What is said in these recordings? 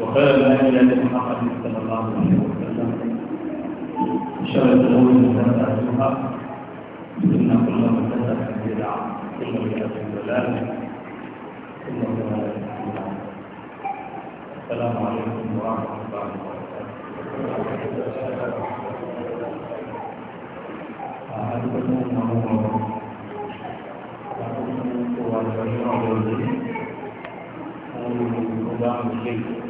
وخير الهدي محمد صلى الله عليه وسلم شر الامور محدثاتها ان كل محدثه بدعه كل بدعه ضلاله السلام عليكم ورحمه الله وبركاته حدثنا محمد الله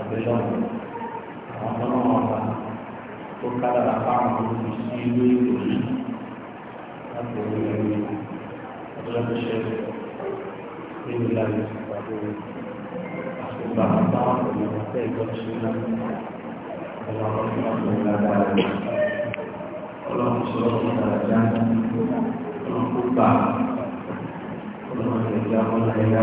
àbẹ̀lọ́wọ̀ àwọn tọ́nà ọ̀gá tó kádàrà fáwọn olùsí ìlú ìròyìn láti orí ẹ̀rí ọ̀dọ́lọ́pẹ̀ṣẹ́ nínú ìlànà ìpàdé àṣùgbà àbáwọn ọ̀nà ọ̀fẹ́ ìgbọ́sí náà ọlọ́run ti máa ń gbọ́dọ̀ dáadáa rẹ̀ ọlọ́run sọ̀rọ̀ ọ̀dàrà jáde ọlọ́run kó gbà ọlọ́run ẹ̀dá ọlọ́run ẹ̀dá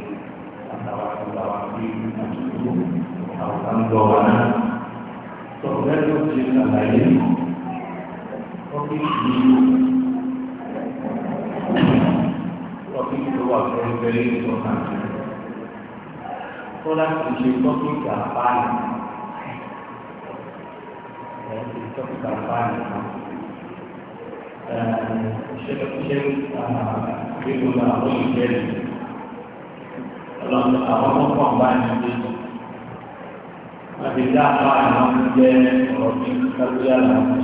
àwàbí àtúntò àwùjọ wa náà tọ̀gbẹ́ tó ti ṣàlàyé ọ́fíìsì ọ́fíìsì tó wà fẹ́ẹ́ fẹ́ẹ́ ìtọ́ka tó láti ṣe tọ́pìkì àbáyé ẹ̀ ṣe tọ́pìkì àbáyé kan. Ìṣẹ́lẹ̀ ìṣẹ́lẹ̀ àgbégbò náà ó ń bẹ̀rẹ̀ ọlọ́run àwọn ọmọkọ̀ ń bá ní ilé àti dá apá àwọn ọmọ jẹ́ ọ̀rọ̀ bí kábíyà làwọn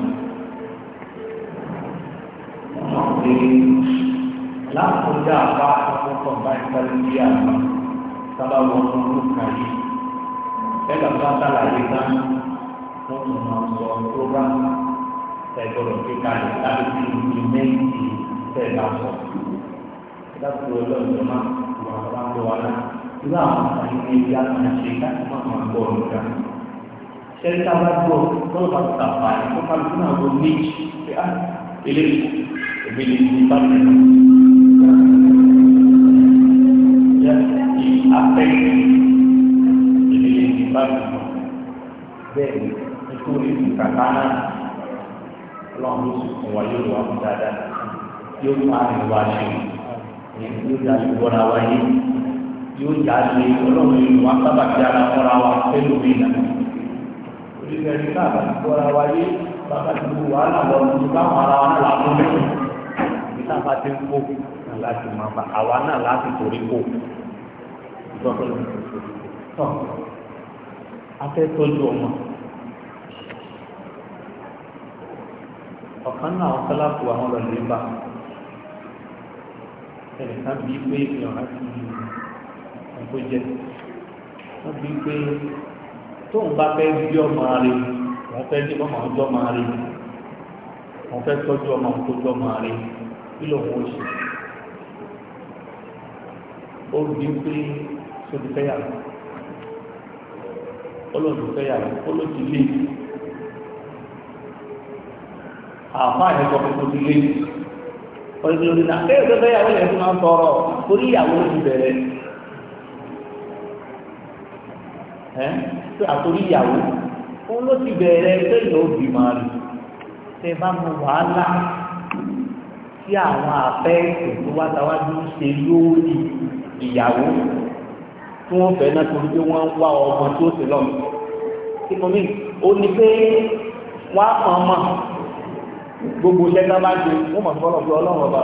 ọmọ pé láàpọ̀ dá apá ọmọkọ̀ ń bá ní kábíyà sábà wọn ọmọ ọdún kan yìí ẹ̀ka tó bá sàlàyé tán wọ́n tún máa sọ program tẹ̀gbọ́dọ̀ kíkà rẹ̀ láti fi ìmẹ́ǹtì tẹ̀gbà sọ̀tún láti wọ lọ́dún tó máa wà bá ń bọ̀ wá náà irú àwọn àǹfààní ní ibi àtúnṣe ṣe láti má máa gbọ́ nìkan. ṣẹ́rí tá a bá gbọ́ tọ́lọ́ bá ta fà á kó kálukú náà wọ méjì pé á eléyìí èmi lè fi bá mi lọ. Afẹ́kẹ́ èmi lè fi bá mi Bẹ́ẹ̀ ni, nítorí kàkà náà, ọlọ́run ló sì fún wa yóò wá fún dáadáa, yóò fún àmì wa ṣe yóò dá sí bọ́ra wa yé yóò dá sí ọlọ́run yìí wọ́n sábà ti ara bọ́ra wa pẹ̀lú mi nà. olùdarí náà bá ti bọ́ra wa yé bàbá ti bu wàhálà lọ sí báwọn ara wa náà làwọn mẹ́rin ní sábà ti ń kó láti máa bá àwa náà láti torí kó tọ́ ọmọ ọ̀kan náà ọ̀kan láti wà wọn lọ lè ẹnìkan bí pé ìyọ̀nà ti ọgbó jẹ wọ́n bí pé tóun bá fẹ́ bí ọmọ rẹ wọ́n fẹ́ bí ọmọ ọjọ́ ọmọ rẹ wọ́n fẹ́ tọ́jú ọmọ tó jọ ọmọ rẹ kí ló ń ṣe ó bí pé sódì fẹ́ yàrá olóòtú fẹ́ yàrá olóòtú lé àfáà yẹn kọ́ fún kó ti ọ̀rẹ́gbẹ̀rẹ̀ orí náà kẹ́rẹ́ tó fẹ́yàwó yẹn fún máa ń tọrọ torí ìyàwó ti bẹ̀rẹ̀ ẹ́ tó àtòrí ìyàwó òun ló ti bẹ̀rẹ̀ pé ìyàwó bì máa rí tẹ bá mọ wàhálà tí àwọn àfẹ́ ètò wátawájú ṣe lórí ìyàwó tí wọ́n fẹ́ náà torí pé wọ́n ń wá ọmọ tó ṣe lọ́mọ. kí mo ní o ní pé wọ́n á mọ̀ ọ́mọ́ gbogbo lẹ́gbẹ́ bá ṣe wọ́n mọ̀ fọlọ́ pé ọlọ́run ọba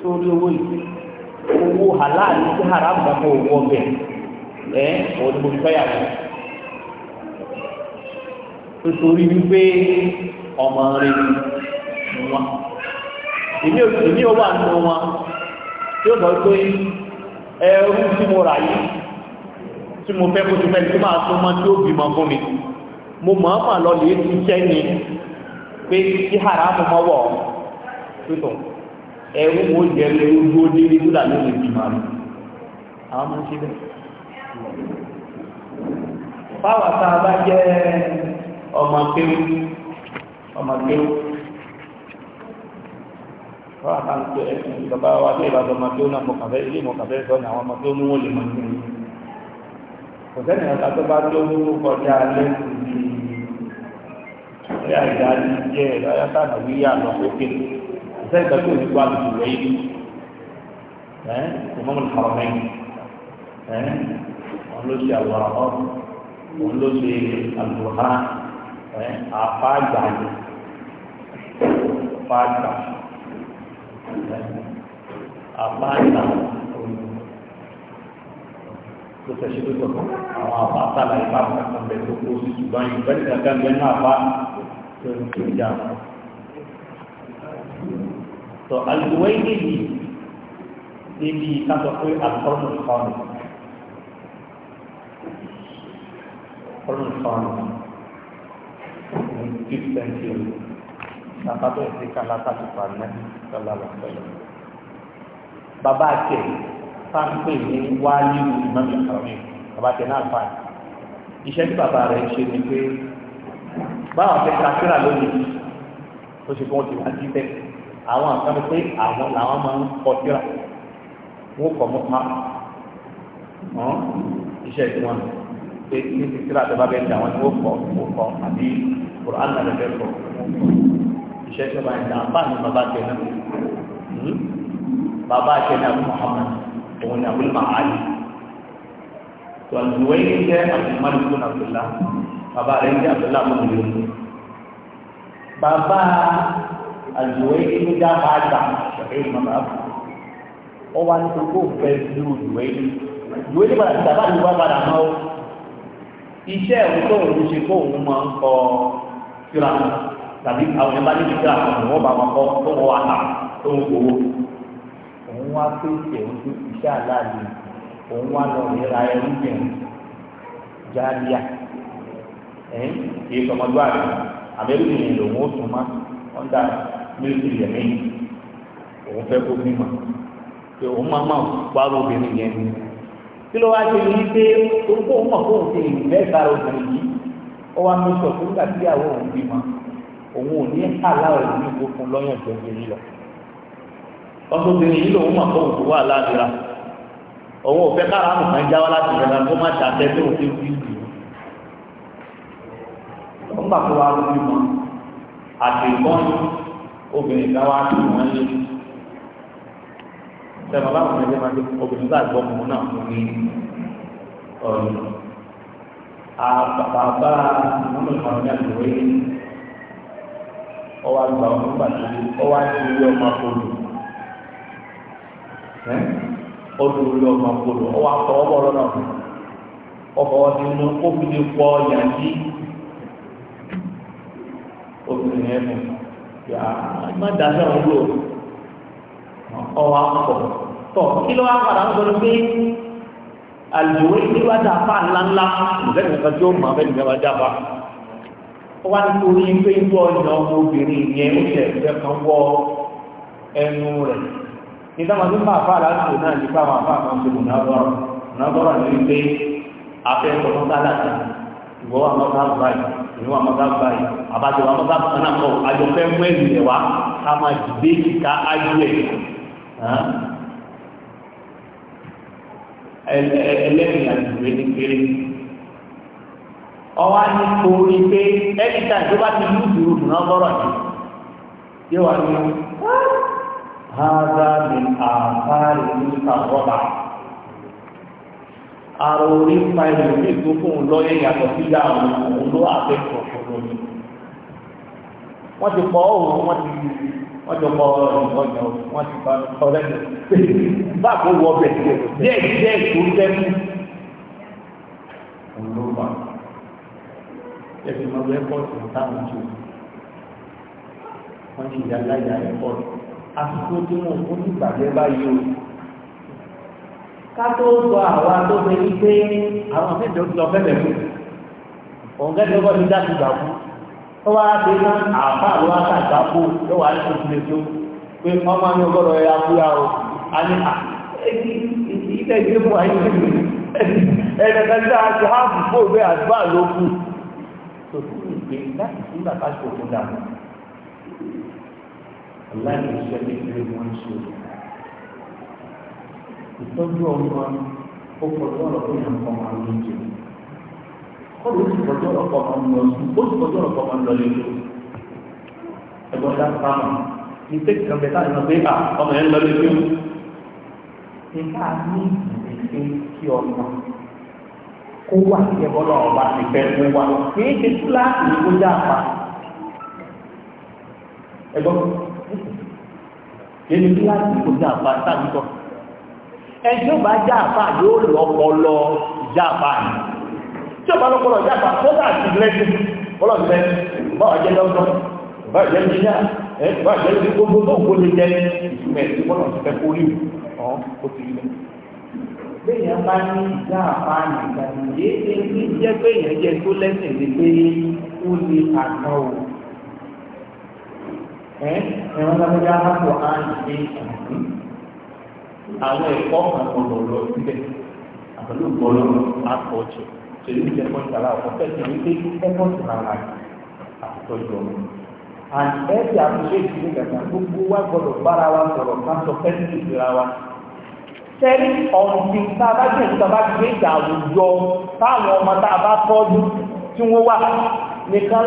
sórí owó yìí owó halali sí haram kankan owó ọbẹ̀ ẹ òun mo fẹ́ yàrá nítorí wípé ọmọ rẹ ni wọn èmi èmi ò wà nù wọn tí ó sọ pé ẹrú tí mo rà yìí tí mo fẹ́ kó ti fẹ́ tí máa tó mọ́ tí bímọ fún mi mo mọ̀ ọ́n lọ lè ti jẹ́ pé kí haramu mọ́ wọ̀ tuntun ẹ̀rú wo jẹ́ ẹ̀rú gbó délé tó dà lórí ìgbìmọ̀ rẹ̀ àwọn máa ń ṣe bẹ́ẹ̀. báwa tá a bá jẹ́ ọmọ kéwú ọmọ kéwú wọ́n á máa ń pè é bàbá wa tó ìbàdàn ọmọ kéwú náà mọ̀kànfẹ́ ilé mọ̀kànfẹ́ sọ ní àwọn ọmọ kéwú ní wọ́n lè mọ̀ nínú kò sẹ́ni ọ̀tá tó bá tó kọjá lẹ́kùn bíi pé àìdá ti jẹ́ ẹ̀rọ sáà ní yà lọ sókè ìṣẹ́ ìgbà tó ní gbà lù rẹ̀ yìí ẹ̀ ìmọ̀mọ̀ ìfọ̀rọ̀ mẹ́yìn ẹ̀ òun ló ṣe àwọn ọ̀rọ̀ òun ló ṣe àlùhà ẹ̀ àfáàgbà yìí àfáàgbà àfáàgbà tó tẹ̀sí tó tọ̀ àwọn àfáàgbà ìfáàgbà kan bẹ̀ tó kó sí ṣùgbọ́n ìgbẹ́ni kankan bẹ́ẹ̀ náà bá pẹ̀lú tó dà tó àlùwẹ́ ìdèjì níbi ìkàtọ̀ pé àkọ́nù ìfọ̀nù àkọ́nù ìfọ̀nù ní fifth century nàkàtọ̀ ìsìnká látàkì pàmẹ́ sọlọ́lọ́ pẹ̀lú bàbá àti ẹ̀ sáńpẹ̀ ní wáyé ìmọ̀ mi bàbá àti ẹ̀ náà fà iṣẹ́ tí bàbá rẹ̀ ṣe ni pé báwọn fẹ́ kakíra lónìí ó ṣe kí wọ́n ti wá sí bẹ́ẹ̀ àwọn àkàndé pé àwọn làwọn máa ń kọ síra wọ́n kọ̀ mọ́ pa hàn iṣẹ́ tí wọ́n ṣe ní ti síra tó bá bẹ́ẹ̀ ní àwọn tí wọ́n kọ̀ wọ́n kọ̀ àbí kùrán náà lè fẹ́ kọ̀ tí wọ́n bá ń dà bá ní bàbá tẹ̀ náà hmm? bàbá tẹ̀ náà fún Muhammad òun ni àbúrò máa ń àyè. Tọ́lùwẹ́ yìí jẹ́ àbùmọ́lùkún Abdullah bàbá rẹ̀ ń jẹ́ àbúlá mọ́ ìlú bàbá àjòwé inú já bá gbà ṣẹ̀fẹ́ ìmọ̀lá ó wá ní kókó fẹ́ ju ìwé ní ìwé ní padà bàbá ní wá padà mọ́ iṣẹ́ òun tó òun ṣe kó òun máa ń kọ síra tàbí àwọn ẹ̀bá níbi síra wọ́n bá wọn kọ́ tó wọ́n wá tà tó ń gbowó òun wá pèsè òun tó iṣẹ́ àlàyé òun wá lọ ìlera ẹrú jẹun járíà. ẹ̀yìn kì í sọmọdún àná a yìí lòun ma dà mílíkì yẹ̀mí òun fẹ́ kó bímọ pé òun máa máa yẹn ni kí ló ṣe ní pé orúkọ òun mọ̀ kó òun ṣe ìgbẹ́ ìbára obìnrin yìí ó wá mú sọ nígbà tí ìyàwó òun bímọ òun ò ní aláwọ̀ ìlú fún lọ́yàn tó ń yẹn lọ yìí lòun mọ̀ kó òun tó wà òun ò fẹ́ àmùkàn nígbà tó wá lórí mọ́ àtìgbọ́n obìnrin kan wá sí wọn lé sẹ́wọ̀n láwọn ẹgbẹ́ máa ń gbé obìnrin sáà gbọ́ ọmọ náà fún ní ọ̀rọ̀ àbàbà mọ́mọ́ ìfọ̀rọ̀ ní àgbèrè ọwọ́ àgbà ọmọ nígbà tó ọwọ́ àti ilé ọmọ akọlù ọdún ilé ọmọ akọlù ọwọ́ àtọwọ́ bọ̀ ọ̀rọ̀ náà ọkọ̀ ọ̀sìn ní pọ̀ yàtí obìnrin yẹn mú yà má dàgbà wọn lò ọwọ́ akọ tọ kí ló wá padà ń sọ̀rọ̀ pé àlùwé ní wá dà fà ńláńlá lẹ́nu kan tí ó mọ abẹ́ni ìjọba dábà ó wá ní orí pé ń bọ́ ọ̀nà obìnrin yẹn ó tẹ̀ ẹ̀fẹ́ kan wọ ẹnu rẹ̀ ní sábà tó bá àfà láti náà ní fáwọn àfà kan tó mọ̀ náà bọ́rọ̀ ní wípé afẹ́ sọ̀rọ̀ sálà ìwọ́ àwọn sáà báyìí ìwọ amọ̀gáfà yìí àbájọ amọ̀gáfà kan náà kọ àjọpẹ́ mú ẹ̀rù rẹ̀ wá ká máa dìde kíka ájú ẹ̀ ẹlẹ́rìn àdìgbò ẹni kéré ọwọ́ ní orí pé ẹ́nìtà tó bá ti mú ìdúró dùn náà lọ́rọ̀ ni yóò wá ní ọ̀hún. هذا من آثار موسى الربع ara orí ń pa ẹlòmíì tó fún un lọ́yẹ̀ yàtọ̀ sí ìyá àwọn òun ló àfẹ́kọ̀ọ́ fọlọ́ ni. wọ́n ti pọ̀ ọ́hún wọ́n ti wọ́n ti pọ̀ ọ̀yàn wọ́n ti pa ọ̀rẹ́ bá kó wọ ọbẹ̀ díẹ̀ díẹ̀ tó tẹ́kù. òun ló fà á. ẹ̀sìn máa wọ ẹ́pọ̀tì táwọn jù wọ́n ti yà láyà ẹ́pọ̀tì. àsìkò tí wọ́n kó nígbàgbẹ́ báyìí o. kátó sọ àwa tó ní pé àwọn mẹ́jọ lọ fẹ́lẹ̀ fún òun gẹ́gẹ́ lọ́gbọ́n ti dájú gbà fún tó wá dé ná àpá àwọn àtàgbà kó ló wà ní oṣù lẹ́jọ́ pé ọmọ ní ọgọ́rọ̀ ẹ̀yà fúra o a ní ilẹ̀ ìgbé fún ayé ẹ̀ẹ́dẹ̀gbẹ̀ta àti háàbù fóògbé àdúrà ló kù tòkúrò ìgbé láti fún bàbá ṣòkòdà ìgbé ìtọ́jú ọmọ ó kọjú ọ̀rọ̀ tó yàn kọ́ máa ló jẹ. Kọ́lù ó sì kọjú ọ̀rọ̀ kọ́ máa ń lọ sí ó sì kọjú ọ̀rọ̀ kọ́ máa ń lọ lẹ́jọ́. Ẹ̀gbọ́n dá sáà ní tẹ́kì kan bẹ̀tà ìran pé à ọmọ yẹn lọ lẹ́jọ́. Ìka ní ìdílé kí ọmọ kó wà sí ẹbọ náà ọba ti fẹ́ mú wa kìí ṣe kíláàsì ní kó já pa. Ẹ̀gbọ́n kìí ṣe kíláàsì ní kó já pa sáà ẹjọ́ bá jáàfà yóò lọ́pọlọ jáàfà ní tí ó bá lọ́pọlọ jáàfà fọ́nà àti lẹ́sìn ọlọ́sẹ̀ báwà jẹ́ lọ́gbọ́n báwà jẹ́ níyà báwà jẹ́ ní gbogbo tó kó lè jẹ́ ìtumẹ̀ tí wọ́n lọ́sẹ̀ fẹ́ kórì ọ̀hún ó ti rí bẹ́ẹ̀ bá ní jáàfà nìkan yìí ṣe ní jẹ́ pé èèyàn jẹ́ tó lẹ́sìn ní pé ó lè àná o ẹ̀rọ lábẹ́já á pọ̀ á ń ṣe àǹfààní àwọn ẹ̀kọ́ kan kò lọ lọ síbẹ̀ àpẹlú ìgbọ́lọ́ àkọ́jọ tèmi jẹ́ pọ́ńtà láwọ̀ ní pé ẹ̀kọ́ ti rárá àtọ́jọ and ẹ̀ẹ́dì àtúnṣe ìdílé gàgà gbogbo wa gbọdọ̀ bára wa sọ̀rọ̀ ká sọ wa ọ̀sìn tá a bá ìta bá gbé ìjà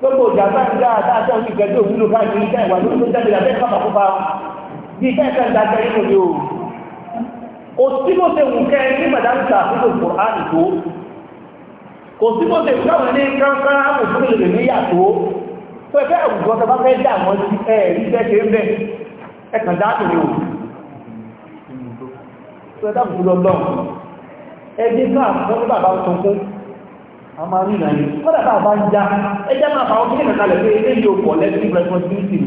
gbogbo ìjà bá ń dá àtàtà ní ìgbẹ́jọ́ òwúlò káàkiri iṣẹ́ ìwà lórí tó jáde lábẹ́ ìpàpàkópa bí iṣẹ́ ìṣẹ́ ìdá jẹ́ nínú ni o kò sí bó ṣe wù kẹ́ ní màdámùsà àkókò kò á nìkó kò sí bó ṣe wù káwọn ní kánkán òfin lè ní yàtọ̀ tó ẹgbẹ́ àwùjọ tó bá fẹ́ dà wọ́n sí ẹ̀ iṣẹ́ ṣe ń bẹ̀ ẹ kàn dáàbò ni o tó ẹ dáàbò lọ lọ ẹ dé káà fún bàbá tuntun a máa rí ìrìn àyè kọ́dà a bá ń já ẹjẹ́ máa bá wọn kíkẹ́ kalẹ̀ pé ilé yóò pọ̀ lẹ́sìn responsibility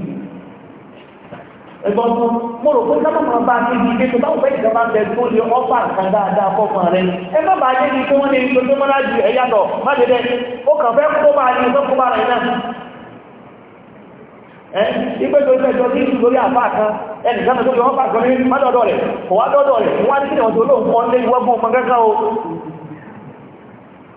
ẹgbọ́n tó mo rò sábà máa bá a bẹ tó lè dáadáa rẹ ẹ má bàa wọ́n ní tó mọ́ra ju ẹ̀yà lọ má dẹ́ ó kàn fẹ́ kó bá ní náà ẹ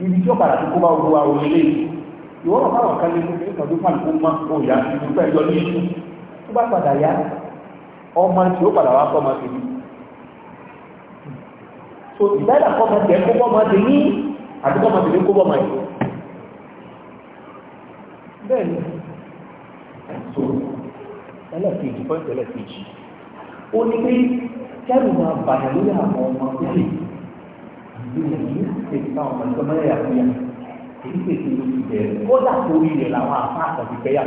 ibi tí ó padà tó kó bá gbogbo àwọn ilé ìwọ náà fáwọn kan lé kókè nípa tó fà kó má kó yá ìlú pẹ̀lú ọdún yìí tó bá padà yá ọmọ tí ó padà wá kọ́ ọmọ tèmi so ìdáyà kọ́ ọmọ tẹ̀ kó bọ́ ọmọ tèmi àti kọ́ ọmọ tèmi kó bọ́ ọmọ yìí bẹ́ẹ̀ ni so ẹlẹ́ẹ̀kejì pọ́ìntì ẹlẹ́ẹ̀kejì ó ní pé kẹ́rù máa bàyà lórí àwọn ọmọ kékeré ìdílé yìí tètè fáwọn ọmọ ìjọba yà fún yà èyí tètè ló ti bẹ̀rẹ̀ kódà torí rẹ̀ làwọn afá àkàtì fẹ́ yà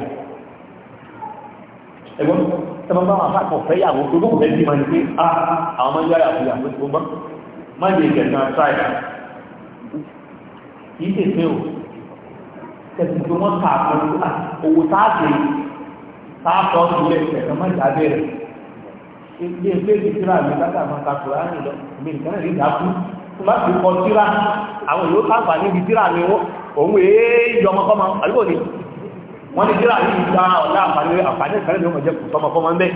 ẹ̀gbọ́n sábà bá wọn afá fẹ́ yà wọ́n tó lóun fẹ́ bí ma ní a àwọn ọmọ yàrá fún yà fún gbọ́n má lè gẹ̀ẹ́sì náà tíráì kì í tètè o tẹ̀sí tó wọ́n kà á fún owó táàkì táàkì ọ̀sùn lẹ́sẹ̀ ẹ̀ má jà bẹ̀rẹ̀ ilé ẹgbẹ́ ìdíjìlá mi látàmú kakura á nìlọ má fi kọ síra àwọn ìlú káfà níbi síra ni òun èé yọ ọmọkọ́mọ àlúgbò ní wọ́n ní síra yìí gba ọ̀lá àǹfààní àǹfààní ìkàlẹ̀ ní ọmọdé kù sọmọkọ́mọ ń bẹ́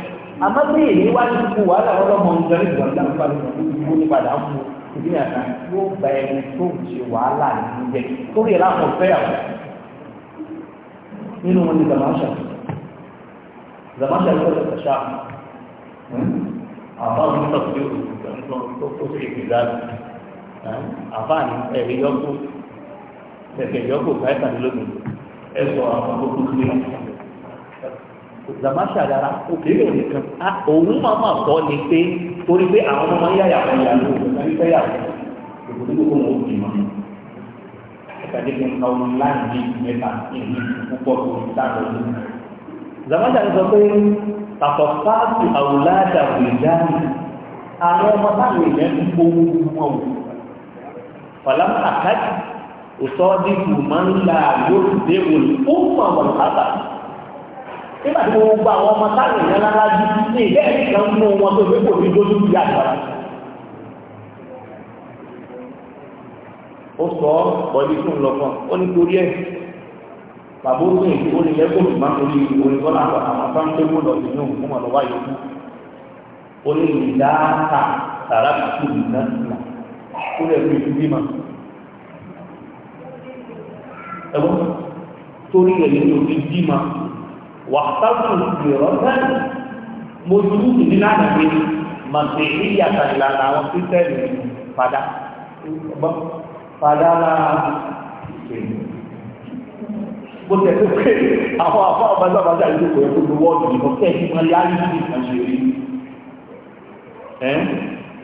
àmọ́ bí èyí wá ní kú wàhálà ọlọ́mọ ń jẹrí ìwà ìgbà nípa ìgbó ní padà ń mú ìdí nàta yóò gba ẹni tó ń ṣe wàhálà ní jẹ torí ẹ̀ láwọn fẹ́ àwọn nínú wọn ni zamasha zamasha ló lọ sọ̀ṣà àwọn ọmọ tó ṣe ìgbìlá àfáàní ẹ̀rí yọ́kù kẹ̀kẹ́ yọ́kù káìkàdínlógún ẹ̀sọ́ àwọn gbogbo sí zamasa dara òkèèrè nìkan òun máa máa ni pé torí pé àwọn ọmọ yáyà wọn yà ló ń fẹ́ yà wọn òkèèrè gbogbo wọn ò bì mọ́ ẹ̀kadé kí n ka wọn láàyè mẹ́ta ìlú púpọ̀ tó ń tà lọ́wọ́ zamasa sọ pé àkọ́kọ́ àwòlá àdàwò ìdáhùn àwọn ọmọ táwọn èèyàn ń gbowó wọn wò falam akad usadiku man la yurdiul umma wal aba nígbà tí mo gba àwọn ọmọ táwọn èèyàn lára jù ní ilé ẹ̀rí kan mú wọn tó fi kò ní lójú bí àgbàrá ó sọ ọ̀dí fún un lọ́kàn ó ní torí ẹ̀ bàbá ó ní ìdí onílẹ̀ kò sì máa ń torí orin tó láwọn àwọn afáńtẹ́wò lọ sí inú fún ọ̀nà wáyé kú ó ní ìdá ta tàrà kùkù nìkan sílẹ̀ tó rẹ̀ ló ti bímọ ẹ̀wọ́n torí rẹ̀ ló ti bímọ wà sábà ìrọ̀ sẹ́yìn mo dúró sí ní lánàá mi màtí ìyàtọ̀ ìlànà àwọn kristẹni padà padà lára bó tẹ̀ tó pé àwọn afọ àbájábájá ìlú kò yẹ kó gbowó ọ̀dùn ìbọn kẹ́ẹ̀kì máa yá ní ìdí ìkànnì rí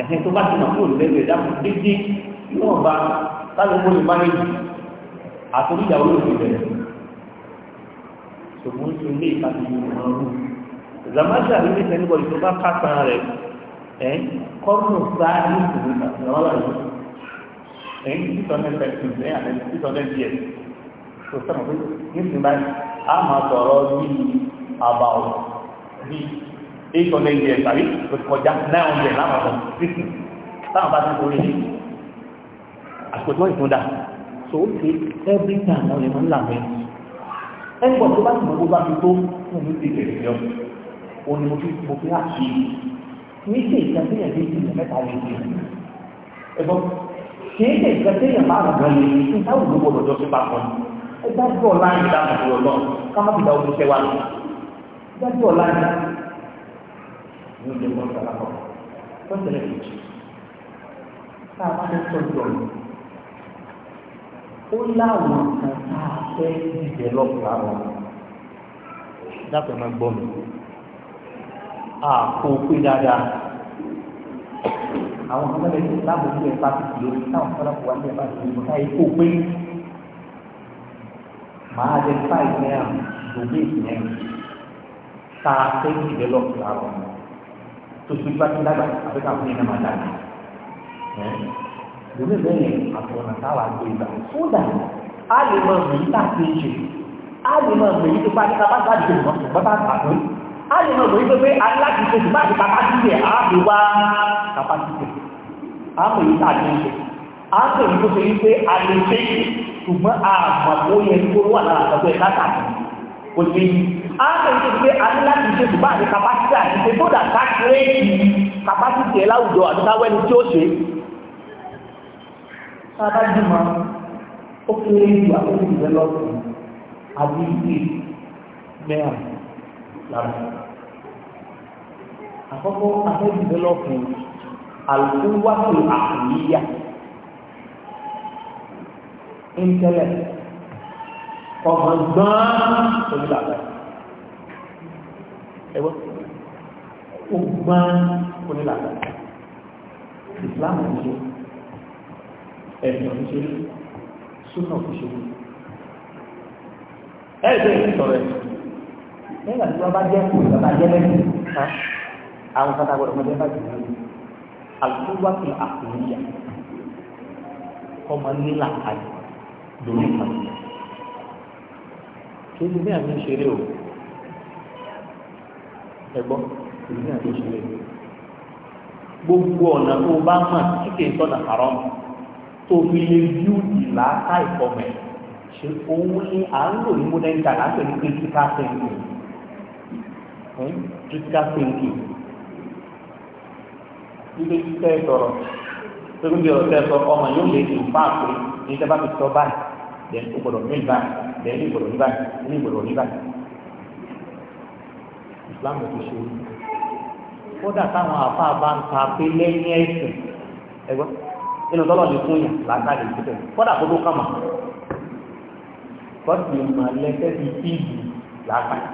ẹ̀hìn tó bá ti mọ̀ kúrò lẹ́nu ẹ̀dá fún dídí yóò bá láti kó lè má lè jù àtúndì ìyàwó ló fi bẹ̀rẹ̀ ṣùgbọ́n tó lé ìpàdé yìí wọn rú zamasa ní nípa nígbà tó bá kásán rẹ̀ ẹ̀ kọ́nù sáà ní ìṣòro ìgbàlọ́wọ́ rẹ̀ ẹ̀ ní sísọ ní pẹ̀sìn ẹ̀ àti sísọ ní díẹ̀ tó sọ̀rọ̀ pé ní ìsìn báyìí sọ̀rọ̀ bíi àbàwọ̀ bíi eight hundred years tàbí o ti kọjá nine hundred lápapọ̀ fifty táwọn bá ti kórè ní àpòtí wọn ìtúndà so ó ti every time wọn lè máa ń là mẹ ẹgbọn tó bá ti mọ bó bá fi tó fún mi ti bẹ̀rẹ̀ yọ òun ni mo fi mo fi àṣì ní ṣe ìtẹ́síyàn méjì ní mẹ́ta lè ṣe ẹgbọn kì í ṣe ìtẹ́síyàn bá rùn gan lè ṣe táwọn òun gbọdọ̀ sí papọ̀ ẹgbẹ́ àti ọ̀la ìdáhùn ìrọ̀lọ́ ká má fi lọ ní ilé wọn sọ̀rọ̀ àpọ̀ lọ́sẹ̀lẹ̀ kejì tá a bá fẹ́ tọ́jú ọ̀nà ó láwọn kan tá a fẹ́ dìbẹ̀ lọ́pọ̀ àwọn dápẹ́ máa gbọ́ mi àpò pé dáadáa àwọn kan lẹ́yìn ìsìláàmù ní ẹ̀ka títí lórí táwọn kan lọ́pọ̀ wá ní ẹ̀ka títí lórí táyé kó pé màá dé fáìlì náà lòdì ìsìn náà tá a fẹ́ dìbẹ̀ lọ́pọ̀ àwọn ọmọ tó fi bá ti dàgbà àti ká fún yín náà máa dàgbà lórí bẹ́ẹ̀ yẹn àtọ̀nà táwa gbé ìgbà fúdà a lè mọ èyí tá a ti ṣe a lè mọ èyí tó bá ní ká bá bá dìbò mọ́ tó bá bá bà tó a lè mọ èyí tó pé aláàbí tó ti bá ti kápá sí rẹ̀ a lè wá kápá sí rẹ̀ a mọ èyí tá a ti ṣe a mọ èyí tó ṣe wípé a lè ṣe ṣùgbọ́n a kò sí ákẹ́yìn tó pé a ní láti ṣe ṣùgbọ́n àti kapásítì àti ṣe tó dàgbà kírèkì kapásítì ẹ̀ láwùjọ àti táwọn ẹni tí ó ṣe sábà jùmọ̀ ó kéré ju àkókò ìrẹ́lọ́pù àbí ìdí mẹ́à lára àkọ́kọ́ àkókò ìrẹ́lọ́pù àlùkù wákò àkùnríyà intellect ọmọ gbọ́n pẹ̀lú bàbá ẹgbọ́n ó gbọ́n pẹ̀lú bàbá ìsìláàmù ń ṣe ẹ̀sìn ń ṣe súnà ń ṣe ẹ̀sìn ń sọ̀rọ̀ ẹ̀sìn nígbà tí wọ́n bá jẹ́ kó bàbá jẹ́ lẹ́sìn ká àwọn kata gbọ́dọ̀ mọ́tẹ́ bá jù lọ kí ni bí àmì ń ṣeré o ẹgbọ́ ìlú ní àmì ń ṣeré gbogbo ọ̀nà tó o bá mọ̀ tí kì í sọ̀nà àrọ́ tó fi lè bí ìlà ká ìkọ̀mẹ̀ ṣe òun ni à ń lò ní modern time à ń pè ní critical thinking hmm? critical thinking ilé tẹ́ sọ̀rọ̀ tó ń bí ọ̀rọ̀ tẹ́ sọ ọmọ yóò lè dùn fáàpù ní tẹ́ bá sọ báyìí lẹ́yìn tó gbọdọ̀ ní báyìí lẹ́yìn tó gbọdọ̀ ní báyìí lẹ́yìn tó gbọdọ̀ ní báyìí. Islam ti ṣe kódà táwọn àfáà bá ń ta pé lẹ́yìn ẹ̀sìn ẹgbẹ́ inú tọ́lọ̀ ní fún yà látàrí ìpínlẹ̀ kódà kó tó kàmà kọ́sì máa lẹ́sẹ̀ ti fi ìlú látàrí.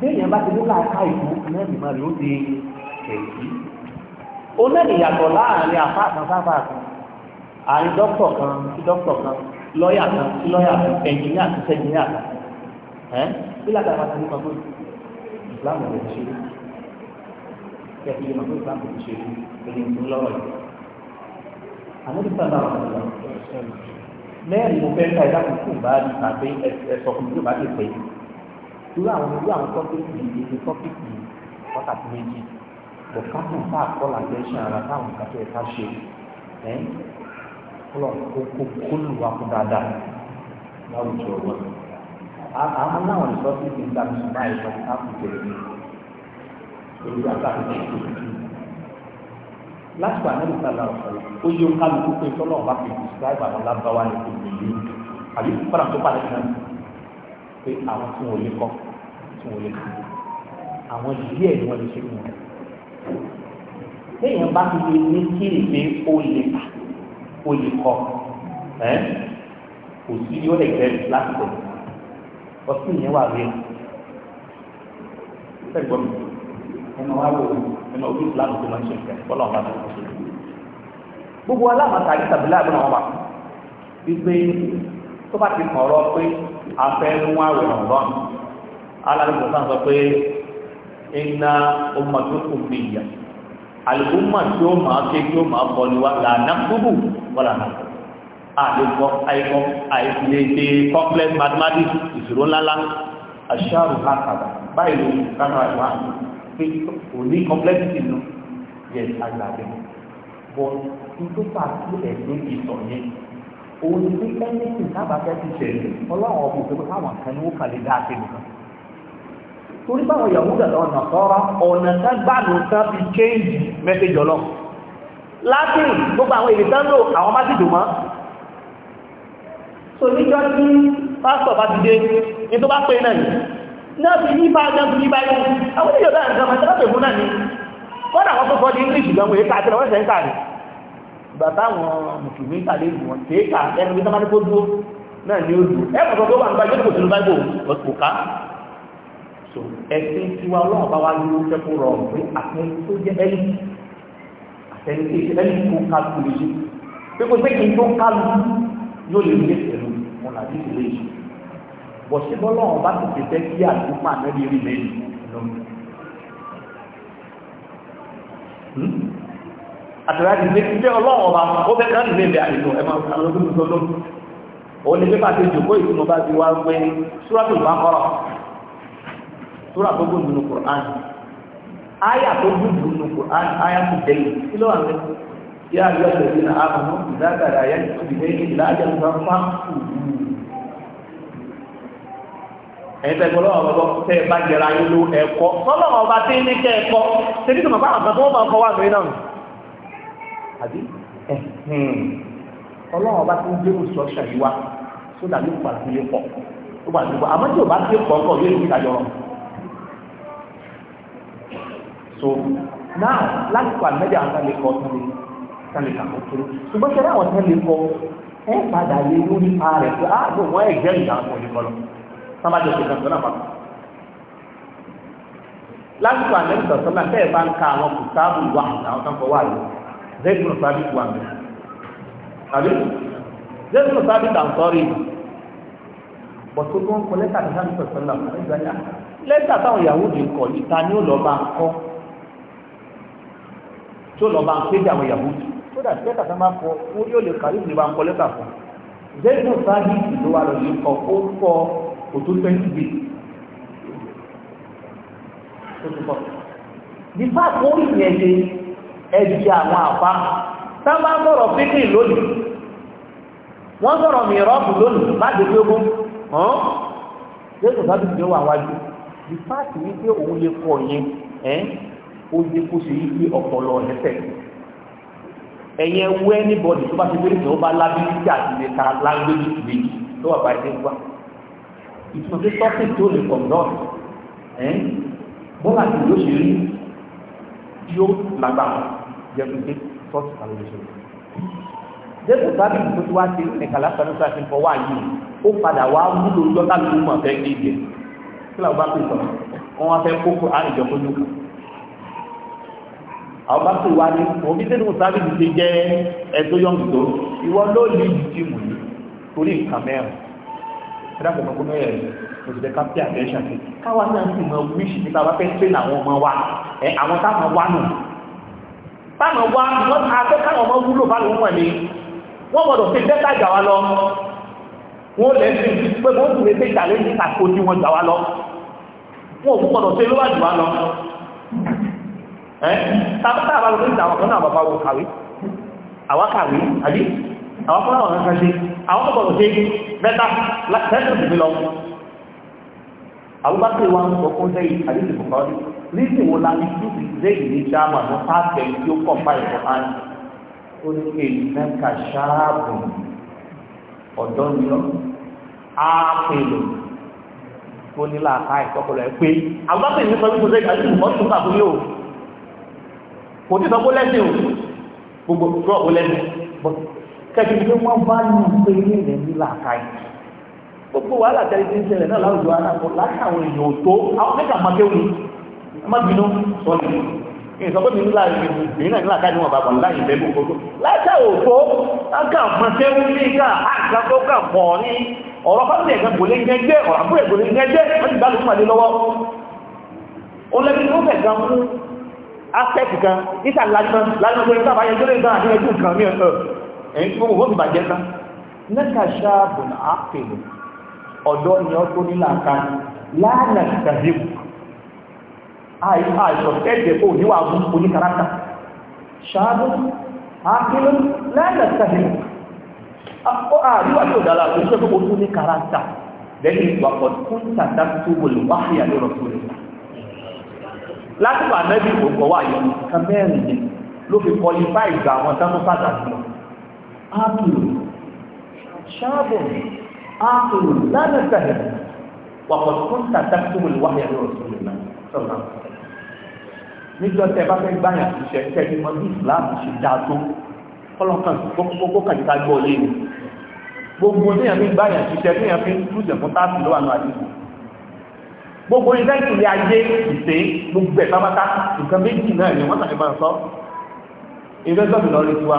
bẹ́ẹ̀ yẹn bá ti ló láàká ìlú náà ní máa ló de èyí. ó náà níyàtọ̀ láàrin àfáà kan sáfà kan àárín dókítọ̀ kan sí dókítọ̀ kan lọ́ọ̀yà kan sí lọ́ọ̀yà kan ẹ̀jìnìá sí sẹ́jìnìá kan ẹ́ bí láti àwọn àti nípa pé ìsìlámù rẹ̀ ṣe é kí ẹ fi lè mọ̀ pé ìsìlámù rẹ̀ ṣe é lè ní lọ́rọ̀ yìí. àmọ́ bí sábà wà lọ mẹ́rin mo fẹ́ ká ẹ̀dá kúkú bá rí tàbí ẹ̀sọ̀ kùn tó bá lè pè é irú àwọn irú àwọn tọ́pìkì yìí èdè tọ́pìkì wákàtí méjì bọ̀ ká kọ́ làtẹ́ṣẹ̀ ara táwọn kàtó ṣe kó kó lù wá kó dáadáa láwùjọ wọn àwọn náà wọn sọ sí ìgbà tó báyìí lọ sí àkùkọ ẹni èyí àtàkùn tó tó tó lásìkò àná ìta la ọ̀sẹ̀ ó yẹ kálukú pé tọ́lọ̀ bá fi describe àwọn lábáwá ní ìlú yìí àbí fúnra tó bá lẹ́yìn náà pé àwọn tí wọ́n lè kọ́ tí wọ́n lè kọ́ àwọn ni wọ́n lè ṣe fún wọn. lẹ́yìn bá ti lè ní kí ìgbé ó lè kà ó lè kọ ẹ kò sí yóò lè gbẹ láti tẹ ọtí yẹn wà rí ẹ gbọ́ mi ẹnu wa wò ẹnu òbí islam tó máa ń ṣe nǹkan bọ́lá ọba tó ń ṣe gbogbo aláàmàtà àti tàbílà àbúrò wọn wà wípé tó bá ti kàn ọ́ pé afẹ́ ń wá wẹ̀ ọ̀rọ̀ alárùkọ sáà sọ pé iná ọmọdé kò gbìyànjú àlùkùmọ̀ tí ó máa ké tí ó máa kọ ni wá lànà gbogbo wọ́là náà àlùkọ àìkọ àìsílẹ̀ ṣe complex mathematics ìṣòro ńláńlá aṣáàrù kákàbà báyìí ló ń kákàbà wà pé kò ní complexity nù yẹ àgbàdo bọ́ nítorí pàtó ẹ̀sìn ìtọ̀ yẹn òun ni pé ẹni tí ti ṣẹlẹ̀ ọlọ́run ọkùnrin pé káwọn kan ó kàlẹ́ dáa sí nìkan torí báwọn Yahuda ọ̀nà tọ́rọ ọ̀nà tágbàlù tán fi kéèjì mẹ́sẹ̀jì ọlọ́ látìn tó bá àwọn ìrìtán lò àwọn bá dìdò mọ́ so níjọ́ tí pásọ̀ bá dìde ní tó bá pé náà ní náà fi ní bá jẹ́ fi bá yìí àwọn ìyọ̀ dáa nǹkan máa tẹ́lẹ̀ fún náà so ẹ̀sìn tiwa ọlọ́run bá wá ló fẹ́ kó rọrùn pé àtẹni tó jẹ́ ẹni àtẹni tó jẹ́ ẹni tó kálukú lè yí pé kò pé kí n tó kálukú yóò lè ní ìṣẹ̀lú wọn làbí ìṣẹ̀lẹ̀ yìí bọ̀ sí bọ́lọ́run bá tètè fẹ́ kí àdúgbò ànábi rí lẹ́yìn lọ́mọ. Hmm? àtàrà ti lé ilé ọlọ́run ọba ó fẹ́ ká nílé ilé àìsàn ẹ̀mọ alọ́dún tó lọ́dún òun ni pé bá ti jòkó ìtumọ̀ bá ti wá pé súrọ́tù bá sura tó gùn nínú Qur'an aya tó gùn nínú Qur'an aya tó dẹ́yìn kí ló wà ní yá àlọ́ ìṣẹ̀lẹ̀ náà àbùnú ìdágbàdà ayé tó ti dé ìlà ajá ń bá fà kù. ẹ̀yin tẹ́ gbọ́dọ̀ ọ̀rọ̀ lọ tẹ́ ẹ bá jẹra yín ló ẹ̀kọ́ sọ́dọ̀ ọba tí ní kẹ́ ẹ̀kọ́ ṣe ní tòmọ̀ fáwọn kan tó bá kọ́ wà lóyún náà àbí ọlọ́run ọba tí ń gbé oṣù ọ̀ṣà yìí wá sódà ló pàdé pọ̀ tó pàdé pọ̀ àmọ́ tí ò bá gbé pọ̀ ọkọ̀ yóò ní ìdájọ́ rọ̀ so now lásìkò àmẹ́bí àwọn tán lè kọ́ tán lè tán lè kàkó kiri ṣùgbọ́n ṣẹlẹ̀ àwọn tán lè kọ́ ẹ padà lè ló nípa rẹ̀ pé á ah, lò wọ́n ẹ̀jẹ̀ ìdáhùn kò ní kọ́lọ́ sábàjọ́ ṣe kan tó náà pàtó lásìkò àmẹ́bí sọ̀tọ́ náà bẹ́ẹ̀ bá ń ka àwọn kùtàbù wà àwọn tán kọ́ wà lọ zẹ́gbọ̀n sábì wà mẹ́ àbí zẹ́gbọ̀n sábì tà ń sọ́rí bọ̀tún tó ń kọ lẹ́tà tó sábì sọ̀tọ́ náà lẹ́tà táwọn Yahudi kọ̀ ìta ni ó lọ bá ń kọ́ tí ó lọ bá ń pé dé àwọn yahoo tó dà tẹ́tà tó máa kọ ó yóò lè kàrí ìlú bá ń kọ lẹ́tà fún zẹ́gbọ̀n sáájú ìlú wa lọ sí kọ ó kọ òtún twenty days tó ti kọ ní fáàkó ìyẹn ṣe ẹ̀jẹ̀ àwọn àbá tá a máa ń sọ̀rọ̀ fíkì lónìí wọ́n sọ̀rọ̀ mìíràn lónìí má dé tó gún hàn zẹ́gbọ̀n sáájú ìlú wa wájú ní fáàkì wípé òun lè kọ yẹn ó yẹ kó ṣe yí ọpọlọ ẹsẹ̀ ẹ̀yẹ wọ anybody tó bá ti wé ìtàn ó bá lábílítì àti ìlẹta lágbèjì méjì tó wà bá ẹsẹ̀ wá ìtumọ̀ pé sọ́ọ̀tì tó lè kọ̀ náà ẹ̀ bọ́lá ti yóò ṣe rí yóò lágbára jẹ́ pé pé sọ́ọ̀tì kan lè ṣe jésù sábì tó ti wá sí ẹ̀kàlá sanúkú àti nǹkan wá yìí ó padà wá wúlò lọ́tà lómọ̀ fẹ́ gbé ibẹ̀ kí làwọn bá pè sọ̀rọ̀ wọn wá fẹ́ kókó àrìjọ kójú kan àwọn bá tó wá ní òbí tẹ́lú mùsàbí ti jẹ́ ẹ̀tọ́ yọ̀ǹgì tó ìwọ ló lè yìí ti wù yìí torí nǹkan mẹ́rin ẹ̀dá pẹ̀lú ọkọ̀ mẹ́rin òṣìṣẹ́ ká pé àtẹ́ṣà sí káwa náà sì mọ wíṣì nípa wá fẹ́ pé làwọn ọmọ wa ẹ̀ àwọn táwọn wá nù táwọn wá wọ́n ta fẹ́ káwọn ọmọ wúlò bá lòun wọ̀ ni wọ́n gbọ́dọ̀ fi dẹ́ta gbà wá lọ wọ́n lẹ́ fi pé wọ́n sì lè fi tàbátà àbálò pé àwọn kan náà bàbá wọ kàwé àwákàwé àbí àwọn kan náà kan ṣe àwọn tó bọ̀rọ̀ ṣe mẹ́ta lẹ́tọ̀ sí lọ àwọn bá tẹ̀ wá ń sọ fún lẹ́yìn àdéhùn ìbùkọ́ ní rísì wo la ní túbì lẹ́yìn ní jáàmà ní pàṣẹ tí ó kọ̀ báyìí fún án ó ní èyí mẹ́ka ṣáàbù ọ̀dọ́ ni ọ́ ápèlò tó ní làákà ìtọ́kọ̀rọ̀ ẹ̀ pé àwọn bá tẹ̀ ní sọ fún lẹ́yìn àdéhùn ìbùkọ́ kò tí sọ bólẹ́sìn o gbogbo tó ọ̀bólẹ́sìn kẹ́kì pé wọ́n bá ní pé ní ilẹ̀ ní làákàyè gbogbo wàhálà tẹ́lẹ̀ tí ń ṣẹlẹ̀ náà láwùjọ aláàbò látàwọn èèyàn ò tó àwọn mẹ́ta mọ́kéwì mọ́bìnú sọ́ọ̀lì ìsọ̀kọ́bí ńlá ìrìnà ńlá ká ní wọn bàbá láyé ìbẹ̀bù gbogbo látàwò tó ká mọ́tẹ́rù ní ká àkàkọ́kà pọ̀ ní ọ̀rọ̀ fásitì ẹ̀kan kò lè gẹ́gẹ́ ọ̀rọ̀ àbúrẹ̀ kò lè gẹ́gẹ́ aspect kan níta lásán lásán pé níta báyẹ̀ jólè náà àti ẹjú nǹkan ní ẹ̀ ẹ̀yìn tí wọ́n fi bàjẹ́ tán níta ṣáàbù náà pèlú ọ̀dọ́ ni ọ tó nílà kan lánà ìtàzíbù àìsọ̀ tẹ́jẹ̀ kó níwà fún oníkaráta ṣáàbù àkílù lánà ìtàzíbù àríwá tó dára tó ṣe fún oníkaráta lẹ́yìn ìwàpọ̀ fún tàtàkùn wòlùwáhìyà lọ́rọ̀ tó lè ta láti wà nẹ́bí tó kọ̀ wáyé nǹkan mẹ́rin yẹn ló fi kọlifá ìgbà àwọn tánú pàtàkì lọ. ápùlù ṣáàbùn ápùlù lánàá tẹ̀lé wàpọ̀ tó ń tà dákítọ́mù lè wáyé lọ́rọ̀ sí ìlú náà sọ̀rọ̀ náà. níjọ́ tẹ bá fẹ́ gbáyà ṣiṣẹ́ tẹ́lẹ̀ mọ́ bí ìsìláàmù ṣe dáa tó kọ́lọ́kàn kókó kàdíkà gbọ́ lé gbogbo ní gbogbo ilé ìtòlé ayé ìpè gbogbo ẹ̀ pápátá nǹkan méjì náà ni wọ́n sàlẹ̀ máa sọ ìrẹsọ̀tì lọ lè tiwa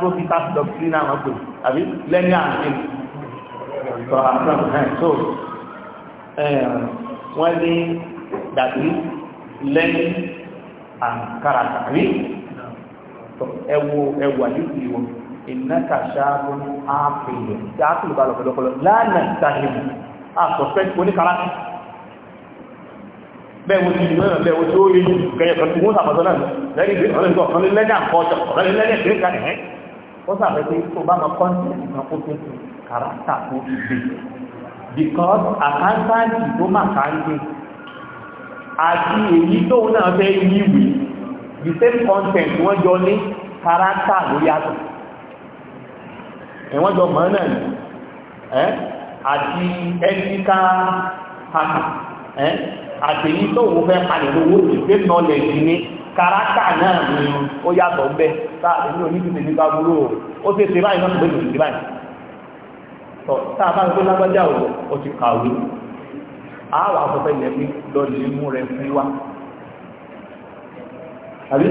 profitas doctrine àwọn pè àbí lẹ́ni àǹtín sọ àtúnṣe ẹ̀ so wọ́n ní dàbí lẹ́ni àǹkàràkàrí ẹwọ ẹwọ àyíkú ìwọ̀n ìnáka ṣáàbùn ápìlẹ̀ tí a kìlọ̀ bá lọ̀pọ̀lọpọ̀lọ̀ lánàá ìtàhìmù àsọ̀fẹ́ oníkàràkì bẹ́ẹ̀ wo ti ìlú náà bẹ́ẹ̀ wo tí ó rí kẹyẹ kan tí wọ́n sàfọ́sọ́ náà lẹ́yìn pé ọ̀rẹ́ nǹkan ọ̀rẹ́ lẹ́yìn àkọ́ ọjọ́ ọ̀rẹ́ lẹ́yìn pé ká ẹ̀hẹ́ ó sàfẹ́ pé tó because àkáńtáǹtì tó mà ká ń gbé àti èyí tóun náà fẹ́ yíwì the same content wọ́n jọ ní kàràtà ló yàtọ̀ ẹ̀wọ́n jọ mọ́ náà ẹ̀ àti ethical pattern ẹ̀ àtẹ̀yí tó wọ́n fẹ́ palẹ̀ lówó ìgbé nọlẹ̀dì ní kàrákà náà ni ó yàtọ̀ bẹ́ sáàbí oníkùnrin nípa búrò ó sì ṣe báyìí náà pẹ̀lú ìdí báyìí tọ́ sáàbá tó lágbájá ò ó ti kàwé àwọ̀ afọ́fẹ́ ilẹ̀ pé lọ́lẹ̀ mú rẹ̀ fún wa àbí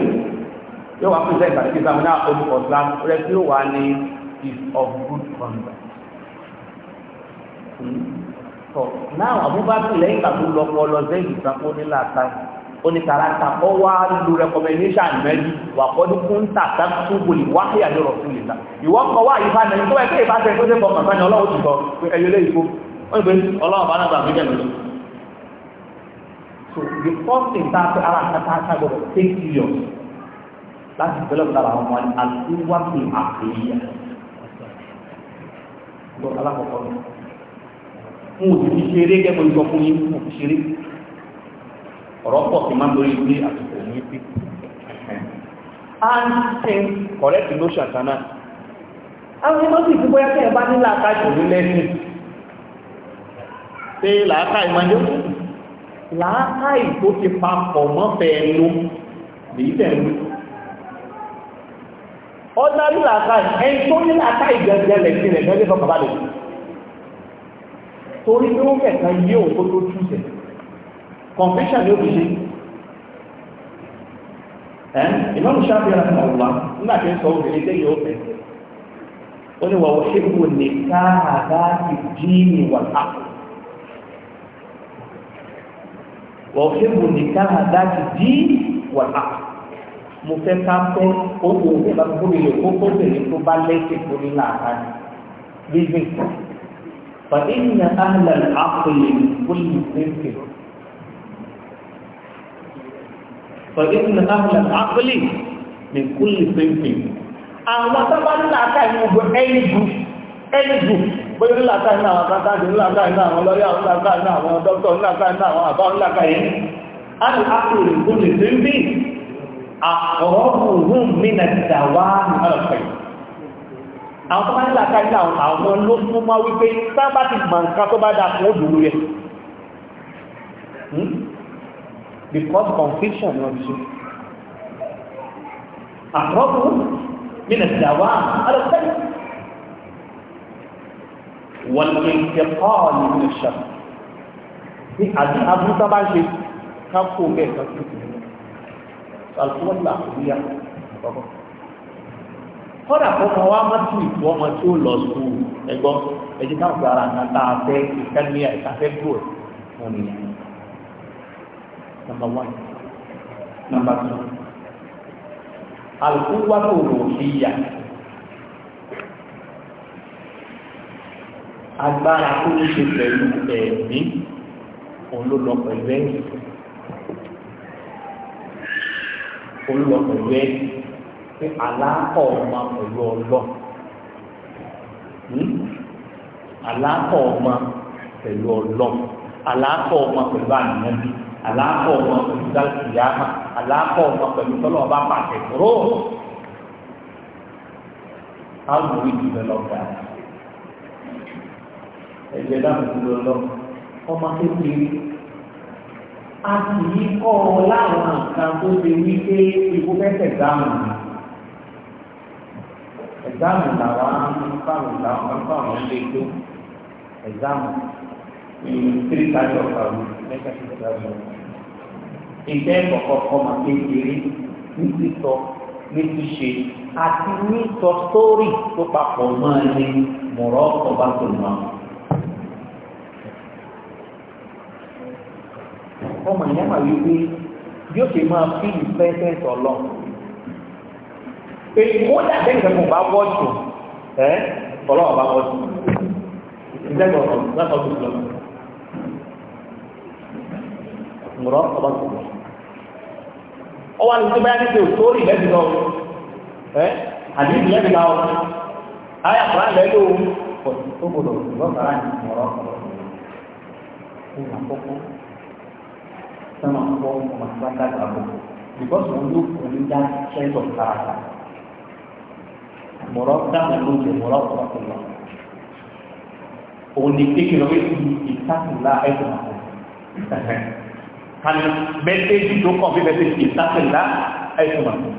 yóò wá fún iṣẹ́ ìgbà tí ìsàmì náà olùkọ́ islam rẹ̀ tí ó wà ní is of good conduct hmm? tọ náà Abubakar lẹ́yìn tàbí lọ́pọ̀ lọ zẹ́yìn ìsàkó nílà ta oníkàràtà ọ wá lu recommendation mẹ́rin wà kọ́dún fún tàtà tún bolì wá kí àjọrọ̀ fún lè ta ìwọ́n kọ wá ìfà náà tó ẹgbẹ́ ìfà tẹ̀ tó ṣe fọkàn fẹ́ ni ọlọ́run ti sọ pé ẹyọ lé ìfò wọ́n ní pé ọlọ́run bá nàgbà mí jẹ̀lú. so the first thing tá a fẹ́ ara kata ká gbọdọ̀ take serious láti develop lára àwọn ọmọ àti wá sí àkèyí. alákọ̀ọ́kọ́ fún òsì fi ṣeré gẹ́gbọ́n ìjọ fún yín fún òsì ṣeré ọ̀rọ̀ pọ̀ sí máa ń lórí ilé àsìkò ní pé and think correct notion sana àwọn ẹgbẹ́ sì gbogbo ẹgbẹ́ ẹ̀bá ní làákàjù ní lẹ́sìn pé làákàì máa yóò làákàì tó ti papọ̀ mọ́fẹ́ ẹnu lèyí tẹ̀lú ọ̀dà ní làákàì ẹni tó ní làákàì gẹ́gẹ́ lẹ́sìn rẹ̀ torí pé ó fẹ̀ka yé òkú tó túnṣẹ̀ confession ló fi ṣe ẹ́ ìmọ̀lù ṣáàbíyàn àti ọ̀la nígbà tí ń sọ obìnrin tẹ́yẹ ó fẹ̀ ó ní wàá ṣe kò ní káà bá ti jí ní wà á wàá ṣe kò ní káà bá ti jí wà á mo fẹ́ ká pẹ́ owó ìbámu kúrò ilé kókó tẹ̀lé tó bá lẹ́sẹ̀ kúrò ní làákàtà living فإن أهل العقل من كل فكر فإن أهل العقل من كل فكر àwọn sábà ní làákà inú gbogbo ẹnìgbù ẹnìgbù bóyá ní làákà inú àwọn akáàkì ní làákà inú àwọn lọ́yà ní làákà inú àwọn dọ́kítọ̀ ní làákà àwọn àbá ní a ní àkùrù ìgbóni tí ń bí àkọ̀ọ́kùnrin mìíràn ìdàwà ní àlọ́kọ̀ọ́ àwọn tó bá nílà káyílà àwọn ló fún mọ́ wípé sábà ti gbà nǹkan tó bá dà fún òdòdó rẹ̀ because confusion ni wọ́n fi ṣe àkọ́kù nínú ìdàwà alẹ́sẹ̀lẹ̀ wọ́n lè jẹ pọ́ọ̀lù nínú ìṣà ní àti abúrúta bá ṣe kápò bẹ́ẹ̀ kan kọ́dà kọ́ mọ wá má tù ìtú ọmọ tí ó lọ sùn ẹgbọ́n ẹjẹ náà fi ara kan tá a fẹ́ ìkànnì àìsàfẹ́ gbòòrò wọn nìyẹn number one number two alùpùpù tó lò sí yà agbára tó ń ṣe pẹ̀lú ẹ̀mí òun ló lọ pẹ̀lú ẹ̀mí òun lọ pẹ̀lú ẹ̀mí pé àlákọ̀ ọmọ pẹ̀lú ọlọ́run hmm? àlákọ̀ ọmọ pẹ̀lú ọlọ́run àlákọ̀ ọmọ pẹ̀lú àníyànjú àlákọ̀ ọmọ pẹ̀lú dàkìyàmà àlákọ̀ ọmọ pẹ̀lú tọ́lọ̀ ọba pàṣẹ kúrò. How do we develop that? Ẹ̀jẹ̀ dáhùn sí ọlọ́run ọmọ kékeré a sì yí kọ́ ọ láwọn nǹkan tó ṣe wípé ikú fẹ́sẹ̀ dáhùn ní ẹ̀sáàmù làwọn ẹ̀sáàmù làwọn ẹ̀sáàmù ń lè tó ẹ̀sáàmù tírí kájọ ọ̀kàwé mẹ́ta tí ó dájú. ìjẹ́ ìkọ̀kọ̀ ọmọ kékeré ní sísọ ní ṣíṣe àti ní sọ sórí tó papọ̀ mọ́ ẹni mọ̀rọ́ ọba tó mọ́. ọmọ ìyá màá wí pé yóò ṣe máa fi ìfẹ́ fẹ́ sọ lọ́wọ́ pé kódà bẹ́ẹ̀ kẹ́kọ̀ọ́ bá wọ́ jù ẹ́ ọlọ́wọ́ bá wọ́ jù ìdẹ́gbọ̀ lọ́sọ̀ tó lọ mọ̀rọ̀ ọba tó lọ ọ wà ní tó báyà níbi òtó rí lẹ́bi lọ ẹ́ àbí ìdílé mi la ọ ayé àkùrá lẹ́yìn o pọ̀ tó gbọdọ̀ lọ́sàrá ní mọ̀rọ̀ ọba ní àkọ́kọ́ sọ́nà ọ̀pọ̀ ọmọ àti wákàtí àbọ̀ because wọn yóò fún ní that sense of character mọ̀rọ́tà ló jẹ mọ̀rọ́tà tó lọ. òun ni kékeré wọ́n ti ìtàkùnlá ẹ̀dùn àpò. kàní mẹ́tẹ́jì tó kàn fún mẹ́tẹ́jì ìtàkùnlá ẹ̀dùn àpò.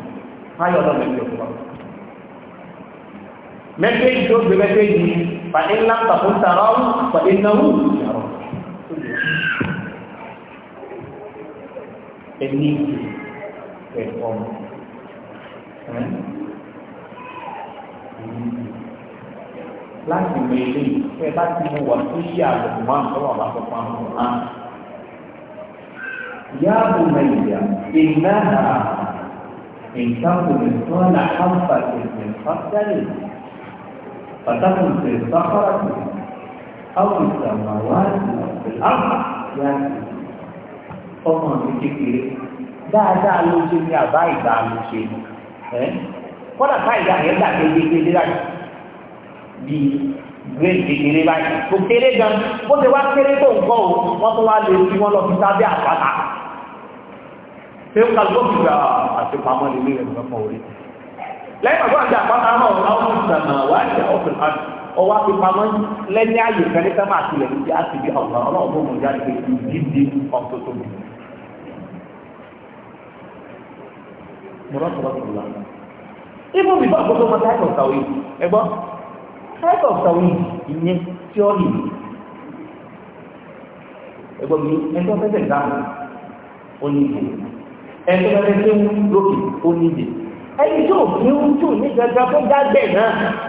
káyọ̀ lọ mẹ́tẹ́jì ọ̀pọ̀. mẹ́tẹ́jì tó gbé mẹ́tẹ́jì fàdé ńlá tàkùn tàrọ́ fàdé náwó ìyàrá. ẹni ẹ̀kọ́ láti mọ ilé ẹ bá ti mú wà tó yí àlùkò máa ń tọ́wọ́ bá fọ́pá ń fọ́ á. Ìyá àbò Nàìjíríà iná ha nǹkan kò lè tọ́ na káńpà tẹ̀sán fásitì pàtàkì tẹ̀sán fásitì àwọn ìsàmà wá sí àwọn ìyá ọmọ mi kékeré dáadáa ló ṣe ní àbá ìgbà ló ṣe ẹ́ kọ́dà káìdá yẹn dà kékeré láti bí grade kékeré báyìí kò kéré gan bó ṣe wá kéré tó nǹkan o wọ́n tó wá lè fi wọ́n lọ fi sábẹ́ àpáta ṣé ó ka ló fi gba àṣepamọ́ nílé rẹ̀ lọ́pọ̀ orí lẹ́yìn àgbà àti àpáta náà àwọn ìsànà wà á jẹ́ ọ̀fìn àti ọwọ́ àfipamọ́ lẹ́ni ààyè kan ní sábà àtìlẹ̀ ní ti àtìbí ọ̀gá ọlọ́run tó mọ̀ jáde pé ìdíje ọ̀tọ̀tọ̀ mi. mo rọ́pò even before àgbọ́tọ́ mọ́ type of tawhid ẹgbọ́ type of tawhid ìyẹn tí ó yìí ẹgbọ́ mi ẹgbọ́ fẹ́fẹ́ ìdáhùn ó ní ìdè ẹgbẹ́ fẹ́fẹ́ tí ó lókè ó ní ìdè ẹni tí ò fi ń tù ní gẹ́gẹ́ tó dágbẹ̀ náà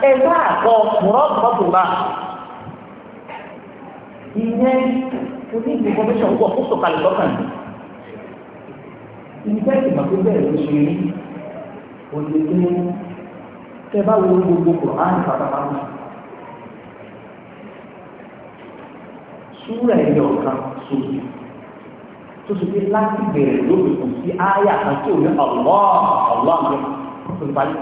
ẹgbẹ́ àkọ́ mọ́tòlá ìyẹn oní information wọ̀ fún sọ̀kalẹ̀ lọ́kàn ìgbẹ́ ìgbà tó bẹ̀rẹ̀ ló ṣe rí òye pé tẹ bá wo gbogbo kòrán pátápátá súrà ẹ̀yọ̀ kan sókè tó ṣe pé láti bẹ̀rẹ̀ lóbi kò sí áyà kan tí ò ní ọ̀lọ́ ọ̀lọ́ àgbẹ̀ tó ti parí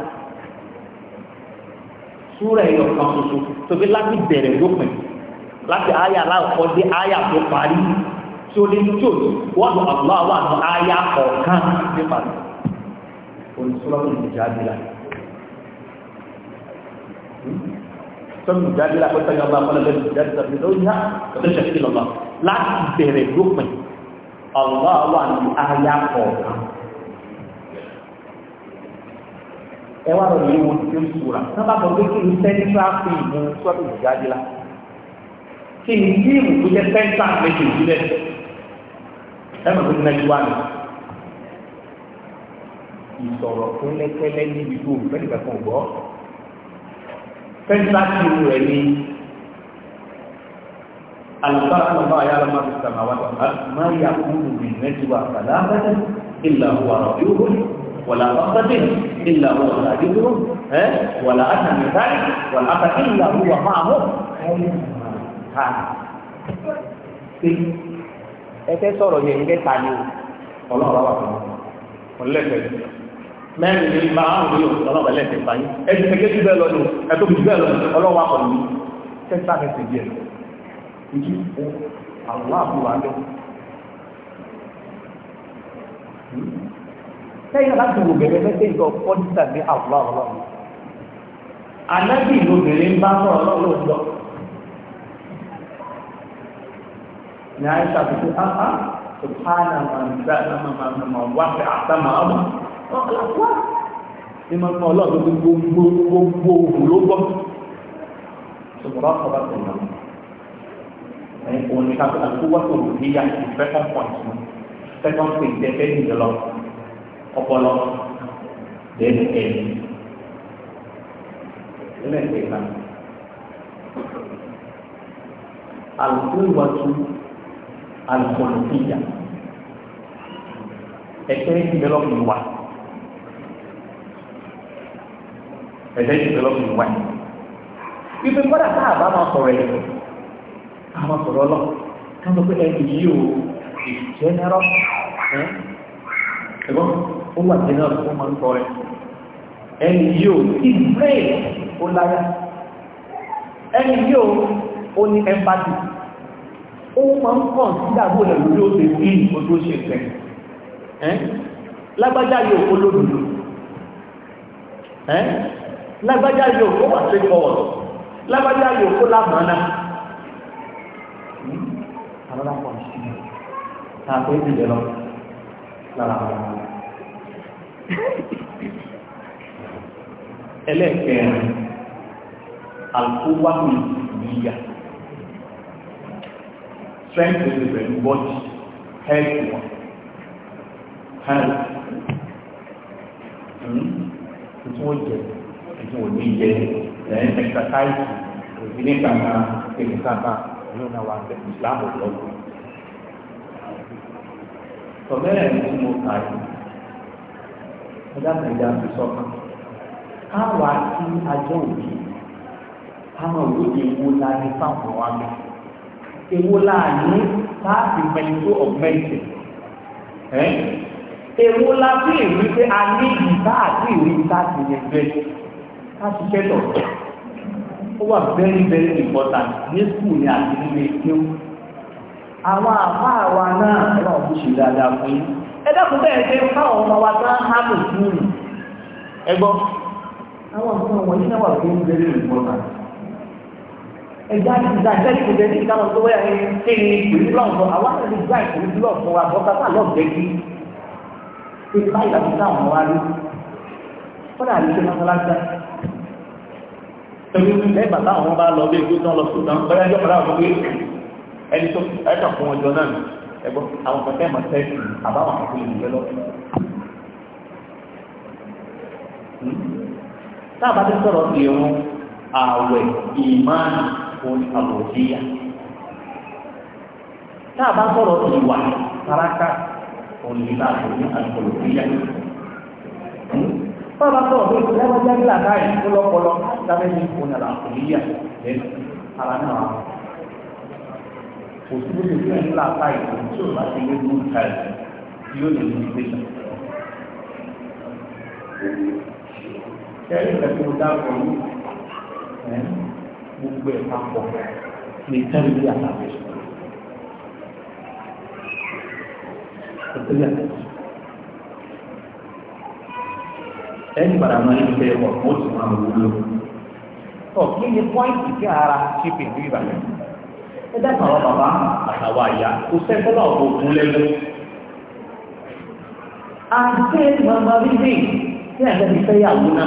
súrà ẹ̀yọ̀ kan ṣoṣo tó fi láti bẹ̀rẹ̀ lópin láti áyà aláwọ̀ dé áyà tó parí tí ó lé ní wọ́n lọ ọ̀lọ́ àwọn àti áyà kọ̀ọ̀kan nípa rẹ̀ olùsọ́lọ́tò ìjàdìlà sọ́nù ìjàdìlà pẹ́tàgà bá pọ́lẹ́lẹ́ ìjàdìlà pẹ̀lú ìyá ọ̀tẹ́ṣẹ́ sí lọ́lọ́ láti bẹ̀rẹ̀ lópin ọ̀lọ́ wà ní ayá kọ̀ọ̀kan ẹ wá lọ́ọ́ yẹ̀wò tí ó sùúrà sábà kan pé kí ni sẹ́ńtírà fi ìmú sọ́nù ìjàdìlà kí ni fíìmù tó jẹ́ sẹ́ńtírà méjì sílẹ̀ ẹ mọ̀ ní ìsọ̀rọ̀ kúnlẹ́kẹ́lẹ́ níbi tó fẹ́ẹ́ nìkan kan gbọ́ fẹ́ẹ́ bá ti rú rẹ̀ ní alùpàá náà bá yára máa fi sàmà wá tọ́ka máa yà kúrú bí mẹ́tìwá kàdá bẹ́tẹ̀ ìlà wà rọ̀ yóò wàlà àbábẹ́tẹ̀ mẹ́rin ní márùn-ún ní ọlọ́wọ́ ẹlẹ́sẹ̀ báyìí ẹni tẹ́gẹ́ jù bẹ́ẹ̀ lọ́nà ẹ̀tọ́ jù bẹ́ẹ̀ lọ́nà ọlọ́wọ́ akọ̀ ní tẹ́sà ẹsẹ̀ díẹ̀ ìjú àwọn àbúrò alẹ́ lẹ́yìn hmm? láti wò bẹ̀rẹ̀ mẹ́tẹ́ ìjọ pọ́lítà ní àwùrọ̀ ọlọ́run anábì lóbìnrin ń bá sọ̀rọ̀ lọ́wọ́ lọ ní àìsà tó ṣe áhà tó hánà màmá wà fẹ́ àtàmà ọmọ ìmọ̀ ìmọ̀ ọlọ́run tó gbogbo gbogbo òhun ló gbọ́ ṣùgbọ́n bá kọ́ba tó nà ẹ̀yìn òun ní káfíńtà tó wá tó rùn níyà ní second point mọ́ second point jẹ́ fẹ́ nìyẹn lọ ọpọlọ lẹ́nu ẹ̀yìn lẹ́nu ẹ̀yìn náà àlùkò ìwàtú àlùkò lùkìyà ẹ̀fẹ́ ìdílọ́pù wà. ẹ̀jẹ̀ yìí fẹ́ lọ́kùnrin wáyé ibi kọ́dà tá a bá máa sọ̀rọ̀ ẹ̀ a máa sọ̀rọ̀ lọ ká ló pé ẹni yìí o general ẹ̀gbọ́n ó wà general ó máa ń sọ rẹ̀ ẹni yìí o his brain ó lára ẹni yìí o ó ní empathy ó máa ń kàn sí àbúrò rẹ̀ lórí òde sí ojú ṣe fẹ́ lágbájá yóò olódodo lágbájá yóò kó wà sí bọ́ọ̀lù lágbájá yóò kó lámàánà hmm? another question ta pé lọ lára àwọn ọmọ ẹlẹ́ẹ̀kẹrin alkówá mi strength is the body health one health hmm? tí wọ́n ẹ̀sìn òní yẹ ẹ̀ẹ́n ẹ̀sàkáìsì òbí ní kàkà èmi kàkà ẹ̀yìn náà wà bẹ̀ ìsìlámù lọ́wọ́. tọ́lẹ́rẹ̀ ní mo kà yìí ẹ̀dá nàìjíríà fi sọ́kàn káwa kí ajọ́ òbí káwọn òbí ewu la ní fáwọn wa mi ewu la láti mẹ́tò ọ̀gbẹ́ntì ewu la ìwé pé a ní ìta àti ìwé ìta ti yẹ bẹ́ẹ̀. káàkiri kẹ́tọ̀ ó wà very very important ní ní àti nílé àwọn àwa náà ṣe dáadáa fún bẹ́ẹ̀ ṣe tán fún náà wà very very important ẹja ìgbà ìgbẹ́kùn jẹ́ nígbà tó wẹ́ kí ni kìrìlọ́ọ̀ fún àwọn àti ìgbà ìkìrìlọ́ọ̀ fún wa bọ́ká tá lọ́ọ̀ jẹ́ kí ṣe báyìí àti táwọn wá rí kọ́dà torí ní lẹ́gbà táwọn bá lọ bí ìgbé tán lọ sùn tán bẹ́ẹ̀ ẹjọ́ padà wọ́n pé ẹni tó ẹ̀ka fún ọjọ́ náà ni ẹgbọ́n àwọn kan tẹ́ẹ̀mọ̀ tẹ́ẹ̀sì àbáwọn kan tó lè nílẹ̀ lọ. táà bá ti sọ̀rọ̀ sí irun ààwẹ̀ ìmáàmù òní àbòjíyà táà bá sọ̀rọ̀ ìwà sáráká òní ìlà àbòjíyà bábá sọ̀rọ̀ tó ti lẹ́wọ́ jẹ́ nílà káyì tó lọ́pọlọ lábẹ́ ní ònàlà òníyà lẹ́nu ara náà kò sí lóṣù tó nílà káyì tó tí ò bá ti lé mú káyì tí ó lè ní ìgbésà. kẹ́rì ìfẹ́ tó dá ọ̀rọ̀ yìí gbogbo ẹ̀ papọ̀ lè tẹ́lẹ̀ bí àtàkùn. ẹni padà máa ń fẹ́ ọ̀ ó sì máa wúlò. ọ̀ kí ni pọ́ìntì tí ara ṣe pè ní ìbàdàn ẹ dákun àwọn bàbá àtàwọn àyà kò sẹ́kọ́ náà kò kún lẹ́nu. àti màmá bíbí tí àgbẹ̀ ti fẹ́ yàwó náà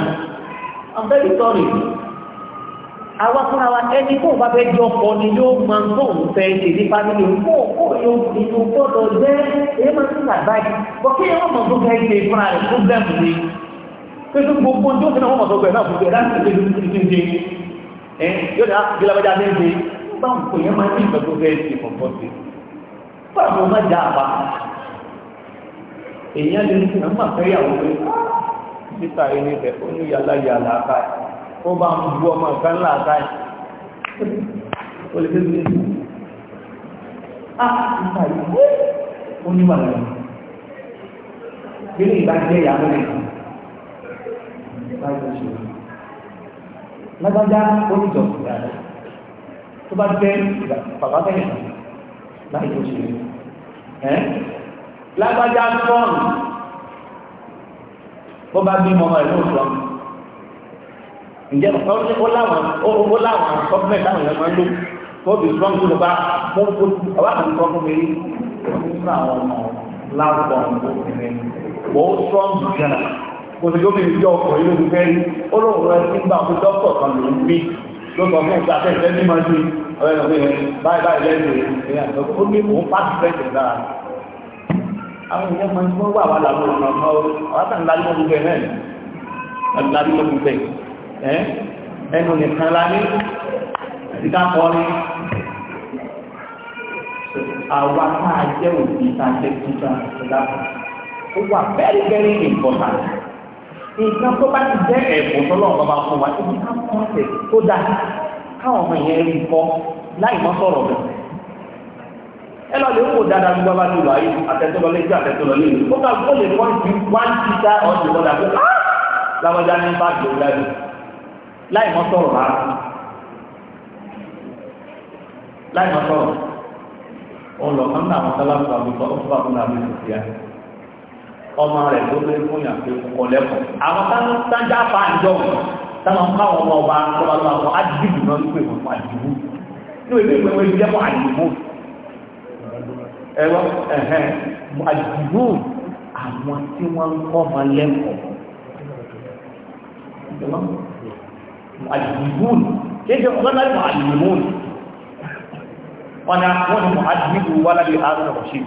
àbẹ́bí sọ̀rọ̀ ìlú àwọn fúnra wa ẹni kó bá fẹ́ di ọkọ ni yóò máa ń tóun fẹ́ ṣe ní fámìlì kó kó yóò inú jẹ́ èyí máa ń tún àgbáyé bọ́ kí ẹ pẹ̀lú gbogbo tó ti náà mọ̀sọ̀gbẹ̀ náà fún ẹ̀dá sí ìlú ti ti ń ṣe ẹ̀ yóò dá gílábájá ní ṣe bá ń kò yẹn máa ní ìgbà tó fẹ́ ṣe kọ̀kọ́ sí fún àwọn ọmọ ìjà àpá èèyàn lè ní ìgbà máa fẹ́ títà ẹni rẹ̀ ó ní yàlá yàlá ah títà yìí ó ní wà lẹ́yìn bí ní ìbá báyìí ṣe lágbájá oníjọ ìdáná tó bá jẹ́ bàbá bẹ́ẹ̀ báyìí ṣe ẹ́ lágbájá fọ́ọ̀nù bó bá bí mọ́mọ́ ẹ̀ lóòótọ́ ǹjẹ́ ó láwọn ó láwọn gọ́ọ̀mẹ̀ táwọn èèyàn máa ń lò wọ́n bí strong tó lọ bá wọ́n kó ọba kan kọ́ fún mi rí wọ́n fún àwọn ọmọ láwùjọ ọmọ obìnrin wọ́n strong jù jẹ́nà òṣèlú ló fi jọ ọkùnrin ló fi fẹ́ rí ó lóun rẹ nígbà fún dókítà kan ló ń bí ló sọ fún ìgbà tẹ̀sẹ̀ ní máa ṣe ọ̀rẹ́ ìrìn báyìí báyìí lẹ́yìn ó ní òun pàṣẹ fẹ́ẹ̀tẹ̀ dára àwọn èèyàn máa ń tí wọ́n wà wà láwọn ọ̀nà ọmọ ọ̀rátà ńlá ló gbogbo ẹ̀ ńlá ló gbogbo ẹ̀ ẹnu nìkan la ní ìdápọ̀ ní àwọn àtàjẹ́ òbí tàjẹ́ títà ìdápọ̀ ó wà very very important nǹkan tó bá ti jẹ́ ẹ̀bùn tọ́lọ́run bàbá fún wa ibi ká fún ọ̀sẹ̀ tó dáa káwọn ọmọ yẹn rí kọ́ láì mọ́ sọ̀rọ̀ bẹ̀. ẹ lọ lè kó dáadáa gbogbo bá ti lọ ayé àtẹ̀tọ́lọ́lé jẹ́ àtẹ̀tọ́lọ́lé yìí ó ká gbọ́dọ̀ lè kọ́ ju one títà ọ̀sẹ̀ lọ́dà pé láwọ́dá ní bá jò lẹ́nu láì mọ́ sọ̀rọ̀ rárá láì mọ́ sọ̀rọ̀ òun lọ̀kan náà àwọn ọmọ rẹ̀ tó lé fún yàn pé kọ̀ lẹ́kọ̀ọ́ àwọn sáńjà fa ìjọ táwọn káwọn ọmọ ọba tọ́ba lọ́wọ́ àwọn adìbò náà ń pè wọ́n fún àdìbò ní ìwé ìwé ìwé ìjẹ́ fún àdìbò ẹ̀rọ ẹ̀hẹ́n àdìbò àwọn tí wọ́n ń kọ́ ọmọ lẹ́kọ̀ọ́ mu'adibun kéde ọ̀gbọ́n láti mu'adibun wọn ni wọ́n ni mu'adibu wọ́n láti àárọ̀ ọ̀ṣì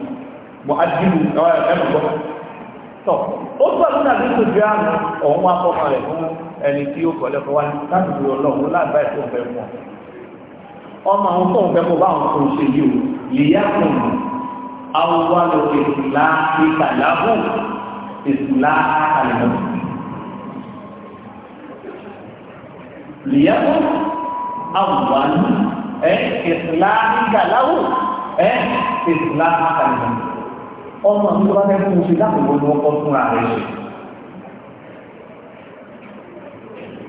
tọ̀ ó tó àbí nàbí tó jẹ́ àmì ọ̀hún wá fọ́mọ rẹ̀ fún ẹni tí ó kọ̀lẹ́ fọwá ní láti fi ọlọ́run láàbá ìfún ọ̀fẹ́ fún ọ ọmọ àwọn tó ń fẹ́ kó bá àwọn tó ń ṣe yìí o lè yá fún un àwọn wà lókè ìlà ìkàlábù ìsìlá àlùmọ́ lè yá ọmọ mi tó bá fẹ́ fún un ṣe láti wo ni wọ́n kọ́ fúnra rẹ̀ ṣe.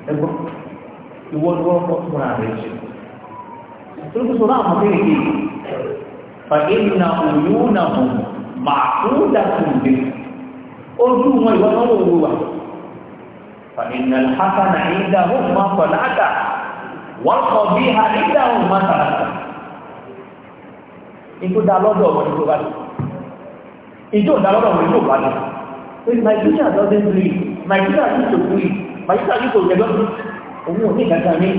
ẹ gbọ́ ìwọ ni wọ́n kọ́ fúnra rẹ̀ ṣe. tó ń sọ láwọn méjì fàgéyìn náà òyìnbó náà mọ̀ máa kú dàtún dé ojú wọn ìwọ náà wò wá. فإن الحسن عندهم ما صنعت والقبيح عندهم ما Ikú dá lọ́dọ̀ ọmọ ìjọ ìdálọ́dọ̀ wọn yóò bá ní my teacher doesn't believe my teacher used to believe my teacher used to get up òun ò ní ìdájọ́ ní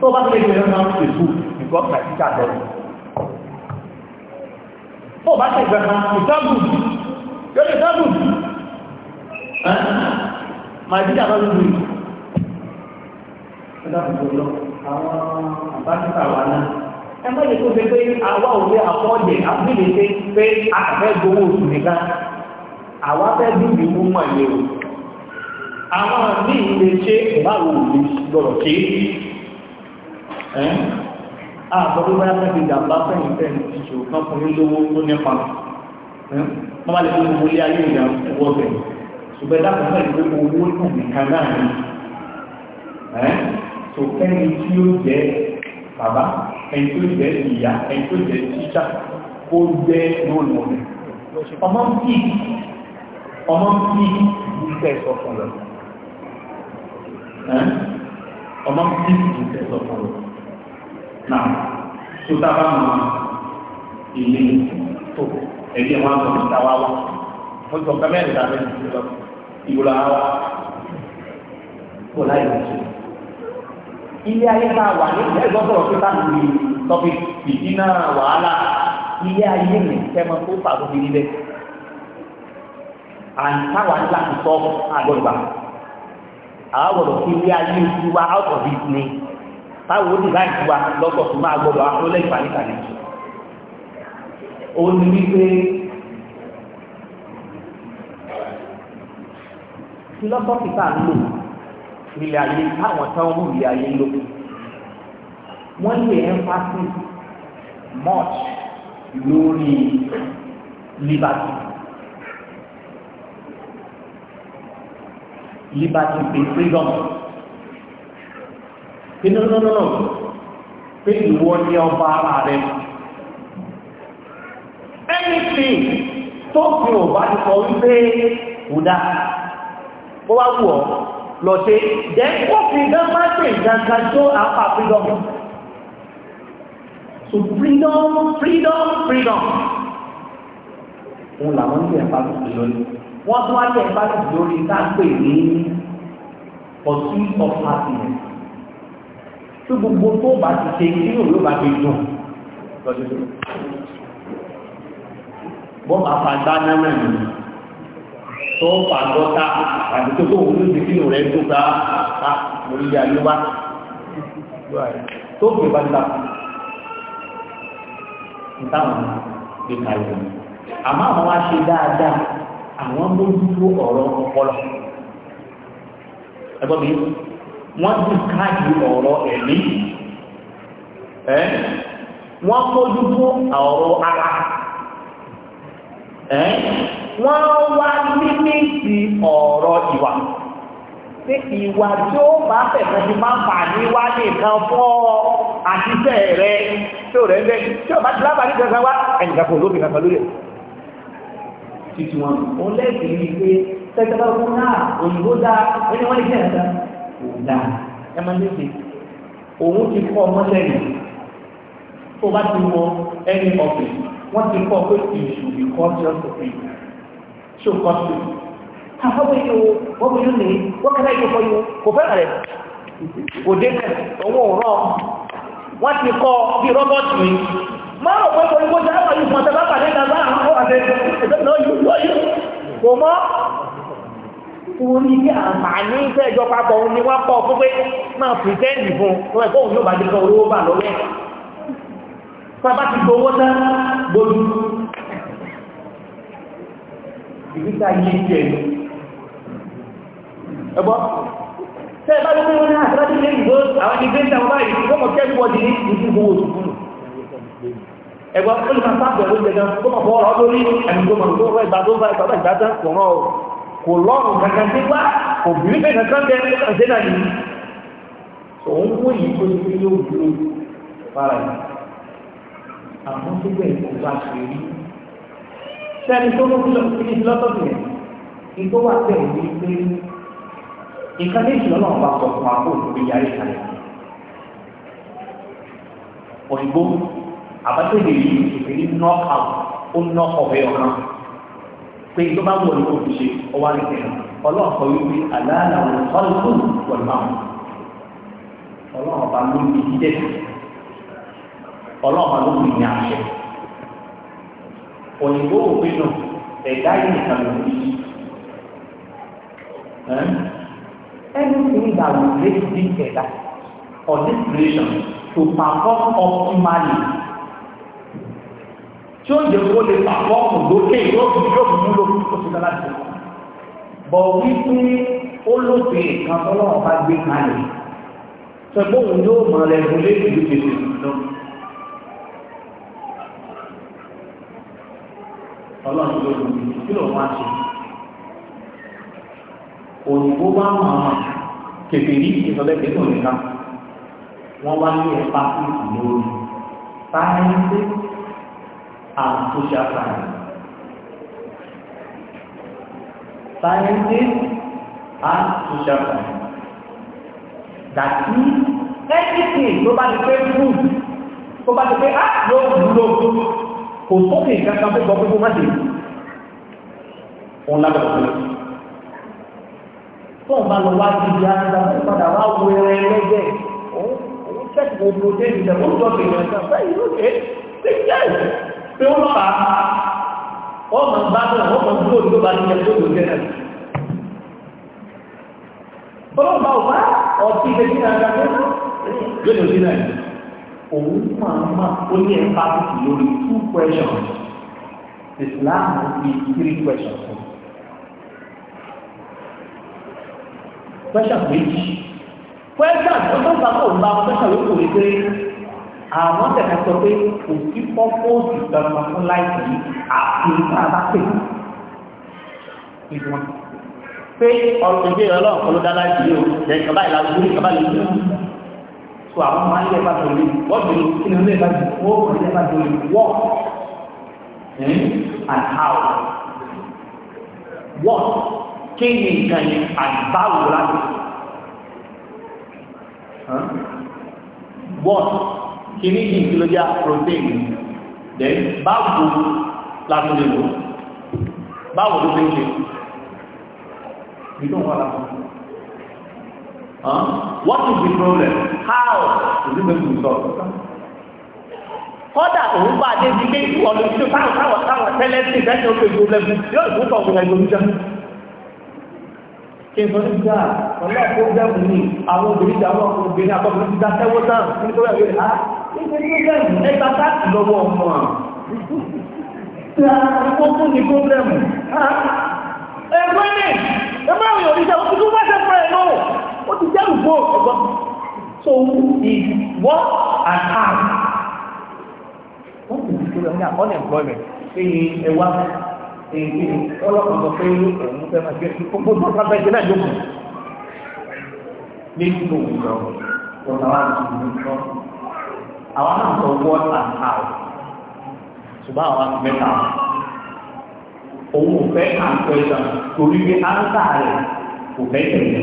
tó bá tẹ́lẹ̀ ìgbẹ̀rẹ̀ náà ṣe kú nǹkan my teacher lọ ó bá tẹ́ ìgbẹ̀rẹ̀ náà kò sábù yóò lè sábù my teacher doesn't believe ẹ̀dá kò lọ àwọn àbájúkà wà náà ẹ má yẹ kó ṣe pé àwa ò lé àkọọ́dẹ̀ àbílẹ̀ ṣe pé àfẹ́ gbowó oṣù nìkan àwa fẹ́ dúdú mú mọ̀ ilé o àwọn míì lè ṣe báwo lè lọ́rọ̀ ṣe àbọ̀dé bá fẹ́ fi dàbá fẹ́yìn fẹ́ ìṣòro kan fún ní lówó tó nípa wọ́n bá lè fi gbogbo ilé ayé ìyá owó ọ̀bẹ̀ ṣùgbọ́n dákùn fẹ́ ìwé owó nìkan náà ni tó fẹ́ni tí ó jẹ́ bàbá ẹni tó jẹ́ ìyá ẹni tó jẹ́ tíṣà ó jẹ́ lóòlù rẹ̀ ọmọ ń bí ọmọ ń bí ìgbésẹ̀ sọ fún rẹ̀ ọmọ ń bí ìgbésẹ̀ sọ fún rẹ̀ náà tó dábà mọ ilé tó ẹbí ẹ̀ wọ́n á sọ ìta wá wọ́n sọ kámẹ́rì dábẹ́ ìgbòlá wá kó láì lọ́sọ̀rọ̀ ilé ayé tá a wà ní ẹgbẹ́ sọ̀rọ̀ pé bá mi tọ́fi ìdínà wàhálà ilé ayé mi kẹ́mọ́ tó fà tó fi níbẹ̀ àǹtáwà ńlá ti sọ àgbọ̀gbà àwọ̀dọ̀ sí ilé ayé ojú wa out of it ni táwọn ó dìbà ìjúwa lọ́gbọ̀ tó máa gbọ́dọ̀ akólẹ́ ìbáníkàní ó ní wípé fílọ́sọ́fì tá à ń lò ilé ayé táwọn táwọn mú ilé ayé lò wọ́n lè emphasis much lórí liberty liberty pé freedom pé no no no no pé ìwọ ni ọba ara rẹ anything tó fi ò bá ti sọ wípé kò dáa ó wá wù ọ́ lọ ṣe jẹ́ kó fi dán má ṣe ìdáǹkan tó àpá freedom so freedom freedom freedom òun làwọn ní ẹ̀fà tuntun lórí wọ́n tún wá ní ẹ̀fà tuntun lórí tá ní pursuit of happiness tí gbogbo tó bá ti ṣe kí ní òun bá ti dùn lọ́dún bọ́ọ̀mù àfàgbà náà náà nìyí tó ń fa dọ́ta àti tó tó wúlò sí kílò rẹ̀ tó gba a ah, lórí ilé ayé wa tó gbé bá gbà nítawọn gbé kalẹ̀ àmọ́ àwọn wá ṣe dáadáa àwọn mójútó ọ̀rọ̀ ọpọlọ ẹgbọ́n mi wọ́n ti káàdì ọ̀rọ̀ ẹ̀mí ẹ́ wọ́n mójútó ọ̀rọ̀ ara ẹ́ wọ́n wá mísì ọ̀rọ̀ ìwà pé ìwà tí ó bá fẹ̀mọ́ ti máa ń fà ní wá ní nǹkan fún ọ àtisẹ́ rẹ tí ó rẹ̀ ń bẹ́ tí ó bá ti lábàá ní kankan wá ẹnìkan kò lóbi kankan lórí ẹ̀ títí wọn ó lẹ́sìn ní pé tẹ́tẹ́ bá náà òyìnbó dáa ẹni wọ́n ní kí ẹ̀ka kò dáa ẹ máa ní ṣe òun ti kọ́ ọmọ lẹ́yìn tó bá ti wọ ẹni ọ̀gbìn wọ́n ti kọ́ pé ìṣù ìkọ́ ti ọ̀sẹ̀ so costly ha how will you what will you need what can i do for you kò fẹ́ràn rẹ̀ kò dé bẹ̀ owó rọ wọ́n ti kọ́ bí rọ́bọ̀tì mi máa rò pé kò ní kó jẹ́ àwọn yìí fún ọ̀tẹ́ bá pàdé ìdàgbà àwọn àti ìdàgbà yìí kò mọ́ torí bí àǹfààní iṣẹ́ ìjọ papọ̀ ni wọ́n pọ̀ fún pé máa pìtẹ́ǹdì fún un ẹ̀kọ́ òun yóò bá jẹ́ kọ́ ìgbésà yé jẹ́ ẹgbọ́ tẹ́ ẹ bá gbé wọn ní àtàlájú ilé ìgbó àwọn ìgbé ń tàwọn báyìí wọ́n mọ̀ kẹ́lú wọ́n di ní ìdí gbogbo òṣùkúrù ẹgbọ́ ó lè máa sáàbẹ̀ ló jẹjẹ kó mọ̀ fọ́ ọ̀rọ̀ lórí ẹ̀mí tó mọ̀ tó rọ ìgbà tó bá ìgbà ìgbà tán kò rán o kò lọ́rùn kankan sí wá kò bìrì pé kankan bẹ tó ti ìgbà sẹ́ni tó kú ní lọ́tọ̀tù yẹn ìgbó wà pẹ̀ ní pé nǹkan méjì lọ́nà ọba sọ fún àpò òfin yarí kalẹ̀ òyìnbó àbátẹ̀lẹ̀ yìí ìpèlè knock out ó knock ọ̀bẹ ọ̀kan pé tó bá wọ̀ ní òfin ṣe ọwá rẹ̀ tẹ̀lé ọlọ́run sọ wípé àlàálà wọn sọ́ọ̀lù wọ̀n máa ọlọ́run ọba ló ń bí jíjẹ́ ọlọ́run ọba ló ń bí ní àṣẹ òyìnbó òpin nù ẹ̀dá yìí nìkan ló ń yí. Everything that will make this ẹ̀dá or this creation to perform optimally tí ó jẹ́ kó lè pàfọ́ọ̀mù lókè yóò fi yóò fi múlò ó ti dára jù bọ̀ wípé ó lóde nǹkan tọ́lọ́wọ́ bá gbé kalẹ̀ sọ pé òun yóò mọ̀ rẹ̀ lórí ìlú tètè lọ ọlọ́run ló lù mí kí ló wá ṣe òyìnbó bá mọ̀ ọ́n kèfèrí ìsọ̀lẹ́gbẹ̀ẹ́ tó nìkan wọ́n wá ní ẹ̀fà ìlú lórí sáyẹ́ńsì and social science sáyẹ́ńsì and social science that means everything tó bá ti pé food tó bá ti pé ah ló wúlò kò sókè kankan tó sọ pé kó má dé òun lábẹ́ òun tó ń bá lọ wá sí ibi àgbà tó padà wá wo ẹrẹ ẹlẹ́gbẹ́ òun òun tẹ́tù gbogbo débi ìjà ó jọ bèèrè ẹ̀sán báyìí lókè ṣe jẹ́ pé ó lọ́pàá ó mọ̀ ń bá bọ̀ ó mọ̀ ń dúró tó bá ti yẹ tó lò jẹ́ náà bọ́lá ọba ọba ọtí ìgbésí náà gbàgbé lónìí òsì náà òun máa ma ó ní ẹ̀ka bùkù lórí two questions Islam bí three questions fún question méjì question tó tó gbà kó gba question yóò kò ní pé àwọn tẹ̀ka sọ pé kò sí pọ́pọ́ọ̀sì kankan fún láìpẹ́ àti ìta bá pè é pé ọ̀rọ̀ ìgbéyàwó ọlọ́run kọ́ ló dá láìpẹ́ yìí o lẹ́yìn kaba ìlànà ìgbéyàwó kaba ìlànà ìgbéyàwó tó àwọn máa ń lè bá tó lè wọ́n ti lò kí ni lè bá tó wọ́n kò lè bá tó lè wọ́ and how wọ́n kí ni nǹkan yẹn àgbáwò láti wọ́n kí ni yìí kí ló jẹ́ protein then báwo láti lè lò báwo ló fi ń ṣe. You don't want Huh? What is the problem? How is it going to be solved? Kọ́dà tó bá dé dígbé ìwọ̀n ló ti fáwọn táwọn táwọn tẹ́lẹ̀ sí ìfẹ́sẹ̀ oṣù ìgbòlẹ́gbù yóò ìwọ̀n tó ọ̀gbọ̀n ìgbòlú jẹ́. Kí n sọ nígbà ọ̀lá ẹ̀kọ́ jẹ́mù ní àwọn obìnrin àwọn obìnrin àtọ́kùnrin ti dá tẹ́wọ́ náà nítorí àwọn ìhà nítorí pọ́blẹ́mù ẹgbà táàkì lọ́wọ́ ọmọ àwọn. Kókó ni pọ́blẹ́mù. Ẹgbẹ́ mi, ẹ ó ti jẹ́ ìgbó ọ̀gbọ́n so ìwọ́ àtàrí wọ́n ti di ìṣòro ní unemployment pé ẹwà ọlọ́pàá sọ pé òun fẹ́ máa gbé gbogbo tó bá bẹ́ẹ̀ náà yókù ní ìlú ìjọ ọ̀nà wa ti ní ìjọ àwọn náà sọ wọ́n àtàrí ṣùgbọ́n àwọn ti mẹ́ta òun ò fẹ́ àǹtọ̀ ìjà torí pé áńtà rẹ̀ kò fẹ́ tẹ̀lé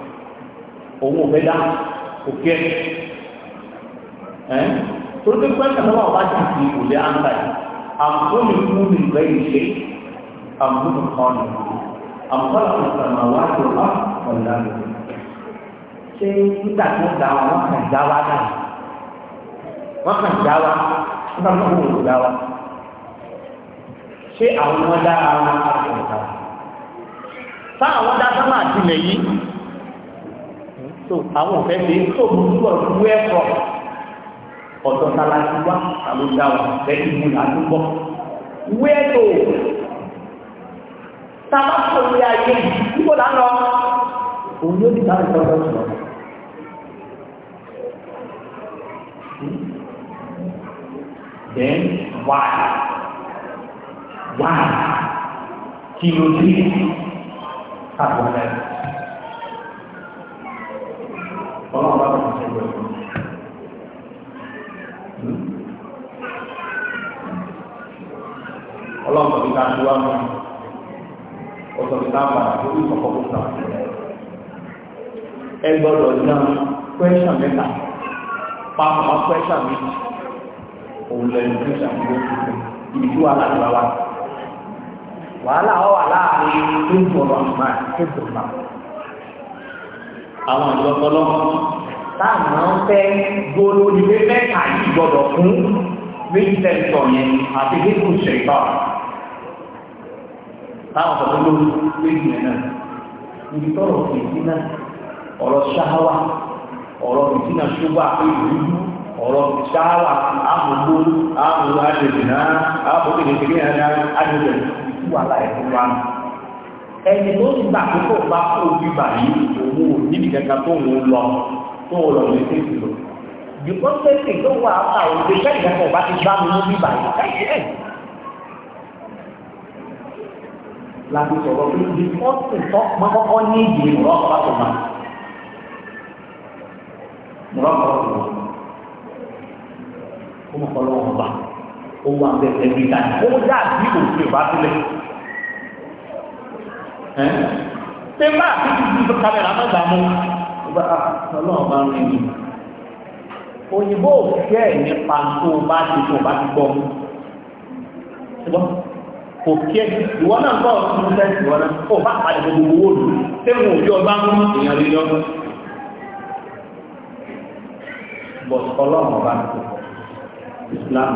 òun ò fẹ́ dá kò kẹ́ ẹ́ torí pé pẹ́ńtà náà wà láti fi òde áńtà yìí àkómi fún mi gbẹ́ ìṣe àbúrò kan nù àbúrò kan sàmà wá tó bá ọ̀dà lò ṣé nígbà tó dá wa wọ́n kàn dá wa náà wọ́n kàn dá wa wọ́n kàn fún òun dá wa ṣé àwọn dára wọn á kàn sáà wọ́n dá sọ́mà àti ilẹ̀ yìí so àwọn òfẹ́ ṣe é tó gbogbo ọ̀dùn ẹ̀kọ́ ọ̀dọ̀ tàlàjì wá àwọn ìjà wà lẹ́yìn ìmú làdúgbò wẹ́ẹ̀tò tàbá sọ̀rọ̀ ní ayé nígbò lánà òun yóò di láti tọ́jọ́ sọ̀rọ̀ then why why kí ló dé àbúrò náà ọlọ́run bá bàtà ṣe gbẹ̀rẹ̀ ọlọ́run tó fi ká tó wá mọ́ ọ̀sọ̀ fi ká bàtà tó fi kọ́kọ́ kó sàn. ẹ gbọ́dọ̀ dán kwẹ́sàn mẹ́ta pàápàá kwẹ́sàn méjì òun lẹ́nu kwẹ́sàn méjì ibi tí wàhálà ti wá wá wàhálà ọ̀ láàrin tó ń bọ̀ lọ́nà àwọn ìjọpọlọ táwọn ń fẹ́ gbóró ní pé mẹ́ta yìí gbọdọ̀ fún méjì tẹ̀sítọ̀ yẹn àti gígùn ìṣẹ̀gbà táwọn ọ̀dọ́ lórí méjì yẹn náà níbi tọ́rọ̀ ìdínà ọ̀rọ̀ ṣáwà ọ̀rọ̀ ìdínà ṣúgbà pé ìlú ọ̀rọ̀ ṣáwà àmúgbó àmúgbó àdèjì náà àbókè ẹni tó ti gbà púpọ̀ bá kó bíbà yìí òun ò níbi kankan tó ń lọ tó ń lọ lórí tètè lọ. Bìkọ́ tètè tó wà áfà òde kẹ́yìn kankan ọba ti gbá mi ní bíbà yìí káyìí ẹ̀. Láti sọ̀rọ̀ pé bìkọ́ tètè mọ́ kọ́kọ́ ní ìdí ìrọ́pàá tó máa. Ìrọ́pàá tó máa. Ó mọ̀ lọ́wọ́ ọba. Ó wà bẹ̀rẹ̀ nígbà tí ó dàbí òfin ìbátúlẹ̀ ṣé bá àti tuntun kámẹ́rà má gbà mú ọba ah, ọlọ́run bá rìn mí òyìnbó òfìẹ́ nípa tó bá ti tó bá ti gbọ́ ṣùgbọ́n kò kí ẹ ìwọ náà gbọ́ ọ̀tún fẹ́ ìwọ náà kò bá pàdé gbogbo owó lò ṣé mo òjò ọba mú èèyàn lé lọ́dún bọ̀ ọlọ́run ọba tó Islam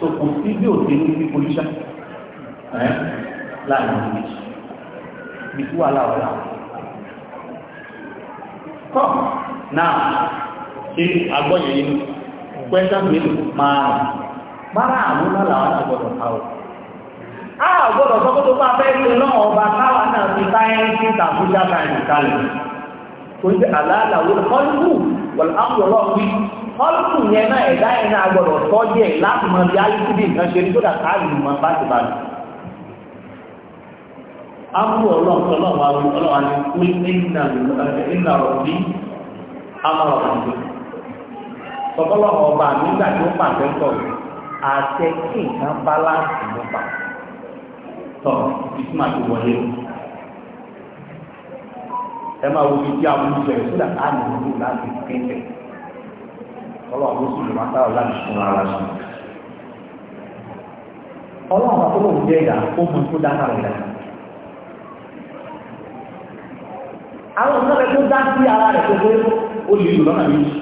so kò sí bí òsè ní ti polisa láàrin ìgbésí bí tí wàhálà wà láwọn. tọ́ náà inú agbọ́yẹ̀ inú pẹ́ńtà mélòó márùn-ún márùn-ún náà làwọn náà gbọ́dọ̀ ká o. a gbọ́dọ̀ sọ pé tó bá fẹ́ ṣe náà ọba táwa náà fi sáyẹ́ńsì tàbújá sáyẹ́ńsì kalẹ̀ tó ń jẹ́ àlàálà wọlé kọ́lù wọ̀lá àwọn ọlọ́ọ̀wí kọ́lù yẹn náà ẹ̀dá yẹn náà gbọ́dọ̀ tọ́jú ẹ̀ láti mọ bí ayé síbi nǹkan ṣe ní tó dà káàdì mọ bá ti bá mi. ápù ọlọ́ọ̀tọ́lọ́wà ọlọ́wà ní kú ìnà rọ̀bí amọ̀rọ̀ àti tọ́kọ́lọ́wà ọba nígbà tí ó pàṣẹ ló pa tọ̀ ìtumà ti wọlé ẹ máa wo a mú á nì láti sì lè máa láti sùn ara sùn tó lóun jẹ́ ó mú dáná rẹ̀ dáná. àwọn ọ̀sán rẹ̀ tó dá sí ara rẹ̀ tó gbé ó lè lò lọ́nà méjì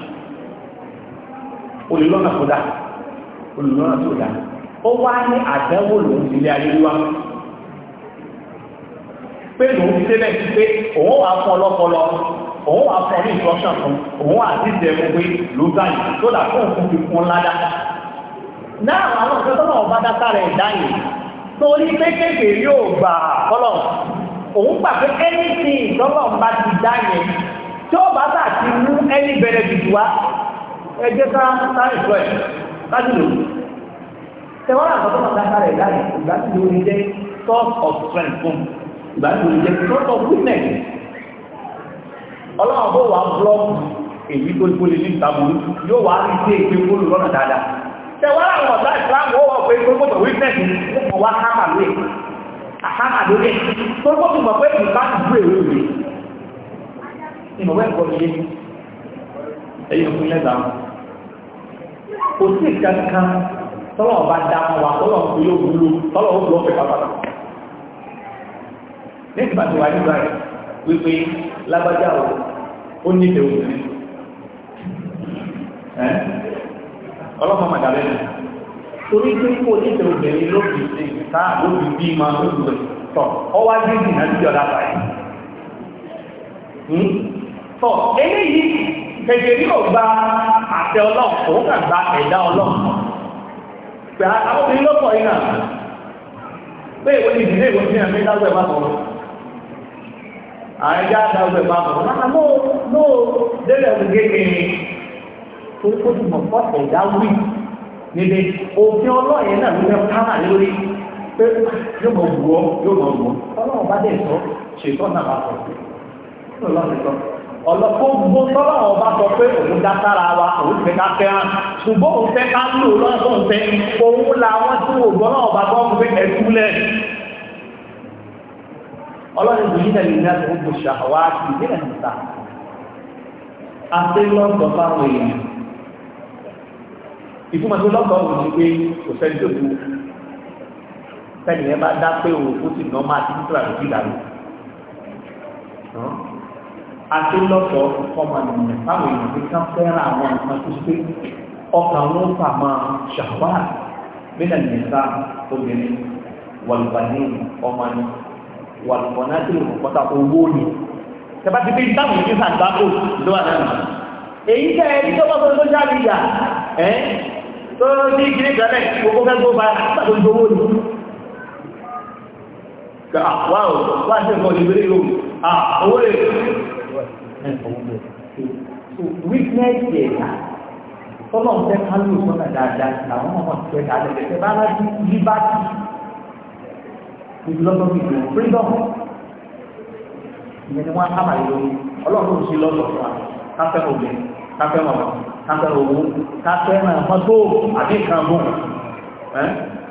ó lè lọ́nà tó dá ó lè lọ́nà tó dá ó wá ní àdánwò lòún ti lé ayé wá pé lòún ti débẹ̀ sí pé òun wà fún ọlọ́pọlọ òun wà fún ní instruction fún òun àti ìjẹ̀mú pé lòún báyìí tó dà fún òun fi kún ládá náà àwọn ọ̀sán tó náà bá dá sára ẹ̀dá yìí torí pé kékeré yóò gbà kọ́lọ̀ òun gbà pé anything ìjọba ọba ti dá yẹn tí ọba bá ti mú any benefit wá ẹgbẹ́ ká ká ìfọ ẹ̀ láti lò tẹwọ́n àgbà tó máa dáká rẹ̀ láàyè ìgbà tí ó lè jẹ́ source of strength fún ìgbà tí ó lè jẹ́ source of weakness ọlọ́run bó wà blọ́ọ̀kù èyí tó kó lè ní ìtàbùrú yóò wà rí sí èké kó lò lọ́nà dáadáa tẹwọ́n àwọn ọ̀dọ́ ìsìlámù wọ́n wá àkàmà lórí ẹ̀ tó kọ́ tó mọ̀ pé ìbá ìgbé ìwé rẹ̀ ìmọ̀wé ẹ̀kọ́ ilé ẹ̀yìn fún ilẹ̀ dáhùn kò sí kankan tọ́lọ̀ ọba dáhùn wa tọ́lọ̀ ọ̀pọ̀ yóò wúlò tọ́lọ̀ ó lọ́pẹ̀ pápákọ̀ ní ìgbà wà nígbà wípé lágbájá o ó ní ìdè ọlọ́pàá màdàlẹ́nì torí pé kò ní ìtẹ̀ obìnrin ló fi ṣe ìsáà ló fi bí ma ń lù ẹ̀ tọ̀ ọwá dídì náà sí ọ̀dà báyìí hmm? tọ̀ eléyìí kẹ̀kẹ́ ní ọ̀gbà àtẹ ọlọ́run òun kà gba ẹ̀dá ọlọ́run pé àwọn obìnrin ló pọ̀ iná pé ni ìdílé ìwé ní ẹ̀mí níbi òfin ọlọ́yẹ̀ náà ló fẹ́ kára lórí pé yóò mọ̀ wù ọ́ yóò mọ̀ wù ọ́ ọlọ́run bá dẹ̀ sọ ṣètò náà bá sọ ọlọ́gbogbo tọ́lọ́wọ́ bá sọ pé òun dá sára wa òun fẹ́ ká fẹ́ràn ṣùgbọ́n òun fẹ́ ká lò lọ́sọ̀ ń fẹ́ òun la wọ́n tí òun gbọ́n náà bá gbọ́ ń fẹ́ ẹ̀kúlẹ̀. ọlọ́run kò ní tẹ̀lé ní àti gbogbo ṣàwá àti ìdílé nìta àti lọ́sọ̀ fáwọn èèyàn ìfúnmọ̀ tó lọ́kọ̀ ọ̀hún ni pé kò sẹ́ni tó kú sẹ́ni ẹ bá dá pé òun kó sì ná máa ti kíkọ́ àti kíkà lọ. àti lọ́kọ̀ ọmọ ènìyàn báwo èèyàn fi ká fẹ́ràn àwọn nǹkan tó ṣe ọkàn wọn fà máa ṣàwá mílẹ̀ nìta obìnrin wàlùbàní ọmọ ni wàlùbọ̀nà tí lè kọ́ta owó ni. tẹ́bá ti fi dáhùn ní sàgbákò lọ́wọ́ náà èyí tẹ́ ẹni tó ẹ́ tó ní ìgbìlẹ̀ ìgbàlẹ̀ gbogbo fẹ́ gbogbo àtàkùn ìgbòho ni wáò wá sí ẹ̀kọ́ ìgbèrè yóò owó rẹ̀ wíkẹ́ẹ̀kì ẹ̀ka tọ́lọ̀ ń tẹ́ kálù sọ́nà dáadáa làwọn ọmọ ti tẹ́ dáadáa lẹ́tẹ́ bá rájú líbátì ìlọ́sọ̀bì freedom ìyẹn ni wọ́n á kábàá lórí ọlọ́run ò sí lọ́sọ̀ fún wa káfẹ́ obìnrin káfẹ́ mọ̀mọ́ kápẹ́rọ owó kápẹ́rọ mọ́tò àbí nǹkan gùn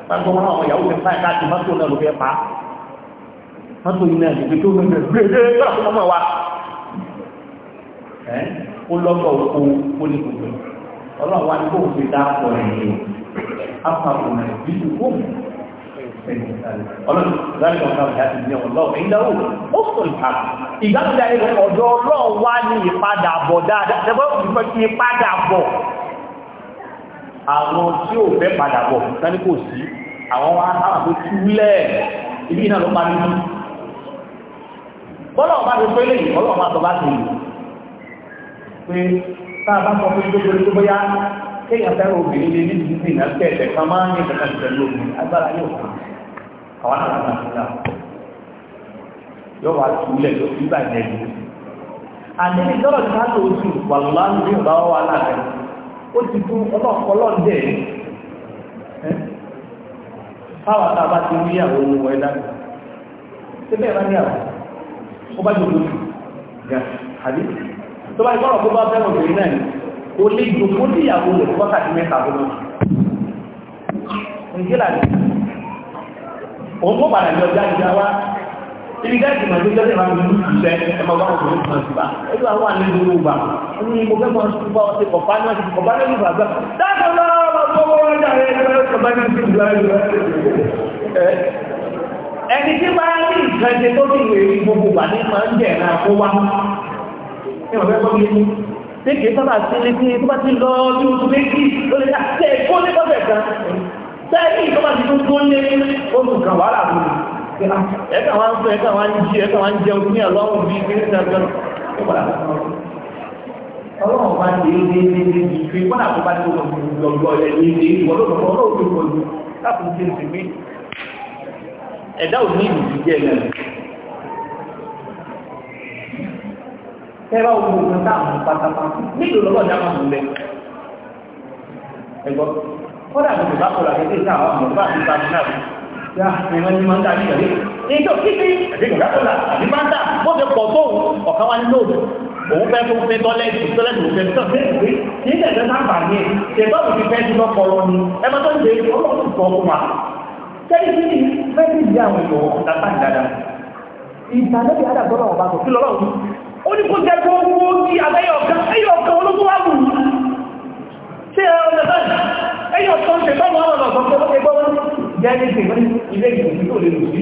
pàtó wọn àwọn ìyàwó fẹ́ fáyà káàkiri mọ́tò náà ló fẹ́ pa mọ́tò yìí náà lè tó lónìí gbèdé yọ́rọ̀ fún ọmọ wa ó ọlọ́run láti ọ̀sán ọ̀sán ti ní ọlọ́run ẹ̀yìn dáwò ó sọ ìpa ìgbàlódé ayé ọ̀dọ̀ ọlọ́run wá ní ìpadà bọ̀ dáadáa ṣẹgbẹ́ òfìfẹ́ ti padà bọ̀ àwọn tí ò fẹ́ padà bọ̀ sani kò sí àwọn wá sáwọn tó túlẹ̀ ibi náà ló parí ní bọ́lá ọba tó pélé yìí ọlọ́run máa sọ bá ti pé tá a bá sọ pé tó pélé tó bóyá kéèyàn àwọn àwọn àwọn àti náà yóò wá túlẹ̀ yóò fi bá ìdẹ́ yìí àti ní lọ́rọ̀ tí wọ́n lò sí wàlúwà ní ìgbà wà láàrẹ̀ ó ti fún ọlọ́pọlọ dẹ̀ fáwọn tá a bá ti rí àwọn ohun ẹ̀ dáná bá ní àwọn ó bá jòkó jù gà àbí tó bá ìgbọ́rọ̀ tó bá ni kò lè jòkó níyàwó rẹ̀ fọ́kàtí mẹ́ta tó òun kó padà jọ jáde já wá ibi gáàsì máa gbéjọ́ lẹ́wà ní ìlú ìfẹ́ ẹmọ bá wọn kò máa ṣùgbà ẹgbẹ́ àwọn àlẹ́ ìlú ìgbà ní mo fẹ́ máa ṣùgbà ọ̀sẹ̀ kọ̀pá ní ọ̀sẹ̀ kọ̀pá ní ọ̀sẹ̀ kọ̀pá dákọ̀ lọ́wọ́ gbogbo wọn jáde ẹgbẹ́ ní ti ìlú ayé ẹni tí bá ní nǹkan ṣe tó ní ìwé gbogbo wà ní máa ń jẹ̀ náà kó wá ní ọ̀fẹ́ gbọ́ mi ní kìí sábà sí ilé tí tó bá ti lọ ọdún méjì lórí àti ẹ̀kọ́ ní ah, sẹ́ẹ̀kì ìjọba ti tún tún lé oṣù kan wàhálà fún mi ẹ̀ka wá ń sọ ẹ̀ka wá ń jí ẹ̀ka wá ń jẹun ní ọlọ́run bíi kí ní sẹ́ẹ̀kì ọlọ́run bá ti ń dé ní ní ìfẹ́ wọ́n àti bá ti wọ́n ti gbọ̀gbọ̀ ẹ̀ ní ní ìwọ̀lọ́gbọ̀ ọlọ́run tó kọjú láti ti ti mí ẹ̀dá ò ní ìdí jẹ́ ẹ̀ ẹ̀rọ òkú òkú táwọn pátápátá nílò lọ́wọ́ dáhùn lẹ́ ẹ̀gbọ́n kódà mo lè bá kọlà ní ilé náà àwọn ọmọ àti ìbámu náà yá ẹ̀rọ ni máa ń dá ní ìyàwó ìjọ kíkí àti ìgbà kọlà àti máa ń dá bó ṣe pọ̀ tó ọ̀kan wá ní lóòdù òun fẹ́ fún fẹ́ tọ́lẹ́tì tọ́lẹ́tì òun fẹ́ tọ́lẹ́tì kí ní ẹ̀jẹ̀ náà bà ní ẹ̀ ṣèbáwò ti fẹ́ tún lọ́kọ̀ lọ ni ẹ máa tó ń lè ọlọ́run kọ́ fún wa sẹ́yìn tí ní fẹ́ bí tí ẹ ọ̀nà báyìí ẹ̀yọ̀ tó ń ṣe tọ́mọ ọ̀nà ọ̀gbọ̀n tó ń gbọ́ wọn jẹ́ ní ti wọ́n ilé ìgbìmọ̀ tó lè lò sí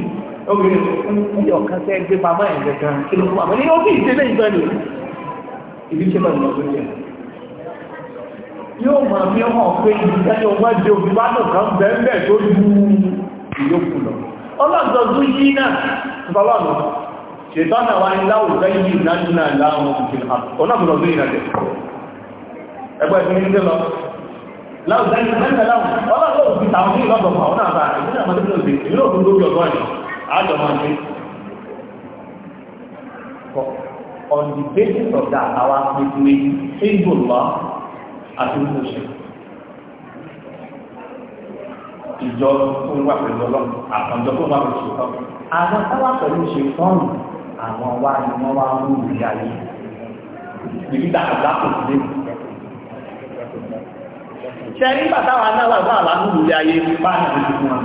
obìnrin ẹ̀yọ̀ kan tẹ́ gbé pamọ́ ẹ̀ gẹ̀gàn kí ló fún àmọ́ ní ókè ìṣe lẹ́yìn bẹ́ẹ̀ ni ìbí ṣe lọ́nà tó jẹ́ yóò mọ̀ mí ọmọ pé yìí náà bàbáwọ̀ ṣètọ́nà wa ní láwùjọ yìí náà láwọn ẹgbẹ́ ìpín ní lọ láwùjọ ní mẹ́ta láwùn ọlọ́pàá òfin tàwọn ní ìlọ́dọ̀ fún àwọn àbá ìdílé àmọ́ tó ti ìlú òfin lórí ọ̀dọ́ ẹ̀ àjọ máa ṣe on the basis of that our people single law àti ìmúṣẹ ìjọ tó ń wà pẹ̀lú ọlọ́run àkànjọ tó ń wà pẹ̀lú ṣùkọ́ àwọn táwà pẹ̀lú ṣe fọ́ọ̀nù àwọn wá ni wọ́n wá ń rú ìrìn ayé ìbí dàgbà kò sí lẹ́yìn ṣe rí bàtàwà náà wà náà lánú lórí ayé bá ní ìlú wọn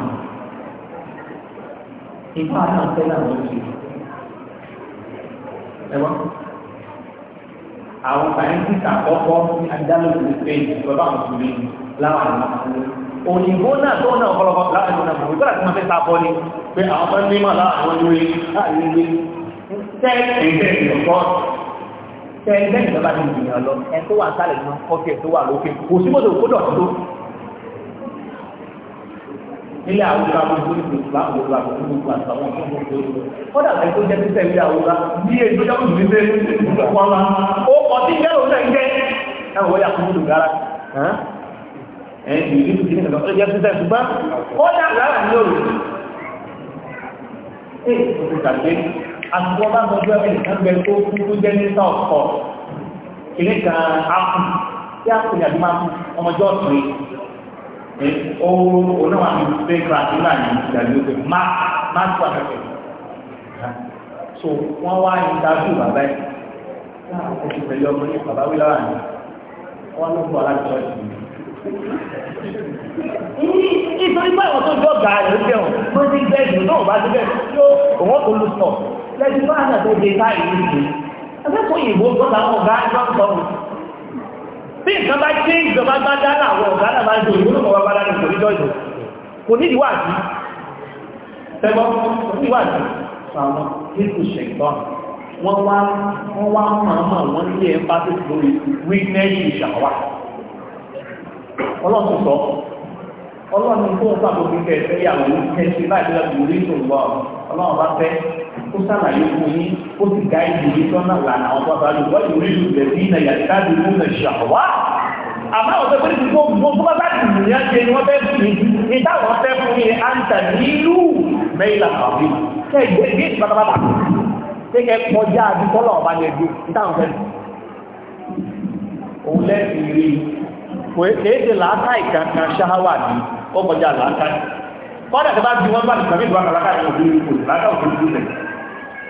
ìpá náà fẹ́ náà ló ṣe ẹ̀wọ́n àwọn sàyẹ́ntìsì àkọ́kọ́ ní adálòkù spain ìjọba àwọn òṣèlú láwọn àwọn òyìnbó náà tó náà ọ̀pọ̀lọpọ̀ láwọn ìlú náà bọ̀ ìgbọ́dà tí wọ́n fẹ́ sáfọ́ ni pé àwọn tó ní mọ̀ láwọn àwọn ìlú tẹ ẹgbẹ́ ìjọba ní ìgbìyàn lọ ẹ tó wà ń sálẹ̀ nínú kọfí ẹ tó wà lókè kò sí mọ́tò kó dọ̀ tó nílẹ̀ àwùjọ àwùjọ ní ìgbà àwùjọ àwùjọ ní ìgbà àtàwọn ọmọ ọmọ ọmọ ọmọ kọ́dà ẹ tó jẹ́ títẹ̀ ìlú àwùjọ bí èyí tó jáwùjọ ní ṣe wọn wá ó ọtí jẹ́ òun náà ń jẹ́ ẹ wọ́n yà kúrò gara ẹ ìrírí tó ti ní ìgbà tó jẹ́ títẹ̀ ṣùgbọ́n kọ́dà gara ní òru àtúgbọ́ bá gbọ́jọ́ ẹ̀kan bẹ tó kú tó jẹ́ ní sọ́ọ̀kọ̀ kìlẹ̀ kan ápù tí ápù ní àdúmá ọmọjọ́ ọ̀sán yìí ooo onáwà ní pé kíláàsì náà ní ìdàgbé ó pé má má tó àkẹ́kẹ́ so wọ́n wá ìdájú bàbá yìí láti pẹ̀lú ọmọ ní bàbá wí lára ní wọ́n ló bọ̀ láti ọ̀sán yìí nítorí báyìí wọ́n tó jọ́ gàá rẹ̀ ó bẹ̀rù tó ti bẹ́ẹ̀ jù náà bá ti bẹ́ẹ̀ tó òun kò lù sọ̀rọ̀ lẹ́yìn bá àgbà tó dé báyìí nìyí ẹgbẹ́ tó yìnbó tó làwọn ọ̀gá ẹgbẹ́ bí nǹkan bá dé ìjọba bá dá láwọn ọ̀gá náà bá ń sọ ìwúlò kọ̀ bá dára nítorí kò ní ìwádìí tẹ́gbọ́n kò ní ìwádìí ọlọ́run tó ń sàbòbí kẹ ìfẹ́yàwó kẹsì báyìí lọ́dún orí ìṣòwò ọlọ́run bá fẹ́ ó sàlàyé fún yín ó sì ga ìdílé tọ́nà lànà àwọn bàbá rẹ̀ wọ́n yóò rí ìlú bẹ̀rẹ̀ ní nàìjíríà ní ìlú nàìjíríà wá. àmọ́ àwọn ọ̀sẹ̀ pé kò mọ fún bàbá ìlú yẹn ṣe ni wọ́n fẹ́ fún yín ní táwọn fẹ́ fún yín àǹtà nílù mẹ́ìlà kò é ṣe làákà ìkankan ṣáháwà ni ó kọjá làákàá kọ́dà tó bá bí wọ́n bá ti sàmì ìwà kàlákà ní òbí ìlú làákà òbí ìlú rẹ̀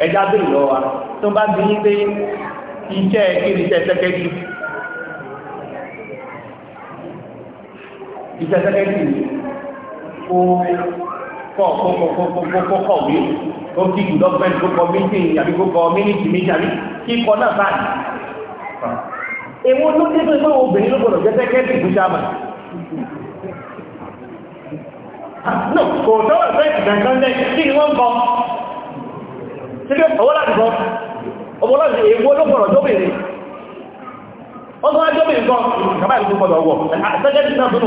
ẹja bèrè lọ wa tó bá bí ní pé iṣẹ́ kiri iṣẹ́ sẹ́kẹ́tì iṣẹ́ sẹ́kẹ́tì kó kọ́ kọ́ kọ́ kọ́ kọ́ kọ̀wé ó kí ìlú lọ́fẹ́ tó kọ mítìn àbí kó kọ mínítì méjì àbí kíkọ náà báyìí. èwo ló dé tó ìgbà obìnrin ló gbọdọ̀ jẹ́ sẹ́kẹ́tì fún sábà no kò sọ́wọ́ ẹ̀fẹ́ ìgbẹ̀ǹkan lẹ́ kí ni wọ́n kọ́ síbí ọwọ́ láti kọ́ ọmọ láti èwo ló pọ̀rọ̀ tó bèèrè wọ́n tó wá jọ́ bèèrè kan ìlú pọ̀lọ̀ ọwọ́ ti náà tó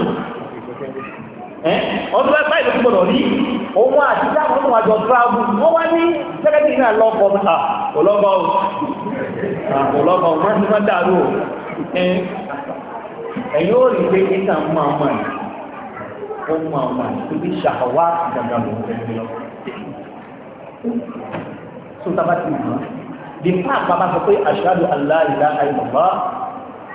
ó mọ àwọn àtúbí ṣàkọwá gàgà ló ń bẹ̀rẹ̀ lọ. tó tábà ti mọ̀ di pa àpamọ́ sọ pé ashhadu an la ilaha illallah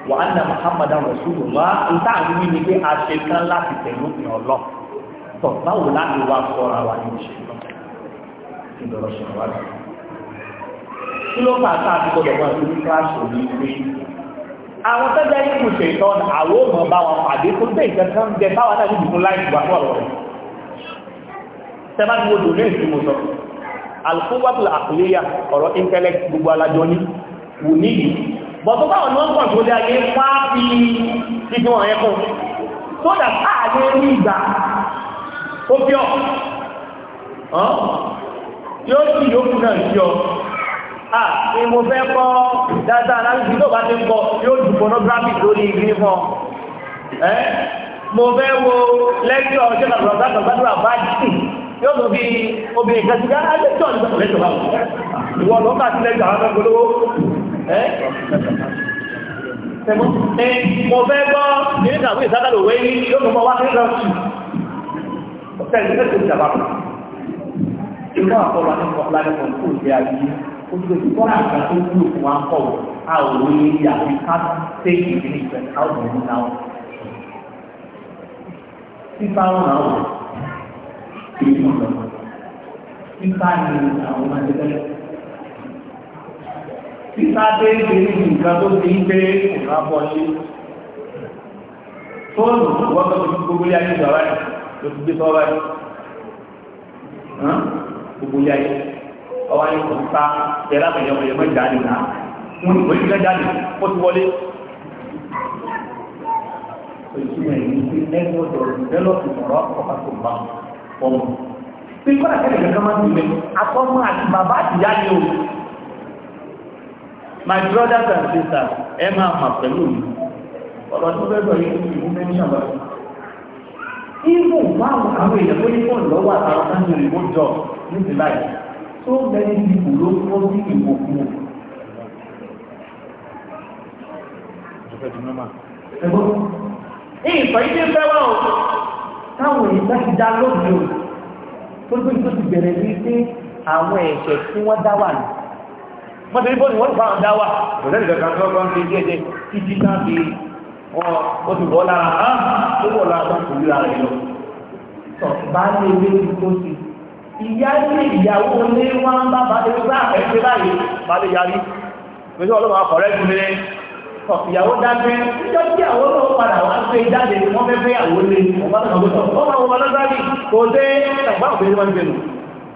wa anna muhammadan rasulullah ń tà ń wí ni pé a ṣe tán láti tẹ̀lé òfin ọlọ́ tọ̀ báwo láti wá sọ́ra wa ní ìṣe ìdọ̀rọ̀ ṣàwárí. kí ló fà á sáà ti gbọdọ̀ wá sí kíláàsì òní pé àwọn tó jẹ́ ikú ṣe ìtọ́nà àwọn ọmọ bá wọn pàdé tó tẹ́ ìjẹta ń jẹ báwọn náà níbi fún láì ìgbà fún ọ̀rọ̀ rẹ̀ tẹ́bá ní odò ní èsì mo sọ alùpùpàpùlà àkùlẹ́yà ọ̀rọ̀ intellect gbogbo alájọ ní wù níyì bọ̀tọ̀ báwọn ni wọ́n pọ̀ tó lé ayé wá fi fi ọ ah ni mo fẹ́ dáadáa lálùbí tó bá ti ń kọ yóò ju pornography lórí igi fún ọ. ẹ mo fẹ́ wo lẹ́jọ́ ọjọ́ nàbọ̀ gbàgbọ́ gbàdúrà bá jì yóò tó fi obìnrin kan ti ká lẹ́jọ́ ọjọ́ nàbọ̀ lẹ́jọ́ bá wù. ìwọ ló bá ti lẹ́jọ́ àwọn ọmọ olówó. ẹ mo fẹ́ gbọ́ nínú ìtàwé ìsádàlò wẹ́ yóò tó mọ wá sí lọ́sùn. ọ̀sẹ̀ ìgbésẹ̀ tó ti dàbà. ìgbà àkọlù àti ìkọ̀ọ̀lá olùdókòwò kọ́ra àgbà tó wúlò fún wa ń kọ̀ wọ̀ a ò wọ ilé àti ká ṣe ìdílé ìfẹ́ ká ò mọ̀ náà wọ̀. Fífa ń ràn wọ̀ kí ni lọ. Fífa ni àwọn máa ń tẹ́lẹ̀. Fífa dé ìdílé nǹkan tó ti ń gbé òun abọ́ ṣe. Fóònù wọ́n tó fi gbogbo ilé ayé ìjọba yìí ló ti gbé sọ́ọ́ báyìí. Gbogbo ilé ayé ọwọ́ ní kò sá tẹ̀lá pẹ̀lú ọmọ ìyẹmọ ìdáni náà wọn ni wọ́n ti fẹ́ dáni ó ti wọlé. ìtumọ̀ èyí ti ẹgbẹ́ ọ̀dọ̀ ìdẹ́lọ́pù ọ̀rọ̀ ọ̀pá tó bá ọmọ. pé kọ́lá kẹ́lẹ̀ kankan máa ń tún mi akọ́mọ àti bàbá àtìyá ni o. my brothers and sisters ẹ máa mà pẹ̀lú mi ọ̀rọ̀ tó fẹ́ sọ yìí ti ìwú mẹ́rin àbá Ibùn wà àwọn èèyàn tó ní fóònù lọ́wọ́ àtàwọn sáńdì òyìnbó jọ níbi láì so many people ló kọ́ sí ìwòkúwò. ẹ̀gbọ́n ní ìfọ̀ yìí ń fẹ́ wá o táwọn èèyàn bá ti dá lóde o tó gbé tó ti bẹ̀rẹ̀ ní pé àwọn ẹ̀ṣẹ̀ tí wọ́n dá wà ní. wọ́n ti rí bọ́ọ̀lù wọ́n ti fáwọn dá wà lọ́sẹ̀ ìjọba kan tó kọ́ ń ṣe díẹ̀ díẹ̀ títí náà fi wọ́n ó ti bọ́ lára hàn tó bọ̀ lára tó bá ní ewé tí ó ti ìyá ní ìyàwó ní wọ́n bá bá lè gbá ẹgbẹ́ báyìí bá lè yarí pẹ̀lú ọlọ́wọ́ akọ̀rẹ́ jù lé ìyàwó dágbé níjọ́ tí àwọn do padà wá gbé jáde wọ́n fẹ́ fẹ́ àwọn olè ọ̀pá tó kọ̀ọ̀tọ̀ ó máa wọ́n lọ́gbà ní kò dé ẹgbà òfin wọn gbẹ̀rù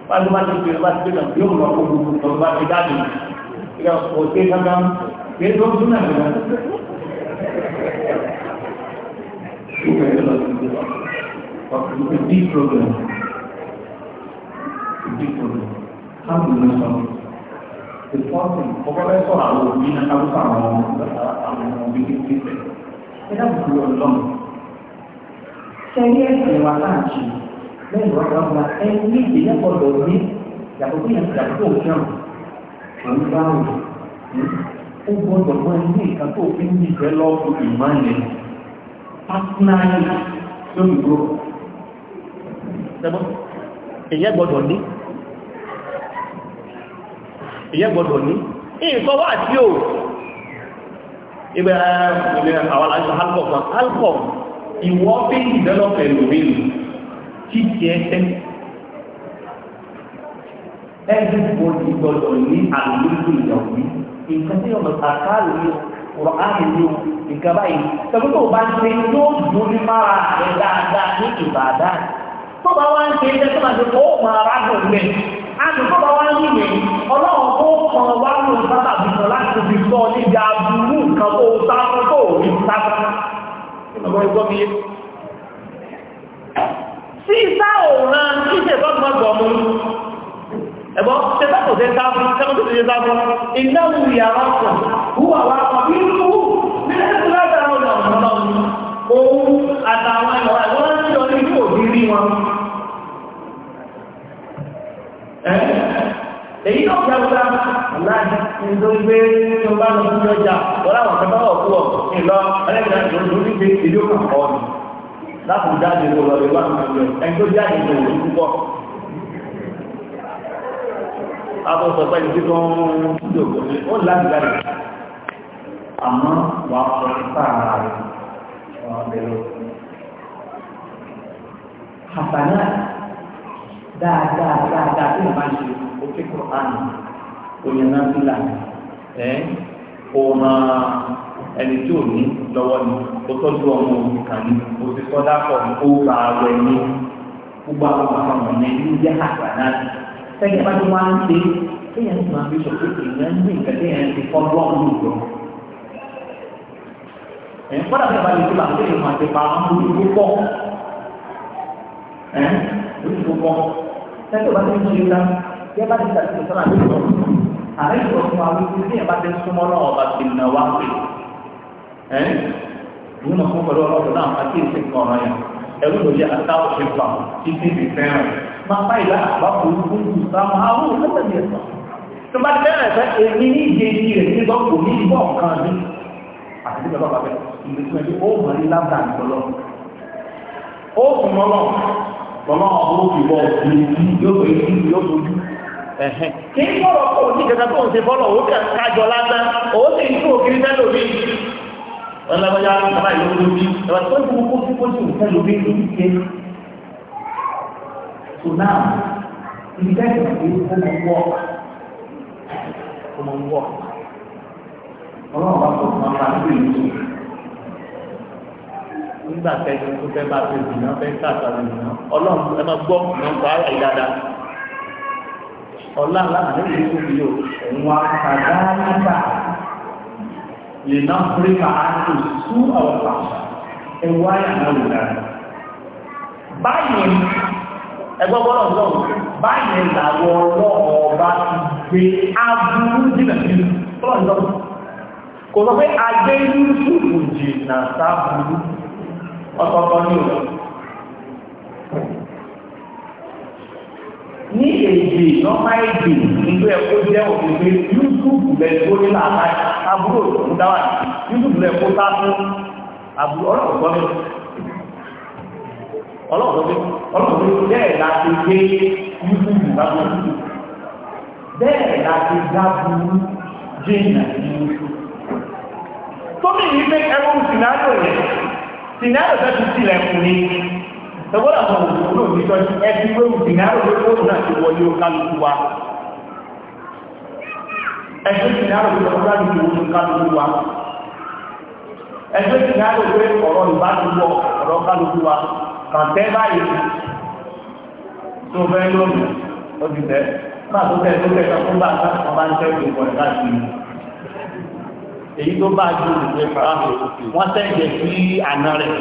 pàdé wọn ti gbẹ̀rù láti gbẹ̀rù yóò lọ kó gbogbo tó bá fi jáde ìyá kò dé kankan kì í tó tún náà gbẹ̀rù Deep program dípò rẹ̀ káàmù ní sọ ìfọ́sìn ọgbọ́dọ̀ sọ àwọn òbí ní káwùsọ àwọn ọmọ àwọn ọmọ bíi kékeré rẹ̀ ẹ dábòbò lọ lọ́nà sẹ́yìn ẹ̀sìn wa káàkiri lẹ́yìn wa kan gba ẹni méjì lẹ́kọ̀ọ́dọ̀ ní yàtọ̀ tó yàn yàtọ̀ tó fi hàn àwọn bá wò ó gbọ́dọ̀ mọ ẹni nǹkan tó fi ń bìbẹ́ lọ́ọ̀kù ìmọ̀lẹ̀ pátánáyì lórí gbòòrò èyẹ́ gbọ́dọ̀ ní èyẹ́ gbọ́dọ̀ ní nǹkan wà tí ó ibẹ̀ ilẹ̀ àwọn aláṣọ alcohol alcohol ìwọ́ bí ìdẹ́lọ́pẹ̀ lòmìnì kí kí ẹ everybody gbọ́dọ̀ ní àlùkù ìyàwó nǹkan tí ọmọ àkáàlù yóò ọ̀rọ̀ ààrẹ yóò nǹkan báyìí tẹ̀gbọ́n tó bá ń ṣe yóò dúró ní mára ẹ̀ ní ìbàdàn tọ́ba wá ń ṣe iṣẹ́ tó máa ṣe kó máa rágbọ̀ gbẹ̀. a sì tọ́ba wá ń yìnyẹ̀ ọlọ́run tó kan wá ló ń sábà fi sọ láti fi sọ níbi aburú nǹkan tó sáfọ́ tó rí sáfọ́. sí sá òòrùn kí ṣètọ́ tó máa gbọ̀ mú ẹ̀bọ́ ṣẹta kò tẹ́ sáfọ́ ṣẹ́kọ̀ọ́ tó ṣe sáfọ́ ìdáhùn ìyàwó kan hùwà wá kan òun àtàwọn ẹ̀rọ ẹ̀wọ́n ń lọ ní ìlú òbí rí wọn. èyí náà jẹ́ ọ̀gá láti nítorí pé tí o bá lọ sí ọjà wọ́n láwọn ọ̀gá báwọ̀ kú ọ̀ ní lọ ẹlẹ́gbẹ̀rẹ́ ìlú ní pé ìlú kan kọ́ ni láti jáde kó lọ ìwà àgbẹ̀ ẹni tó jáde kó máa bẹ lọ. Àbànà dáadáa dáadáa tí wọ́n máa ń ṣe òkè Kùránì òyìn náà ti là ẹ́ ọmọ ẹni tí ò ní lọ́wọ́ ni ó tọ́jú ọmọ òkà ni ó ti kọ́ dápọ̀ ó ra ọ̀rọ̀ ẹni gbogbo àwọn àwọn ọmọ ẹni ló jẹ́ àgbàdá sẹ́yìn bá ti wá ń ṣe kéèyàn ti máa fi sọ pé èèyàn ní nǹkan kéèyàn ti kọ́ bọ́ọ̀lù lọ ẹ̀ ń kọ́dà fẹ́ẹ́ bá lè tó làwọn èèyàn máa ti pa àwọn olùkó pọ̀ ẹ̀ olùkó pọ̀ sẹ́tọ̀ bá ti ń ṣe ká yẹ bá ti tàbí tó sọ́nà àti sọ àrẹ ìṣòro fún wa wípé bí ẹ̀ bá ti súnmọ́ náà ọba ti nà wá pè ẹ̀ ìwé náà fún pẹ̀lú ọlọ́dún náà àti ìṣèkọ̀ ọ̀rọ̀ yẹn ẹ̀rú ló yẹ àtàwọn ṣe fà títí fi fẹ́ràn máa bá ìlà àbá olùkó ìlú sáwọn àwọn olùkó tẹ̀lé ẹ̀sán tó bá kan àti bí bàbá bàbá ìgbésí mẹ́tí ó mọ̀ ní láńtà nìkọlọ́ ó kù mọ́lọ́ mọ́lọ́ ọ̀hún ti bọ̀ yóò bẹ̀ yí yóò tójú kí ní bọ́lọ̀ kò ní kẹta tó ń ṣe bọ́lọ̀ ó kẹ kájọ lásán ó sì ń kúrò kiri fẹ́lò mi ọlọ́mọdé bàbá ìlú ló bí ẹ̀wà tó ń kúrò kí kó sì ń fẹ́lò mi ló ń ọlọ́run bá tó fún apá sí ìlú nígbà tẹ́jú tó fẹ́ bá tó ìdìnnà fẹ́ káàkiri ìdìnnà ọlọ́run ẹ máa gbọ́ ọ̀nà kọ́ ara yìí dáadáa ọ̀la lánàá ní ìlú mi yóò wà kàdá nígbà lè ná pé màá tó sú àwọn pàṣẹ ẹ wá yàrá wò dáadáa báyìí ẹgbẹ́ bọ́lọ̀ lọ́wọ́ báyìí làwọn ọlọ́wọ́ bá ti gbé aburú dínà sí ọlọ́run kò sọ pé ajé yúrùsùfù jìnnà sáàbùrú ọ̀tọ̀ọ̀tọ̀ ní òun ní èdè lọ́pàá èdè nígbà ẹ̀kọ́ jẹ́ òfin pé yúrùsùfù lẹ́gbó ní làbá àbúrò òun dáwà yúrùsùfù lẹ́gbó sáàbù àbúrò ọlọ́pàá ọlọ́pàá ọlọ́pàá bẹ́ẹ̀ láti gbé yúrùsùfù lábúrú bẹ́ẹ̀ láti dábùrú jìnnà yúrùsùfù tómi yìí pé ẹwọ́n sinadò yẹn sinadò tó ti tilẹ̀ kù ní ṣùgbọ́n àwọn òkú náà ní tọ́jú ẹbí pé sinadò tó kó náà ti wọlé kálukú wa ẹgbẹ́ sinadò tó kó náà ti wọlé kálukú wa ẹgbẹ́ sinadò pé ọ̀rọ̀ ìbádùúgbọ̀ ọ̀rọ̀ kálukú wa kàtẹ́ báyìí tó fẹ́ lónìí ó ti tẹ́ máa tó tẹ́ tó tẹ́ tó bá a bá ń tẹ́ òkú ọ̀rẹ́ káàkiri èyí tó bá ju ìgbẹ́ wọ́n tẹ̀lé sí àná rẹ̀.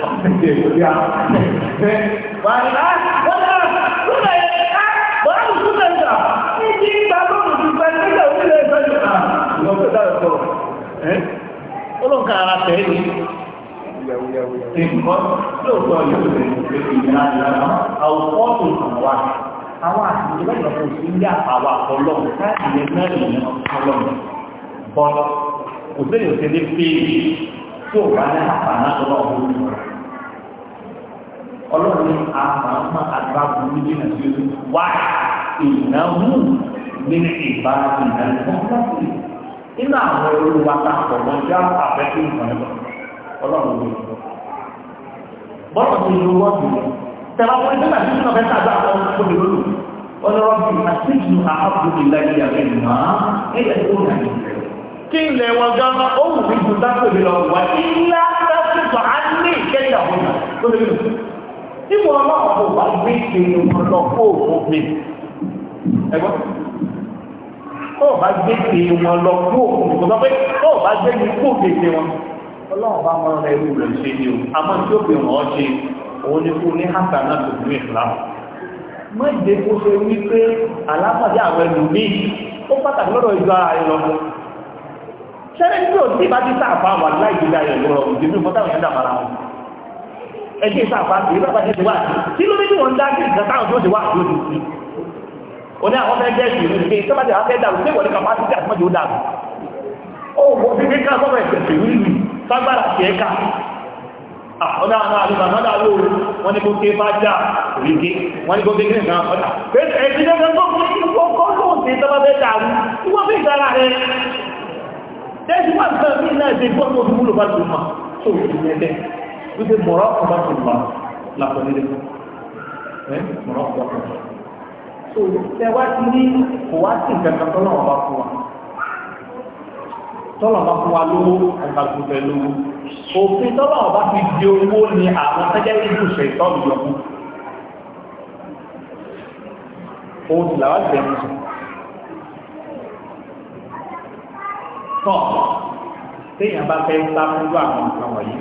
wàhálà wọ́n náà súnmọ̀ ẹ̀ ká wọ́n á súnmọ̀ ẹ̀ ká ní kí n bá bọ́ọ̀lù ti pẹ́ nígbà ó lè fẹ́ jù náà. Ah, ìwọ fẹ́ dára sọ olóńkà ara tẹ̀ ẹ́ ní. nǹkan tó sọ yóò lè ṣe ìlànà ìlànà àwòkọ́ tó kàn wá àwọn àtìlẹ́yìn ọ̀sẹ̀ ìdí àpàwà ọlọ́run káàkiri náà ìyẹn ọlọ́run bọ́lọ́ kò sí èyí tẹ́lẹ̀ pé tí ò bá ní àpàná ọlọ́run ní ọ̀rọ̀ ọlọ́run ní àpàmọ́ àgbàgbọ́ níbi nàìjíríà wá ìnáwó nínú ìbáraẹni àìsàn láti nínú àwọn olùwà tá a kọ̀ọ̀mọ́ jẹ́ àpẹẹrẹ ìgbàlódé ọlọ́run ní bọ́ọ̀lù ti lu wọ́ọ̀dù tẹ̀lá wọn nígbà tí wọn fẹ́ tàgbà àwọn olùkọ́ni lónìí ọlọ́run ti àṣìṣù àhàbùdù ìlàjì àgbẹ̀ mọ́ ẹ̀yẹ tó yà ní ìfẹ́ kí ilẹ̀ wọn gan ma ó wù mí ju dáko mi lọ wà nílá dáko tó á ní ìkẹyà wọn náà lórí mi. tí mo lọ àwọn wà gbé kiri wọn kó o mi. ẹ gbọ́ tó o bá gbé kiri wọn kó o mi kò sọ tó o bá gbé kó o kiri wọn. ọlọ́run bá máa rẹ irú ṣe ni o àmọ́ tí ó fi hàn ọ́ ṣe òun ni kú ní hasan náà tó fún ìfúláwọ̀. má jẹ́ kó ṣe wí pé alápàdé àwọn ẹlòmíì ó pàtàkì lọ́dọ̀ ìjọ ààrẹ lọ́dún sẹ́rẹ́ tí ò sí bá ti sáàfà wà láì gbé ayọ̀ lọ́rọ̀ ìdèmí fọ́tà òyìnbá mara wọn ẹgbẹ́ sáàfà kì í bá bàjẹ́ ti wá àti tí ló méjì wọn dá sí ìgbà táwọn tó ti wá àti òdì sí o ní àwọn fẹ́ẹ́ gẹ́ẹ̀sì ìlú ìgbé tó bá ti afẹ́ dàrú pé wọ́n ní kàfá ti dàrú mọ́jú ó dàrú ó wọ bí bí ká sọ́mọ ẹ̀sẹ̀ sí ìlú sagbára sí ẹ̀ka ọ̀dà tẹ́sí wà nǹkan mí náà ṣe gbọ́n tó wúlò bá tó mọ̀ tó ti yẹ bẹ́ẹ̀ bí ṣe mọ̀rọ̀ ọkọ̀ bá tó mọ̀ làkọ̀ nílé mọ̀rọ̀ ọkọ̀ bá tó so tẹ wá ti ní kò wá sí nǹkan kan tọ́lọ̀ ọba fún wa tọ́lọ̀ ọba fún wa lówó ọba tó fẹ́ lówó òfin tọ́lọ̀ ọba fi di owó ni àwọn tẹ́jẹ́ ìlú ṣe ìtọ́lù yọ fún òun tọ̀ téèyàn bá fẹ́ sá fún lọ àwọn nǹkan wọ̀nyí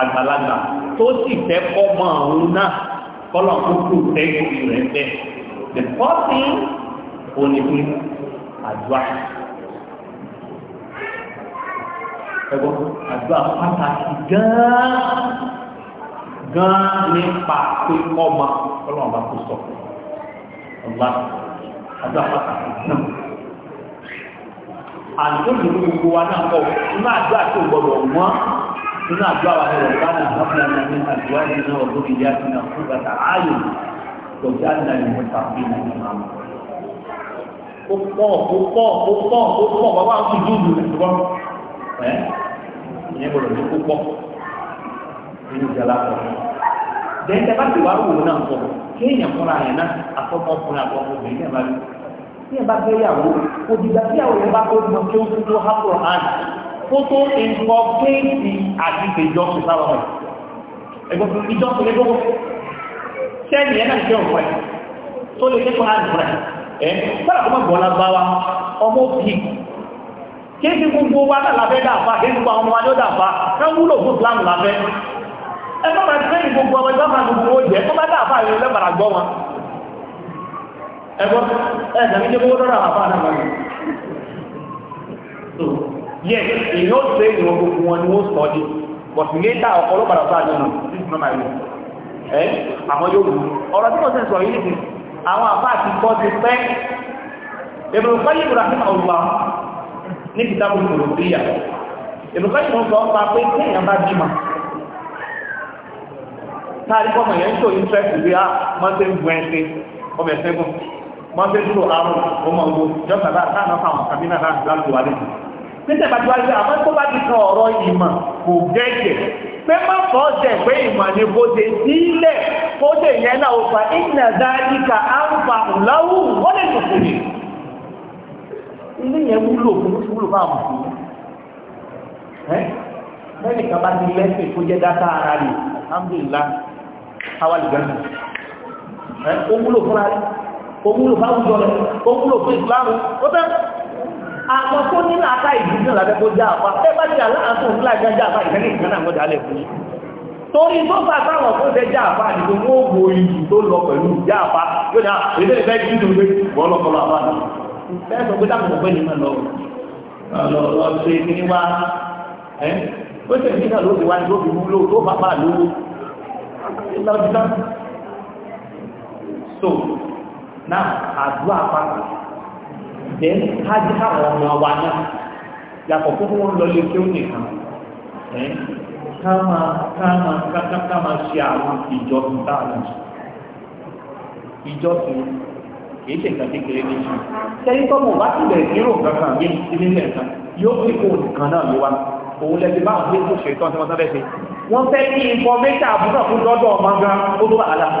àgbàlagbà tó sì fẹ́ kọ́ mọ òun náà kọ́lọ̀ tó kù rẹ̀ bẹ́ẹ̀ the first thing òní fún àdúrà ẹgbọ́n àdúrà pàtàkì gan-an nípa pé ọmọ ọlọ́run bá kó sọ ọ̀la àdúrà pàtàkì náà àtúntò gbogbo wa náà kọ̀ nínú àdúrà tó gbọdọ̀ mọ́ nínú àdúrà wa lọ bá náà lọ́pọ̀ náà ní àdúrà yìí náà ọdún ìdí àti náà fún bàtà ààyè lọ́jà náà ní wọ́n tàbí náà ní màmú. ó pọ̀ ó pọ̀ ó pọ̀ ó pọ̀ bàbá àwọn ojú ìlú rẹ̀ tó bọ́ ẹ́ ìyẹn gbọdọ̀ ní kó pọ̀ nínú ìjàlá kọ̀. dẹ́ńtẹ́ bá ti wá wò náà kọ̀ kéèyàn fúnra yẹn náà tí ẹ bá fẹ́ yàwó òdìgbà tí àwọn ọba tó mọ tó ń tó hapò hàn kó tó nǹkan kéèkì àti ìgbèjọ sí sáwọn ọmọ ẹgbẹ́ tó ìjọ tó lé gbogbo sẹ́ni ẹ̀ náà jẹ́ òun ẹ̀ tó lè lé kọ́ra nìkan ẹ̀ sára tó má gbọ́ la bá wa ọmọ òbí kéèkì gbogbo wa náà lábẹ́ dàfa kéèkì gbogbo àwọn ọmọ wa ló dàfa náà wúlò fún Islam lábẹ́ ẹ bá bá fẹ́ gbogbo ọmọ ẹgbọ́ ẹ̀dàmí jẹ́ kó dọ́rọ̀ àbá náà so yes èyí ó ṣe ìwọ̀n gbogbo wọn ni wọ́n sọ but later ọ̀pọ̀lọpọ̀ àti àjọ náà this is not àwọn yóò wù ọ̀rọ̀ tí mo ṣe sọ yìí àwọn àti kọ́ ti pẹ́ yìí ní yìí sọ pa pé kí èèyàn bá bímọ táàrí yẹn ń wọ́n fẹ́ dúró àrùn ọmọ ọgbọ́ jọ́ta bá sáà náà fáwọn kàmínà náà láti wà lẹ́yìn pété bàtú wájú àmọ́ tó bá ti kan ọ̀rọ̀ ìmọ̀ kò gẹ́gẹ́ pé má fọ́ ọ̀sẹ̀ pé ìmọ̀ ni bó ṣe sílẹ̀ kó ṣe yẹn náà ó fa ìnà dáríkà àǹfà ìlọ́wù wọ́n lè tòkè rè ilé yẹn wúlò fún wúlò fún àwọn òṣèlú ẹ lẹ́yìn kan bá ti lẹ́sìn kó jẹ́ dáta ara rẹ̀ alhamdulillah awàlùgbẹ́ni ẹ ó wúlò fúnra kò wúlò fáwùjọ rẹ̀ kò wúlò fún ìsìláàmù ó tẹ́ àwọn tó ní láàká ìdíjọ́ làbẹ́ kó já àpá ẹ bá jẹ́ aláàtún fúlà jájá àpá ìkẹ́lẹ̀ ìkan náà mọ́jà lẹ̀ fún yí torí tó fà táwọn tó fẹ́ já àpá àti gbogbo ògbò ìlú tó lọ pẹ̀lú já àpá yóò dá èdè ìfẹ́ jí tó gbé wọ́n lọ́pọ̀lọ́ àpá ni bẹ́ẹ̀ sọ pé dákùn ọ̀pẹ́ ní mẹ́lọ náà àdúrà àpapọ̀ dẹ̀ kájí káwọn ọmọ wa náà yàtọ̀ fún wọn lọ lé tó nìkan káma káma káma ṣe àwọn ìjọsìn táwọn ìjọsìn kìí ṣe nǹkan kékeré ní ṣe sẹ́yìn tọ́mọ̀ bá tilẹ̀ nírò kankan ní ìdílé ẹ̀ka yóò fi kó nǹkan náà ló wá òun lẹ́sẹ̀ bá àwọn ilé ìṣètò ọ̀sẹ̀ wọn sábẹ́ ṣe wọ́n fẹ́ ní information àbúrò fún lọ́dọ̀ ọmọ gan ó ló wà lára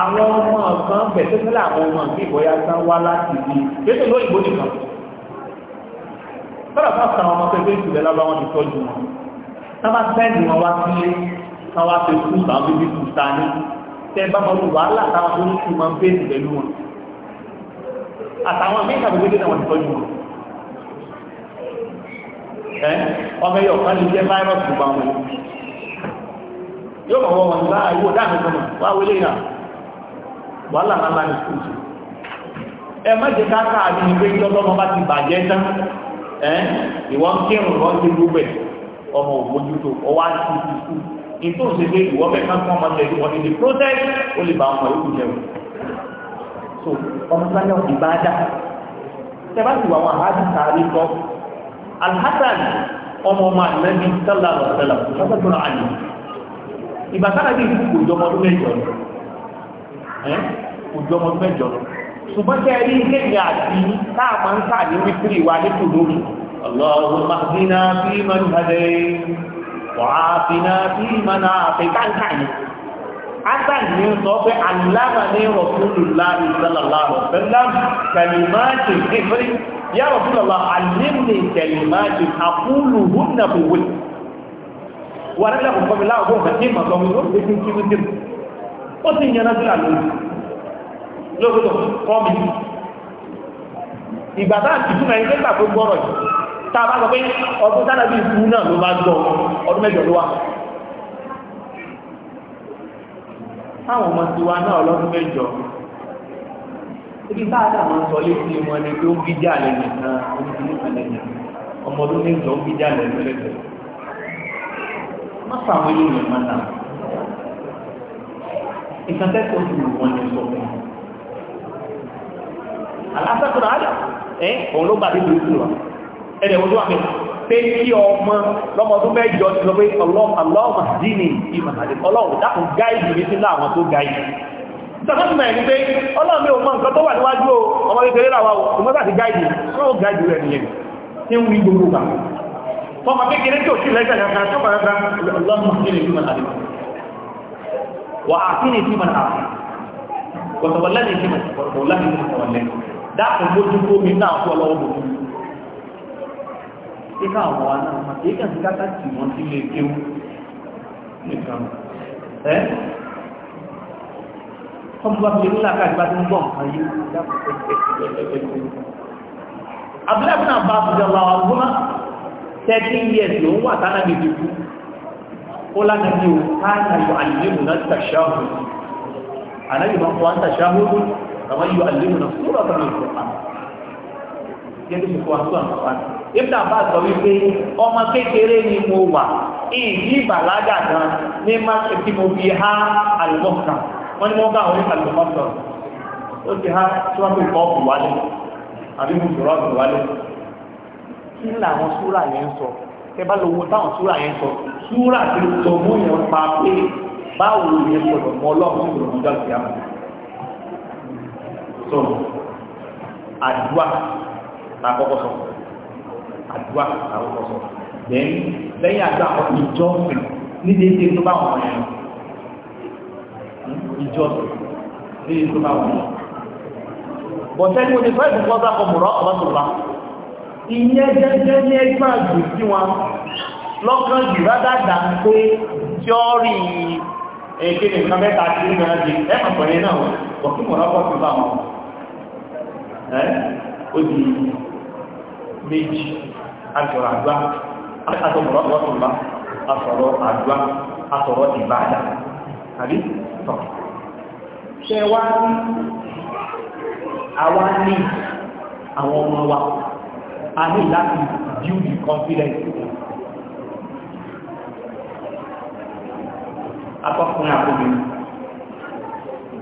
àwọn ọmọ kan bẹ̀ tó tẹ́lẹ̀ àwọn ọmọ mi bọ́yá sá wá láti ibi lẹ́tọ̀ lóyìnbó nìkan tọ́lọ̀ fún àwọn ọmọ pẹ̀lú ìtùlẹ̀ lábá wọn ti tọ́jú wọn tá bá sẹ́ẹ̀dì wọn wá sílé káwá fi kú àwọn bíbí kù sani tẹ́ bá wọn wàhálà táwọn tó ń kú máa ń bẹ́ẹ̀sì pẹ̀lú wọn àtàwọn mí ìtàgbé gbé náà ti tọ́jú wọn ẹ ọmọ ẹyọ kan lè jẹ fáírọ̀sì gbogbo àwọn yóò mọ̀ wọ́n wọn wá wọlé náà wàhálà máa bá ní kú ẹ má jẹ káàkà àbí ní pé ìjọba ọmọ bá ti bàjẹ́ tán ẹ ìwọ ń kírun lọ sí gbogbo ẹ ọmọ òbójútó ọwọ́ àti ìsìnkú ìtò ń ṣe pé ìwọ bẹ́ẹ̀ ká fún ọmọ tẹ̀lé wọn níbi protest ó lè bá ọmọ yóò jẹun so ọmọ sáyọ ìbáadá tẹ́bá sì wà wọn àhájú sáré kọ́ alhassan ọmọ ọmọ àlẹ́bí sálà lọ́sẹ̀lá lọ́sẹ̀tọ́rọ̀ àlè ìbására bí ìdúgbò ìjọmọ ọdún mẹ́jọ òjò ọmọ mẹ́jọ lọ ṣùgbọ́n tẹ́ rí ilé ìyá àti táàmà ń kà ní wípírì wa ní tòlórí ọlọ́run máfínà bí mọ́nú hàdẹ́ wàáfínà bí mọ́nà àfẹ́ káńkà yìí agbáyé ń sọ pé aláàmà ní Rasulullahi sallallahu alaihi wasallam kẹlìmáàtì ìfẹ́rí ya Rasulullah alìmì kẹlìmáàtì àkúlù húnnà fòwé wà lóòótọ́ kọ́ mi ìgbà bá ti túnmọ̀ ẹni pẹ́gbà tó gbọ́rọ̀ yìí tá a bá sọ pé ọdún sádàbí ìkú náà ló bá gbọ́ ọdún mẹ́jọ ló wà táwọn ọmọ ti wá náà lọ́dún mẹ́jọ ibi bá àdá máa ń sọ létí wọn ni pé ó ń bí jà lẹ́nu kan oníṣẹ́ ìpínlẹ̀ ọmọ ọdún mẹ́jọ ń bí jà lẹ́nu lẹ́gbẹ̀ẹ́ má fà wọ́n yóò yẹn máa nà ìkàntẹ́kọ̀ọ́ sì wọ́n ní sọ fún un alásàkùnrin àdà ẹ́ eh, òun ló gbàdé lórí fún wa ẹ̀rẹ̀ ojú àmì pé kí ọmọ lọ́mọdún mẹ́jọ ti lọ pé ọlọ́mà dínì ìmàlẹ̀ ọlọ́run dákùn gáìdì mi sínú àwọn tó gáìdì sọ́kọ́tùmọ̀ ẹ̀ni pé ọlọ́run mi ò mọ nǹkan tó wà níwájú ọmọ kékeré làwà ò ṣùgbọ́n láti gáìdì ọlọ́run gáìdì rẹ̀ nìyẹn tí ń wí gbogbo gbà fọmọ kékeré tí ò sí lẹ́sẹ̀ kankan tó máa gbá ọlọ́run dínì ìmàlẹ̀ wà á sí ní ìmàlẹ̀ àti wọ̀tọ̀wọ̀lẹ́ni ìmàlẹ̀ wọ̀tọ̀wọ̀lẹ́ni ìmàlẹ̀ dákùn mójú tó mi náà fún ọlọ́wọ́ mọ̀ fún mi. Ṣé àwọn wa náà máa kéèkàn sí káká tì wọ́n sí ilé kéwú nìkan? Ẹ́ ọmọ bá mi nílá káàdì bá ti ń gbọ́ nǹkan yìí dákùn Abdullahi náà bá àbújá wa wà gbọ́n thirteen years ló ń wà tánà bèbè kú. Ó lánàá ní o, káàkiri àyè mú náà tàṣáhùn. Àná yìí máa ń fọwọ́ tàṣáhùn kama yóò alẹ́mu náà fún ọ̀rọ̀ kan lóko pa yẹ kí kò àtúwà ń pa ibùdó àbá sọ wípé ọmọ kékeré ni mo wà ìdí ìbàlágà gan ní má tí mo fi há àlùmọ́ọ̀kan wọ́n ní wọ́n bá àwọn àlùmọ́ọ̀kan ó ti sura tí wọ́n fi kọ́ọ̀pù wálé àbí mo sura yenso. wálé kí ni àwọn súrà yẹn sọ ẹ bá lówó táwọn súrà yẹn sọ súrà ti sọ mú yẹn pa pé báwo yẹn sọ̀rọ̀ tó àdúà àkọ́kọ́ sọ àdúà àkọ́kọ́ sọ then lẹ́yìn àdúà ìjọsìn ní déédéé tó bá wọn yẹn hmm? ìjọsìn ní déédéé tó bá wọn yẹn bọ̀tẹ́ni oní fẹ́ẹ̀sì kọ́sá ọmọrọ̀ ọ̀bátọ̀lá ìyẹn jẹ́jẹ́ ní ẹgbẹ́ àjò sí wọn lọ́kàn jù rádádà pé tíọ́rì ẹgbẹ́ nìkan mẹ́ta tí ó mẹ́ra jẹ ẹ́mọ̀pẹ̀rẹ̀ náà wọ́n kí mọ̀rọ̀ ọ̀pọ̀ ó di méjì asọ̀rọ̀ àdúrà asọ̀rọ̀ ọ̀tọ̀lá asọ̀rọ̀ àdúrà asọ̀rọ̀ ìbáadà àbí tọ̀ ṣe wá ní àwa ní àwọn ọmọ wa a ní láti build confidence akọkùnrin àkóbìnrin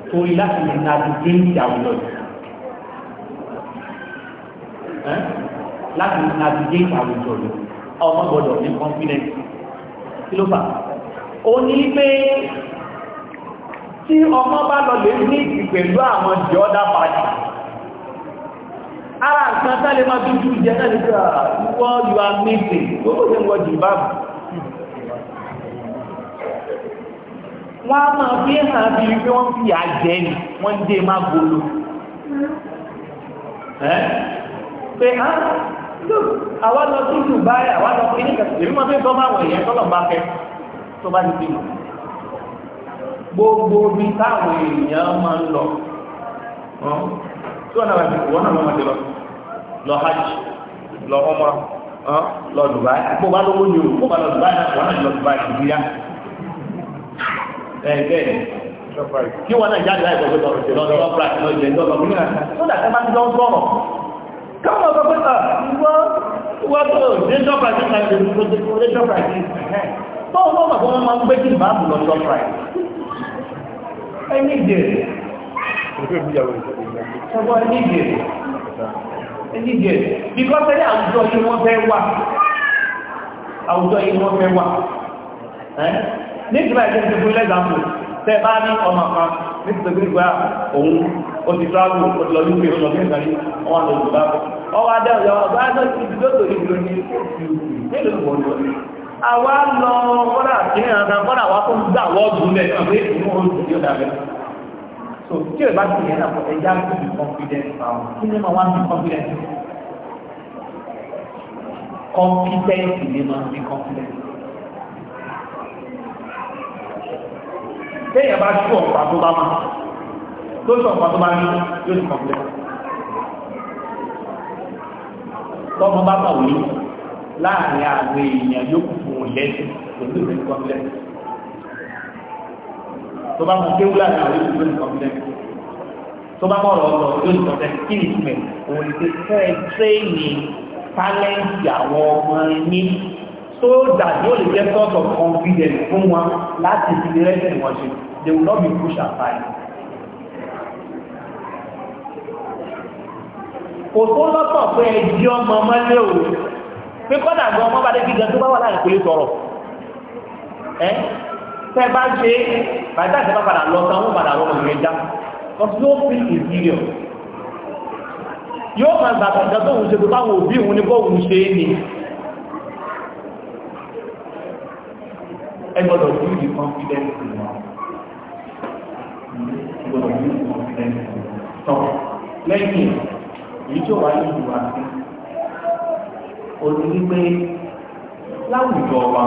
torí láti lè nàbí gé ìjà òlọ́dún láti navigate àwùjọ rẹ̀ ọmọ gbọ́dọ̀ ní confidence kí ló fà ó ní pé tí ọmọ bá lọ lè ní ìpẹ̀lú àwọn the other party ara nǹkan tẹ́lẹ̀ máa dúdú jẹ́ náà nípa ah, wọ́n you are missing tó kò tẹ́ wọ́n jù bá wọ́n a máa fi hàn bí i pé wọ́n fi àjẹ́ ni wọ́n dé má gbolo pé á ah, àwa lọ sí Dubai àwa lọ sí ní kẹsìlẹ̀ mímọ́ bí bọ́ máa wọ̀ èèyàn tọ́lọ̀ bá fẹ́ tó bá ti bímọ gbogbo bí táwọn èèyàn máa ń lọ tí wọn náà bá ti wọn náà máa ti lọ lọ hajj lọ umrah lọ Dubai kó bá lówó ni o kó bá lọ Dubai náà wọn náà lọ Dubai ìdíyà ẹ bẹ́ẹ̀ kí wọn náà jáde láì sọ pé lọ sí lọ sí káwọn ọ̀pọ̀ pẹ́ta wọ́n tó lẹ́jọ́ pàdé náà lè tó tó tó lẹ́jọ́ pàdé tó wọ́n mọ̀ wọ́n máa ń gbé kí máa bùlọ lọ pàdé ẹni gẹ̀ẹ́ ẹgbọ́n ẹni gẹ̀ẹ́ ẹni gẹ̀ẹ́ bíkọ́sẹ̀ ní àwùjọ yìí wọ́n fẹ́ wà àwùjọ yìí wọ́n fẹ́ wà ní ìgbà ìjẹ́ ìjẹ́ fún lẹ́gbàmù tẹ́ bá ní ọmọ kan nítorí gba òun ó ti travel ó ti lọ lókè ó lọ fẹ́ ìgbàlẹ́ ọwọ́ àlọ́ ìgbà ọwọ́ adé ọ̀yọ́ ọba adé ti ti lóto ìlú ní ìlú ìwọ̀n lọ àwa lọ kọ́dà kí ní ọ̀nà kọ́dà wa tó ń so tí o bá ti yẹn náà confidence àwọn kí ni máa wá bí confidence confidence ni téèyàn bá tú ọ̀pá tó bá má tó tú ọ̀pá tó bá ní yóò ti kọ̀ọ̀pẹ́ tọ́mọ bá bà wí láàrin àwọn èèyàn yóò kù fún lẹ́sìn pẹ̀lú ìfẹ́ kọ̀ọ̀pẹ́ tó bá mọ kéwú láàrin àwọn èèyàn tó bá mọ̀ ọ̀rọ̀ ọ̀rọ̀ yóò ti kọ̀ọ̀pẹ́ so that yóò lè jẹ́ sort of confidence fún wọn láti fi rẹ́sìn wọn ṣe they will not be pushed aside kò tó lọ́pọ̀ pé ẹjí ọmọ mọ́lé o pé kọ́dà gan ọmọ bá dé gíga tó bá wà láàrin kò lè sọ̀rọ̀ ẹ́ tẹ́ bá ṣe bàtà tẹ́ bá padà lọ sanwó padà lọ́wọ́ ìrìn ẹja because yóò fi ìdíyọ̀ yóò máa gbàgbà tó ń ṣe tó báwọn òbí òun ní bọ́ọ̀lù ṣe é ni ẹ gbọ́dọ̀ ní ìdí confidence wọn ẹ gbọ́dọ̀ ní ìdí confidence wọn tọ́ lẹ́yìn èyí tó wà ní ìwà sí olùdígbé láwùjọ wa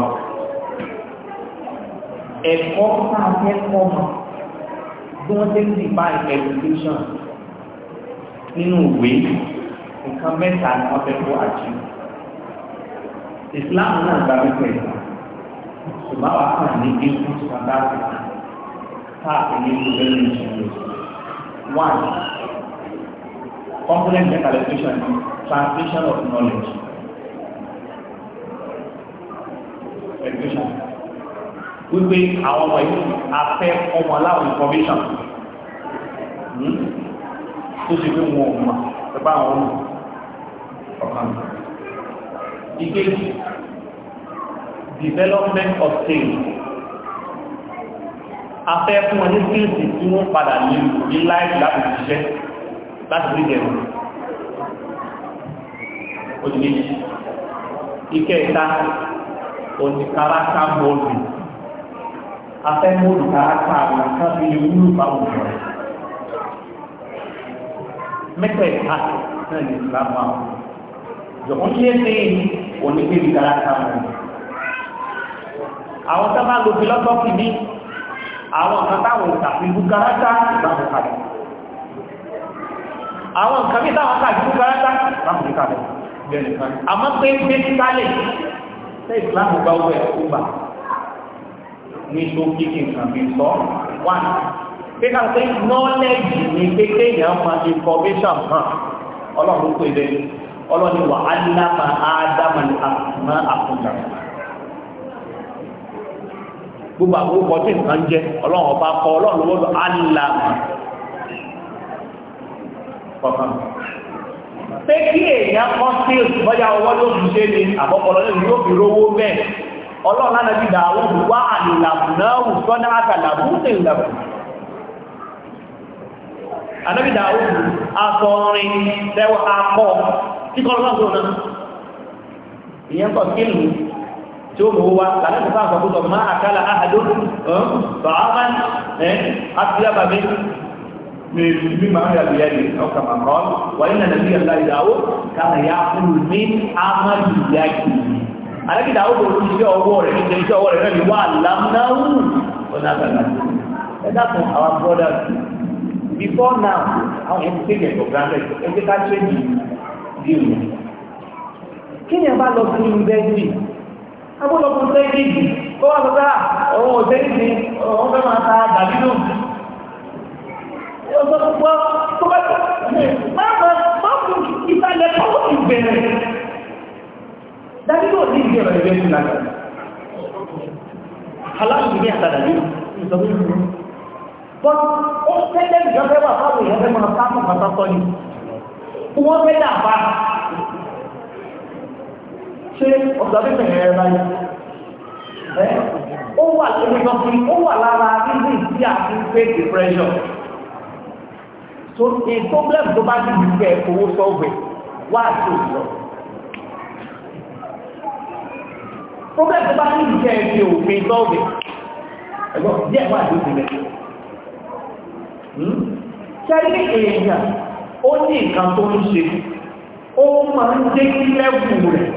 ẹ̀kọ́ tá a fẹ́ kọ́ mọ́ bí wọ́n ṣe ń dìbà education nínú ìwé nǹkan mẹ́ta ni wọ́n fẹ́ kó àjẹ́ Islam náà gbàgbé pẹ̀lú ṣùgbọ́n wà kàn ní ikú sàdáàtì káàkiri ní ìlú lẹ́nu ìṣòro. one component localization translation of knowledge. education wípé àwọn ọmọ yìí afẹ́ ọmọ aláwọ̀ information tó ṣe pé wọn ò mọ̀ ẹgbẹ́ àwọn ọmọ ọ̀kan. ìkejì development of things afẹ́ fún wọn ní skills tí wọ́n padà ní ní láìpẹ́ láti ṣiṣẹ́ láti rí jẹun òdìlé ikẹ́ ìta òní káràkà bọ́ọ̀lù afẹ́ mọ́ọ̀lù káràkà àwọn kábí wúlò báwọn ọ̀rọ̀ mẹ́tẹ̀ ìta náà ní ìlànà àwọn jọ̀kọ́ ní ẹ̀sẹ̀ òní kébì bọ́ọ̀lù àwọn tó bá lo philosophy ní àwọn nǹkan táwọn ìtàkìlú kárátá na kalẹ̀ àwọn nǹkan bí táwọn kàkìlú kárátá ìbámu kalẹ̀ àmọ́ pé gbé kálẹ̀ tẹ́ ìsìláàmù gba owó ẹ̀ kúgbà ní tó kíkì nǹkan fi sọ wà pé ká pé nọ́lẹ́jì ní pé kéèyàn máa gbogbo àwọn orúkọ tí nǹkan jẹ́ ọlọ́run ọba kọ ọlọ́run ló wọ́dọ̀ alàmà kọ̀ọ̀kan. pé kí èèyàn kọ́ sí bọ́jà ọwọ́ ló fi ṣe ni àbọ̀pọ̀lọ́ lẹ́nu yóò fi rówó bẹ́ẹ̀ ọlọ́run lánàá ti dààwó wá àlàmù náà wù sọ́nà àtàlàmù ní ìlàmù. ànábì dààwó akọ orin tẹ́wọ́ akọ kíkọ́ lọ́sọ̀ọ́ náà ìyẹn kọ̀ kí tí ó mú wa lànà ìfẹ́ àgbàkútọ̀ máa àkálà àhàdó bàámán àtìyàbàmí mímí máa ń yàgbé yàgbé ọkà màmọ́ wàyí nà nàbí yàgbá ìdáwó kàmà yà fún mi àmàlù yàgbé alágbèdà ó bò ní iṣẹ́ ọwọ́ rẹ̀ níta iṣẹ́ ọwọ́ rẹ̀ náà ni wà lámnáwù ọ̀nà àgbàgbà before now àwọn ẹni tẹ́lẹ̀ for granted ẹgbẹ́ ká ṣe ní ìlú agbọ́dọ̀kùn sẹ́yìn kó wà lọ́gbà ọ̀hún òṣèlú ni ọ̀hún fẹ́ máa ta dàbílù ọ̀sọ̀pọ̀ tó bá tó máa máa fún ìsàlẹ̀ tọ́wọ́ ti bẹ̀rẹ̀ dàbílù ní ìdí ọ̀rẹ́ ìgbẹ́ fún lágbà aláàbò ní àtàdà ní ìsọ̀rọ̀ but ó tẹ́lẹ̀ ìjọba wà fáwọn èèyàn fẹ́ máa sáfù pàtàkọ́ ni wọ́n fẹ́ dà bá ṣé ọ̀sàbẹ̀sẹ̀ yẹn báyìí ẹ ó wà lórí lọ́sí ó wà lára nínú ìdí àti pé depression so a problem tó bá dìbò kẹ owó sọ́ọ̀bẹ̀ wá àti òṣìṣọ́ problem tó bá dìbò kẹ ẹni òfin sọ́ọ̀bẹ̀ ẹ̀gbọ́n díẹ̀ wà lórí rẹ̀ ṣẹ́rí èèyàn ó ní nǹkan tó ń ṣe ó máa ń dé sí lẹ́wù rẹ̀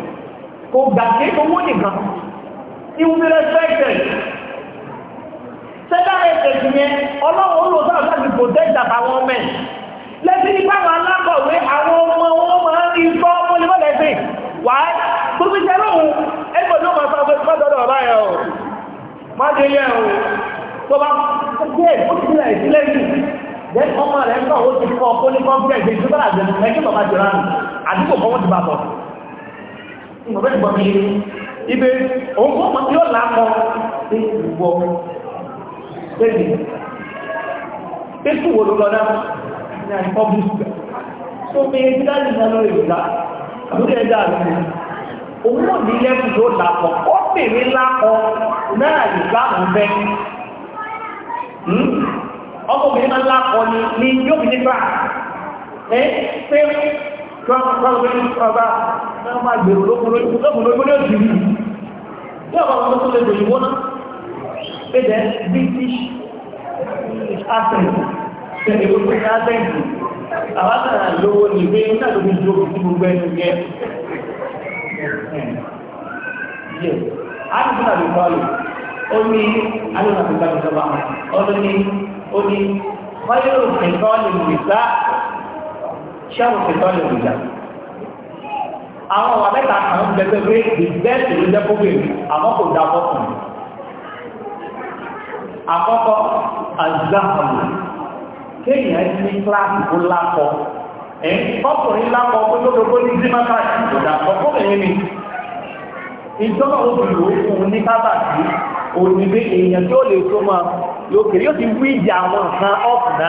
kò gbàgbé owó nìkan ìwúmi respected sẹ́dá ẹ̀sẹ̀ yẹn ọlọ́run ó lò sáà láti protect àtàwọn ọmọ ẹ̀ lẹ́sí ní pàwọn alákọ̀wé àwọn ọmọ wọn máa ń rí ikọ́ mọ́lẹ́mọ́lẹ́sìn wà á tó fi tẹ́lẹ̀ òun ẹgbẹ̀ ló máa sáré fọ́dọ̀dọ̀ ọ̀bá ẹ̀ ọ̀ má dé ilé ẹ̀ tó bá gbé ó ti rẹ̀ sílẹ̀ yìí then ọmọ rẹ̀ ń kọ̀ ó ti kọ́ kó ní kọ́ńpẹ́ẹ̀sì tó bá àjẹmọ́ ẹgbẹ́ bàbá jọra àdúgbò kan wọ́n ti ìgbàgbọ́ ìgbọ́ mi ibẹ̀ òun kọ́ mọ̀ tí ó là kọ́ pé ìgbọ́ bẹ́ẹ̀ni pé kú wo ló lọ náà ní àìkọ́ bí ìgbà tó pé ẹni láti ní ọlọ́rẹ̀ ìgbà àbúrò ẹ̀dá àti òun náà ní lẹ́kùn tó là kọ́ ó pèrè lákọ náà ìgbà ń bẹ́ hmm? máa ń ni yóò fi ní ẹ pé máa gbèrò lókun lókun lókun lókun lókun bí ọ̀pọ̀ ọmọ tó lè lò ìwọ́n náà pẹ̀lẹ̀ british accent pẹ̀lẹ̀ gbogbo accent àwọn àtàrà lówó ní pé nígbà tó fi ju òkú sí gbogbo ẹnu yẹ àdìsọ́nà lè kọ́ lò ó ní àdìsọ́nà lè kọ́ ìjọba ọdún ní ó ní wáyé òkè kọ́ lè mú ìgbà ṣáà òkè kọ́ lè mú ìgbà àwọn ọ̀wà mẹ́ta kan ń bẹ́tẹ̀ pé the best ló jẹ́ kókè àmọ́ kò dá fọ́kùn àkọ́kọ́ àzáàmù kéèyàn ní kíláàsì tó lápọ ẹ̀ ọkùnrin lápọ pé tó gbogbo ní dímákàtì kò dá fọ́kùnrin ni ìjọba obìnrin òkun ní kábàtì òdìgbé èèyàn tí ó lè tó máa yóò kéré yóò ti wí ìjà àwọn nǹkan ọ̀pùnà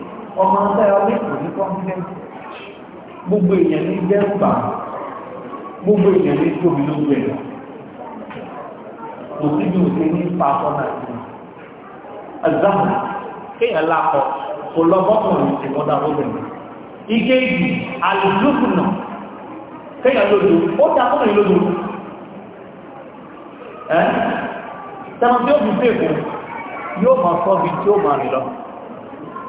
ọmọ ọ̀sẹ̀ ọdún kò ní kọ́ńtíẹ́ǹtì gbogbo èèyàn ní dẹ́rùbà gbogbo èèyàn ní tóbi ló gbẹ̀ kò sí bí òṣè ní pàtọ́ náà sí ẹ̀záàmù kéèyàn lakọ kò lọ bọ́kùnrin ti mọ́dà lóbìnrin ike ìdì àlùlùkùnà kéèyàn lójú ó dá kọ́kùnrin lójú ẹ́ tẹ́wọ́n tí ó fi fèèkù yóò máa sọ́ bí tí ó máa rìn lọ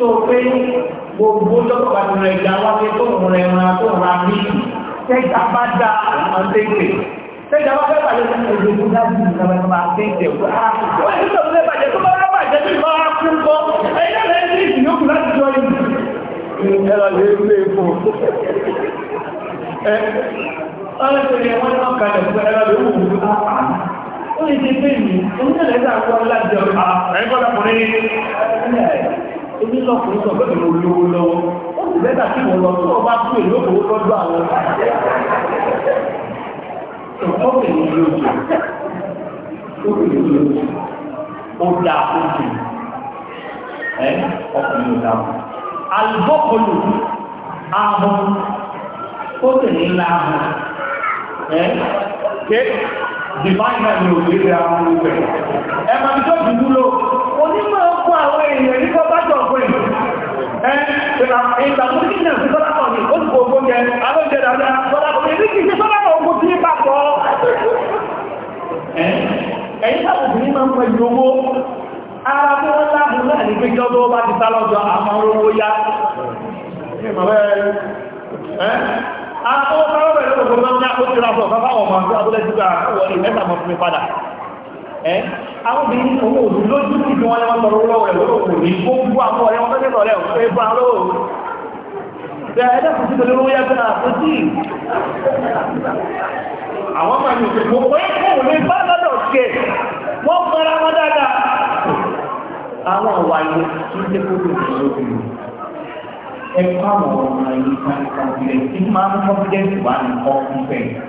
tó pé gbogbo lọ́pọ̀ bá ti rẹ̀ ìjà wá pé tó ń rẹ̀ ẹran tó ń ra mí tẹ́jà bá dá àwọn tẹ́jẹ̀ tẹ́jà bá fẹ́ bàjẹ́ tó ń rẹ̀ ìjọba dájú ìjọba tó máa tẹ́jẹ̀ wọ́n ti sọ pé bàjẹ́ tó bá wá bàjẹ́ tó bá wá kú kọ́ ẹ̀yẹ́ rẹ̀ ń rí ìyókù láti jọ yìí. ẹ̀rọ lè lè fò ọlọ́pẹ̀lẹ̀ wọ́n ní ọkà lẹ̀kọ́ ẹ̀rọ lè wù ú ó lè ṣe pé mi òun náà lẹ́sà kọ́ láti ọ̀rọ̀ èmi lọkùnrin sọ pé mo lówó lọ́wọ́ ó sì bẹ́ẹ̀ tàbí mo lọ tó ọba tó èlò owó lọ́dọ̀ àwọn ọkùnrin ní ìlú òjò ọkùnrin ní ìlú òjò ó dá òjò ẹ ọkùnrin ò dá òjò alùbọ́kọlù ahọ́n ó sì ní ńlá ahọ́n ẹ ké dìbáyìí náà ni òjò ìrẹ́ àwọn olùgbẹ̀ ẹ̀ màbí tó dùdú lò onímọ̀ ọkọ̀ àwọn èèyàn ní kọ́ bá ìgbàmúdínà sọ́dá kan ní ó gbogbo ogbó jẹ alóúnjẹ dáadáa sọ́dá kan ní ní kìí sọ́dá kan ogbó tí ní pàtó ẹ̀yìn sáàbùkù ní máa ń pẹ̀lú owó ara tó wọ́n láàbù náà ní pé jọ́dọ́ bá ti sá lọ́jọ́ àwọn owó yá Àwọn ọmọ ẹ̀rọ ògbòmọ́ ní àkókò ìrọ̀pọ̀ bàbá ọmọ àti àbúlẹ̀ jùgbà àwọn ìmẹ́ta mọ̀ fún mi padà ẹ́ àwọn obìnrin owó òdú lójú sí bí wọ́n lẹ́wọ́n tọrọ lọ́wọ́ rẹ̀ lọ́wọ́ òní gbogbo àwọn ọ̀rẹ́ wọn tọ́jẹ́ tọ̀rẹ́ ẹ̀fọ́ àwọn lọ́wọ́ ẹ̀ẹ́dẹ́ kò sí pẹ̀lú owó yàgbẹ́ àpótí àwọn ọmọ ìlú òṣèlú pé kò lè bá lọ́dọ̀ ṣe wọ́n fara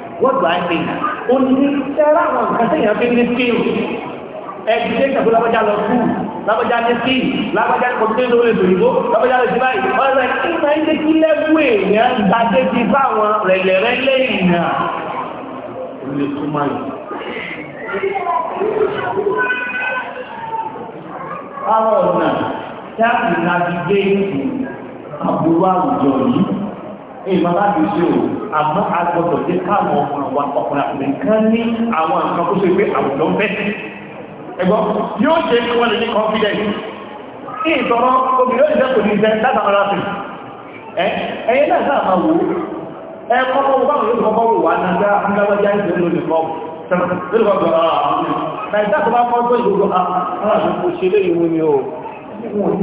wọn what do I mean? ó ní tẹ́lá àwọn nǹkan tẹ́yàn fi ní skill ẹgbẹ́ ìṣẹ̀kọ́ lábájá lọ fún lábájá ní skill lábájá ní kọ̀tún lórí ìdòyìnbó lábájá lọ sí báyìí wọ́n rẹ̀ kí ní ayé kí lẹ́gbù èèyàn gbadé ti bá àwọn rẹ̀lẹ̀rẹ̀lẹ̀ ìrìnà ó lè túmọ̀ yìí. àwọn ọ̀nà tí a fi navigate àbúrò àwùjọ yìí ìmọ̀ láti ṣe o àmọ́ a gbọ́dọ̀ jẹ́ káwọn ọmọ àwọn ọkùnrin àkùnrin kan ní àwọn nǹkan tó ṣe pé àwùjọ ń bẹ́ ẹgbọ́n yóò ṣe kí wọ́n lè ní confidence ní ìtọ́rọ obìnrin yóò jẹ́ kò ní jẹ́ látàmọ́ra sí ẹ̀yẹ náà sáà máa wò ẹ kọ́kọ́ wọ́n báwọn yóò kọ́kọ́ wò wá nígbà ńláwájá ìṣẹ́ lónìí ó. Wọ́n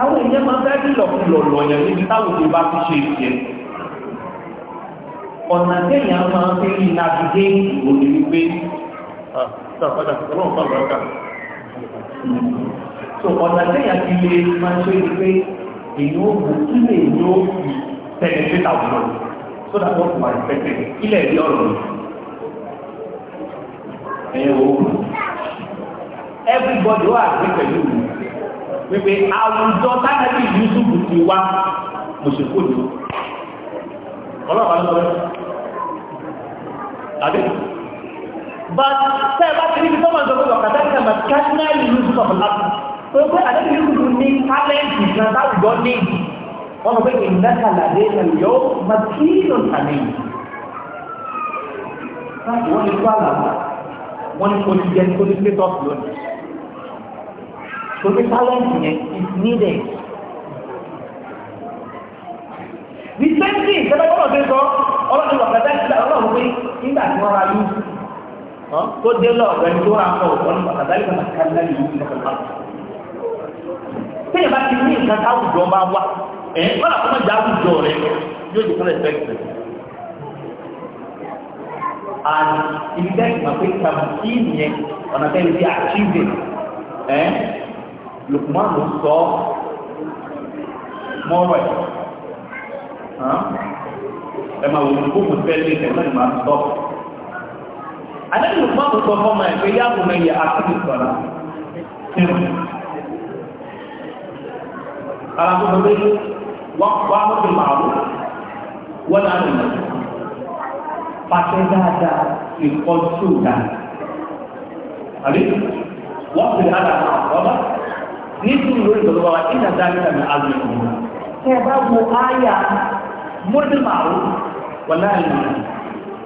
àwọn èèyàn máa fẹ́ bí lọ́kùlọ̀ lọ́yẹ̀ níbi táwọn òde bá fi ṣe ìṣe ọ̀nà téèyàn máa fi rí nàbídé ìwò ní wípé ah, so ọ̀nà téèyàn ti lè máa ṣe wípé èyí ó bù kí lè ní fi tẹ̀lé sí tàwọn so that wọ́n fi máa tẹ̀lé ilẹ̀ ẹ̀rí ọ̀rọ̀ ẹ̀yẹ̀ wò everybody wà ní pẹ̀lú mi wípé àwùjọ táyàtì Yusuf ti wá mùsùlùkù ni ọlọ́pàá lọ́wọ́ tàbí but tẹ́ẹ̀bá ti ní sọ́mọ̀ ìjọba ọ̀kadà ìjọba kẹ́sìnà ìlú sọ̀rọ̀ láti tó pé àdébí Yúsúfù ní tálẹ́ǹtì kan táwùjọ ní wọ́n mọ̀ pé ìdákàlà dé ẹ̀yọ́ màtíìlù tàbí wọ́n ní kó àlàbà wọ́n ní kó ti jẹ́ kó ní pé tọ́pù lónìí So the talent yẹn is needed. the same thing ṣẹlẹ̀ gbọ́dọ̀ ṣe sọ ọlọ́run wà kẹta ìṣẹ̀lẹ̀ ọlọ́run pé nígbà tí wọ́n ra yú tó dé lọ ọ̀gbẹ́ni tó ra ń bọ̀ ọlọ́run wà kẹta ìṣẹ̀lẹ̀ kẹta ìṣẹ̀lẹ̀ kẹta tẹ́yìn bá ti ní nǹkan táwùjọ bá wà ẹ̀ wọ́n àkọ́kọ́ mẹ́jọ àwùjọ rẹ̀ yóò jẹ́ fún ẹ̀fẹ́kì and ibi tẹ́yìn máa pé kàmù kí ìyẹn ọ̀nà tẹ́yìn bí àṣìṣe ẹ̀ Lukman ló sọ mọ́rọ̀ ẹ̀ ẹ máa wò ó kó fẹ́ lé ẹ̀ náà máa sọ. Lukman ló sọ fọ́mọ ẹ̀ pé yáàbù náà yẹ àkókò sọ̀rọ̀ ara tó tó bẹ́ẹ̀ wọ́n wá ló fi màá wò wọ́n náà lè mọ̀. Pàṣẹ dáadáa ìkọ́ tó Àbí wọ́n fi dáadáa máa wọ́n bá nítorí lórí ìjọba wa ìjà ní azmi ọmọ tẹ bá wo àyà mọ́tìmáwó wà láàrin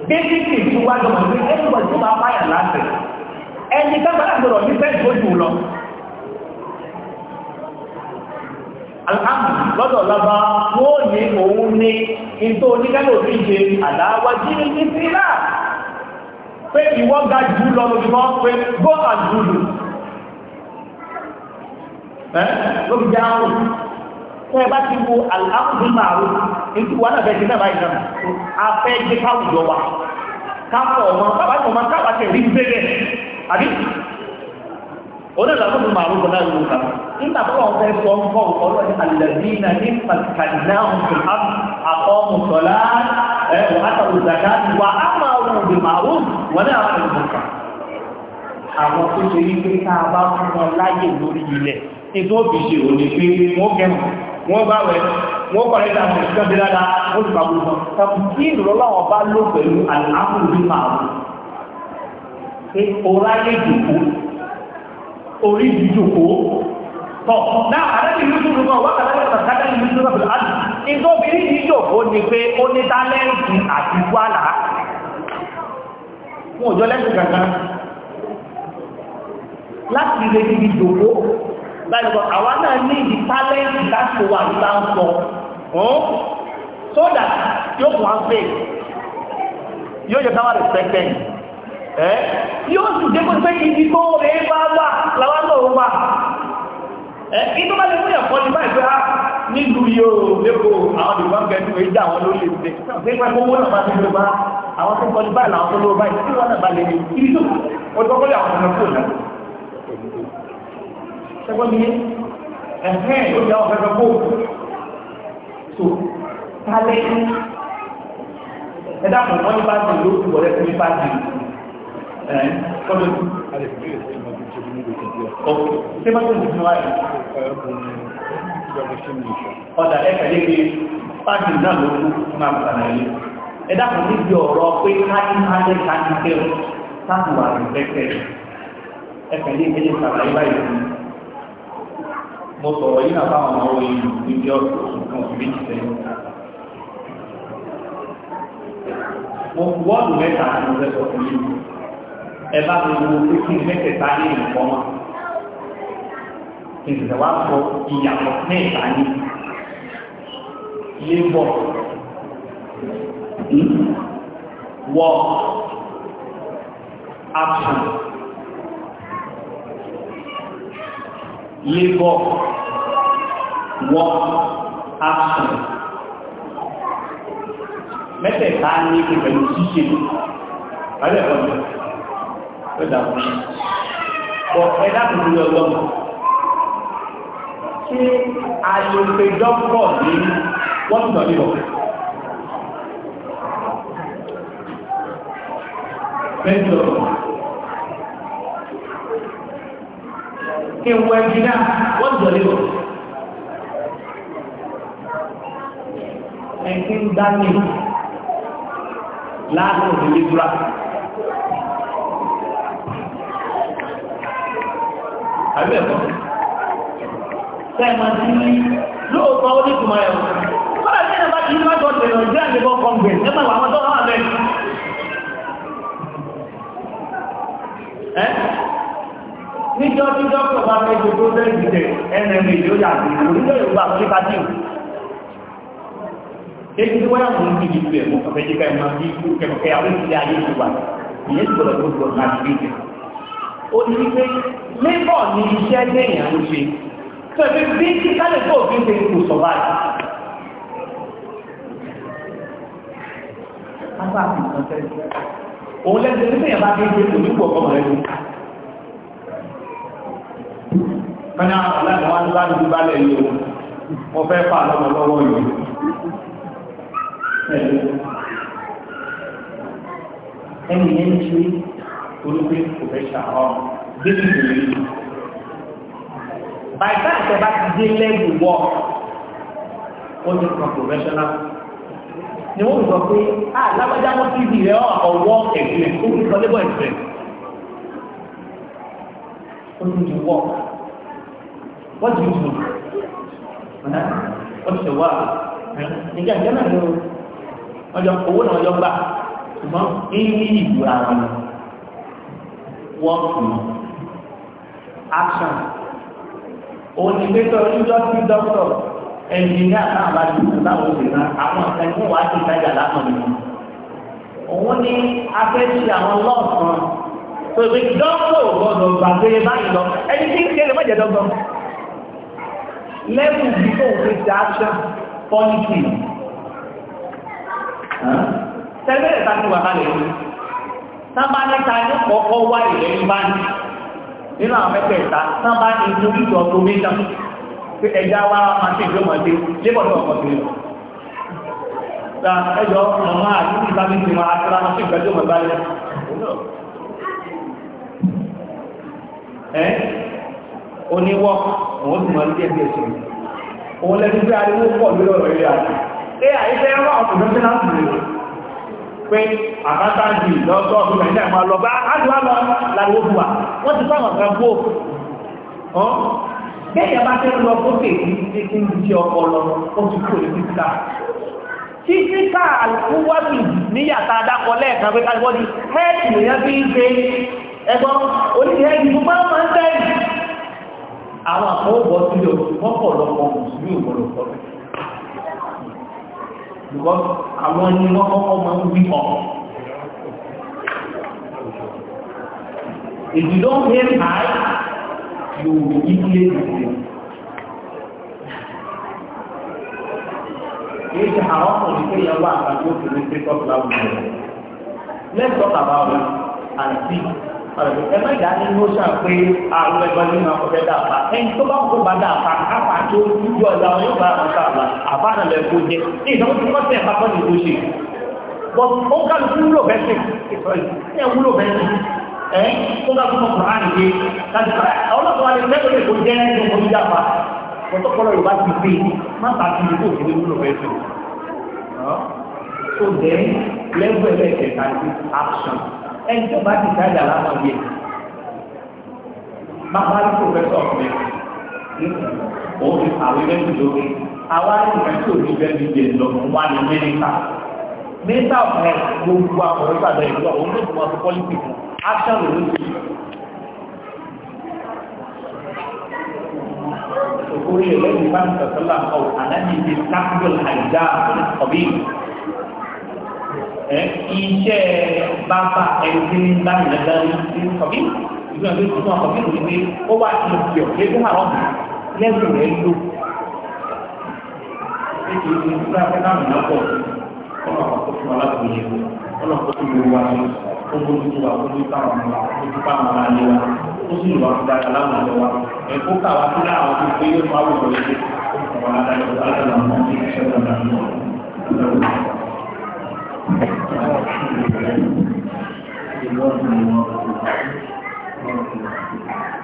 bẹ́ẹ̀ni kì í tún wájú wọn pé ẹni wọ́n ti máa láti ẹni kábà ní fẹ́ẹ̀ pé ìwọ́n jù lọ lójúmọ́ pé go and ló fi jẹ́ àwọn tẹ́ ẹ bá ti wo aláwùjọ máa ro nítorí wọn náà bẹ́ẹ̀ ti náà báyìí náà a fẹ́ gbé káwùjọ wa káfọ̀ ọmọ káwà ọmọ káwà tẹ̀ rí bẹ́ẹ̀ àbí ọdún làwọn ọmọ àwọn ọmọ náà yóò kà nígbà tó wọn fẹ́ sọ ń kọ́ ọ̀rọ̀ ní alẹ́dínà ní pàtàkìlá ọ̀hún àkọ́mù sọ̀lá àtàwọn ìzàká wà á máa wù bí màrún wọn náà àwọn tó ṣe yí pé ká ìtò òbí ṣe ò ní pé wọ́n kẹrùn wọ́n bá wẹ̀ wọ́n kọ̀ lẹ́ta àwọn ìṣẹ́ bí dáadáa wọ́n ti pàbó lọ tàbí kí ìrọ̀lọ́ àwọn bá lò pẹ̀lú àlàáfù bí máa wù pé ọ̀rá yé jòkó orí ìdí jòkó tọ̀ náà àdájì ìlú tó lọ wọ́n kàdájì kàdájì ìlú tó lọ́pẹ̀lú àdì ìtò òbí ìdí jòkó ni pé ó ní tálẹ́ǹtì àti fún òjò lẹ́sìn kankan láti lè fi jòkó láì sọ àwa náà ní ìdí tálẹ́ǹtì láti wà ní láǹkọ̀ sódà yóò fún wa pé yóò yẹ káwà rẹ̀ pẹ́pẹ́ ẹ́ yóò sì jẹ́ pé ibi tó rẹ̀ bá wà láwá náà wà ẹ́ inú bá lè fún ẹ̀kọ́ ní báyìí pé á ah, nílùú yóò lẹ́kọ̀ọ́ àwọn ìwà ń gẹ̀ẹ́dù èjì àwọn olóòlè ṣe nípa owó náà máa ti lọ bá àwọn tó kọ́ ní báyìí làwọn tó lọ báyìí tí wọ́n náà bá lè ní ibi tó ọjọ́ ṣẹgbọ́n mi ẹ̀hẹ́n ló yà ọ̀fẹ́ fẹ́ kó so tálẹ́ ẹ dákun wọ́n bá ti ló ti wọlé fún bá ti ẹ̀ kọ́lọ́ ṣé má tó ti fún wa yìí ọ̀dà ẹ̀ka lé ní pàtì náà ló kú máa ń sànà yìí ẹ dákun níbi ọ̀rọ̀ pé káyí káyí káyí kẹrù táàbù àrùn fẹ́fẹ́ ẹ̀ka lé ní ẹ̀ka lé báyìí mo sọ̀rọ̀ yìí náà fáwọn ọmọ orin níbi ọ̀sán kan sí méjì sẹ́yìn. mo fi wọ́ọ̀dù mẹ́ta ní mo sọ fún yìí ẹ bá mi wo pé mẹ́tẹ̀ẹ̀ta ní ìrìnkọ́ mọ́ kí n sọ ìyàtọ̀ mẹ́ta ní ilé bọ̀ hmm? wọ action. labour work action mẹ́tẹ̀ẹ̀ta ní ìpẹ̀lú ṣíṣe pàdé ọ̀dọ̀ tó dàbí bọ̀ ẹ̀dá kùnú ní ọlọ́run ṣé àyòfẹ́ dọ́pọ̀ ní wọ́n ti dọ̀ níbọ̀ Thank you. kí n wọ ẹbí náà wọ́n jọ lérò. ẹ̀kí ń dá mi láàrín òdìlé dúrà. àbí ẹ̀kọ́ sẹ́ẹ̀mà sí lóòótọ́ ó ní ìtumọ̀ ẹ̀ wọ́n àti ẹ̀nà bá ti ní wájú ọ̀sẹ̀ nàìjíríà ní bọ́ kọ́ngbẹ̀ẹ́ ẹ̀mà àwọn tó wà bẹ́ẹ̀ níjọ́ tí dókítà bá fẹ́ ju protest jẹ nmm yóò yà sí orílẹ̀ yorùbá tó nípa tí èyí tí wọ́n yà fún mi nílùú ẹ̀ mọ́ ọ̀fẹ́ jẹ́ ká ẹ̀ máa bí kẹ̀kẹ́ àwọn ìṣẹ̀lẹ̀ ayé ti wà ìyẹn ti gbọ́dọ̀ gbọ́dọ̀ láti bí jẹ ó ní pé lébọ̀ ní iṣẹ́ lẹ́yìn àwọn ṣe tó ẹ̀fẹ́ bí kí kálẹ̀ tó fi ṣe kò sọ báyìí Òun lẹ́gbẹ̀ẹ́ nígbẹ̀yàn bá gbé gbé pọ̀ ọmọ rẹ̀ kọ́nà aláàdá wá láti bí balẹ̀ yìí o wọ́n fẹ́ fà lọ́wọ́ lọ́wọ́ yìí ẹni yẹn ń ṣe orúkọ kò fẹ́ ṣàwọ́ débi ìlú yìí bàtà àtẹ̀bá ti dé lẹ́gbù wọ́ ó ti kàn professional ni wọ́n sọ pé ah lágbájá wọ́n ti di rẹ̀ ọ̀wọ́ ẹ̀gbìn tó ń sọ lébọ̀ ẹ̀gbìn need to work. What do you do? Huh? What's the work? Ǹjẹ́ ìjẹ́ náà ló ọjọ́ owó náà ọjọ́ gbà ṣùgbọ́n ní ìbúra wọn ni wọ́n action. Òun ni pé tó oníjọ́ sí dókítọ̀ ẹnjìníà náà bá ti kú láwọn òṣèlú náà àwọn ẹ̀kún wàá ti tajà láwọn ìlú. Òun ni a fẹ́ ṣe àwọn lọ́ọ̀kan pèpè dọ́pọ̀ gbọ́dọ̀ gbàgbére báyìí lọ ẹni tí ń ṣe lè mọ̀jẹ̀ dọ́gbọ́n. lẹ́wù bí kò ń fi ṣe aṣọ pọ́lìtì tẹ́lẹ̀ ta ni wàhálà yìí sábà níta ní kọ́kọ́ wá ìlẹ́yìn báyìí nínú àwọn mẹ́tẹ̀ẹ̀ta sábà ní ojú ìtọ́jú méjì pé ẹja wa máa ṣe ìjọmọ̀dé lébọ̀ náà kọ̀ sí lọ ẹjọ́ ọmọ àti ìbámi ti máa tẹ́lá máa ṣe ìgbẹ́jọ́ mọ̀ báyìí ẹ́ oníwọ́ òun sì máa ń díẹ̀ díẹ̀ sí òun lẹ́nu bí ariwo pọ̀ lórí ọ̀rọ̀ ilé àti ṣé àìsẹ́ wà ọ̀pọ̀lọpọ̀ náà sì rè pé àbátáǹdì lọ́sọ̀ ọ̀gbìn nàìjíríà máa lọ bá àdúrà lọ làwọn òbúwa wọ́n ti fáwọn kan gbó bẹ́ẹ̀ bá tẹ́ lọ sókè ní kí n jẹ́ ọpọlọ ó ti kúrò ní títà títà àlùkù wọ́pì níyàtà adákọ lẹ́ẹ̀kan pé káàkiri head nìyẹn fi ń ẹgbọ́n oníṣẹ́ ìdìbò máa ń máa ń tẹ́lẹ̀ àwọn àkọ́wọ́ sílẹ̀ ọ̀pọ̀lọpọ̀ mùsùlùmí ọ̀pọ̀lọpọ̀ lùkọ́ àwọn ni wọ́n kọ́kọ́ máa ń wí ọ̀ If you don't pay high, you will be easily deceived. Kìí ṣe àwọn ọkùnrin tó yẹ wá àgbàdo òkèlè tó tọ́kùnrin láwùjọ. Let's talk about it and see ẹ má dá ní mọ́ṣà pé àwọn ẹgbẹ́ nínú akọ̀tẹ́ dàpá ẹni tó bá kó bá dàpá kápá tó yọ ọ̀la wọn yóò bá àwọn sáàlà àbáàrà lẹ kó jẹ ní ìdánwò tí wọ́n tẹ̀ bá kọ́ ní ṣe bọ́ ó ń kálukú wúlò bẹ́sẹ̀ ẹ wúlò bẹ́sẹ̀ ẹ ó ń kálukú ọkùnrin àrùn yé láti fà ọlọ́pàá ni mẹ́rin lè kó jẹ́ ẹni tó dàpá pọ̀tọ́pọ̀lọ́ yorùbá ti pé má bàa ti ní so then level ẹlẹ́kẹ̀ẹ́ta ti action ẹni tó bá ti dájà lánàá yẹ bàbá ní pòfẹ́sọ̀ ọ̀fẹ́ òun ti àwọn ilé ìdókè àwa ní ìrẹsì òní bẹ́ẹ̀ ní ìdè lọ wà ní mẹ́ríkà mẹ́ríkà ọ̀fẹ́ gbogbo àwọn ọ̀rẹ́sà bẹ́ẹ̀ ìlú àwọn olóògùn wọn ti pọ́lítì fún action ló ń ṣe òkúrò ìlẹ́yìn bá ń sọ̀tọ́lá ọ̀ àdáni ti tábìlì àìdá ọ̀bí iṣẹ́ bàbá ẹgbẹ́ báyìí lẹ́nu ní kọ̀bí ìgbìmọ̀ tó ti sún ọkọ̀bí òní pé ó wà ní ìfìọ̀ lẹ́gbẹ́ àwọn lẹ́gbẹ́ rẹ̀ lò. Ètò ìlú ìfúra fẹ́ láwọn ìlú pọ̀ ọlọ́pàá tó fún wa láti wọlé ọlọ́pàá tó lè wá ní owó tó wà ó ní báwọn ọmọ ó ti báwọn ọmọ ayé wa ó sì wà fún dáadáa láwọn ọmọ wa ẹ̀kọ́ káwa tó láwọn tó gbé yóò máa wọ̀ wọlé ó sì wà ládàá lọ́wọ́ Thank you.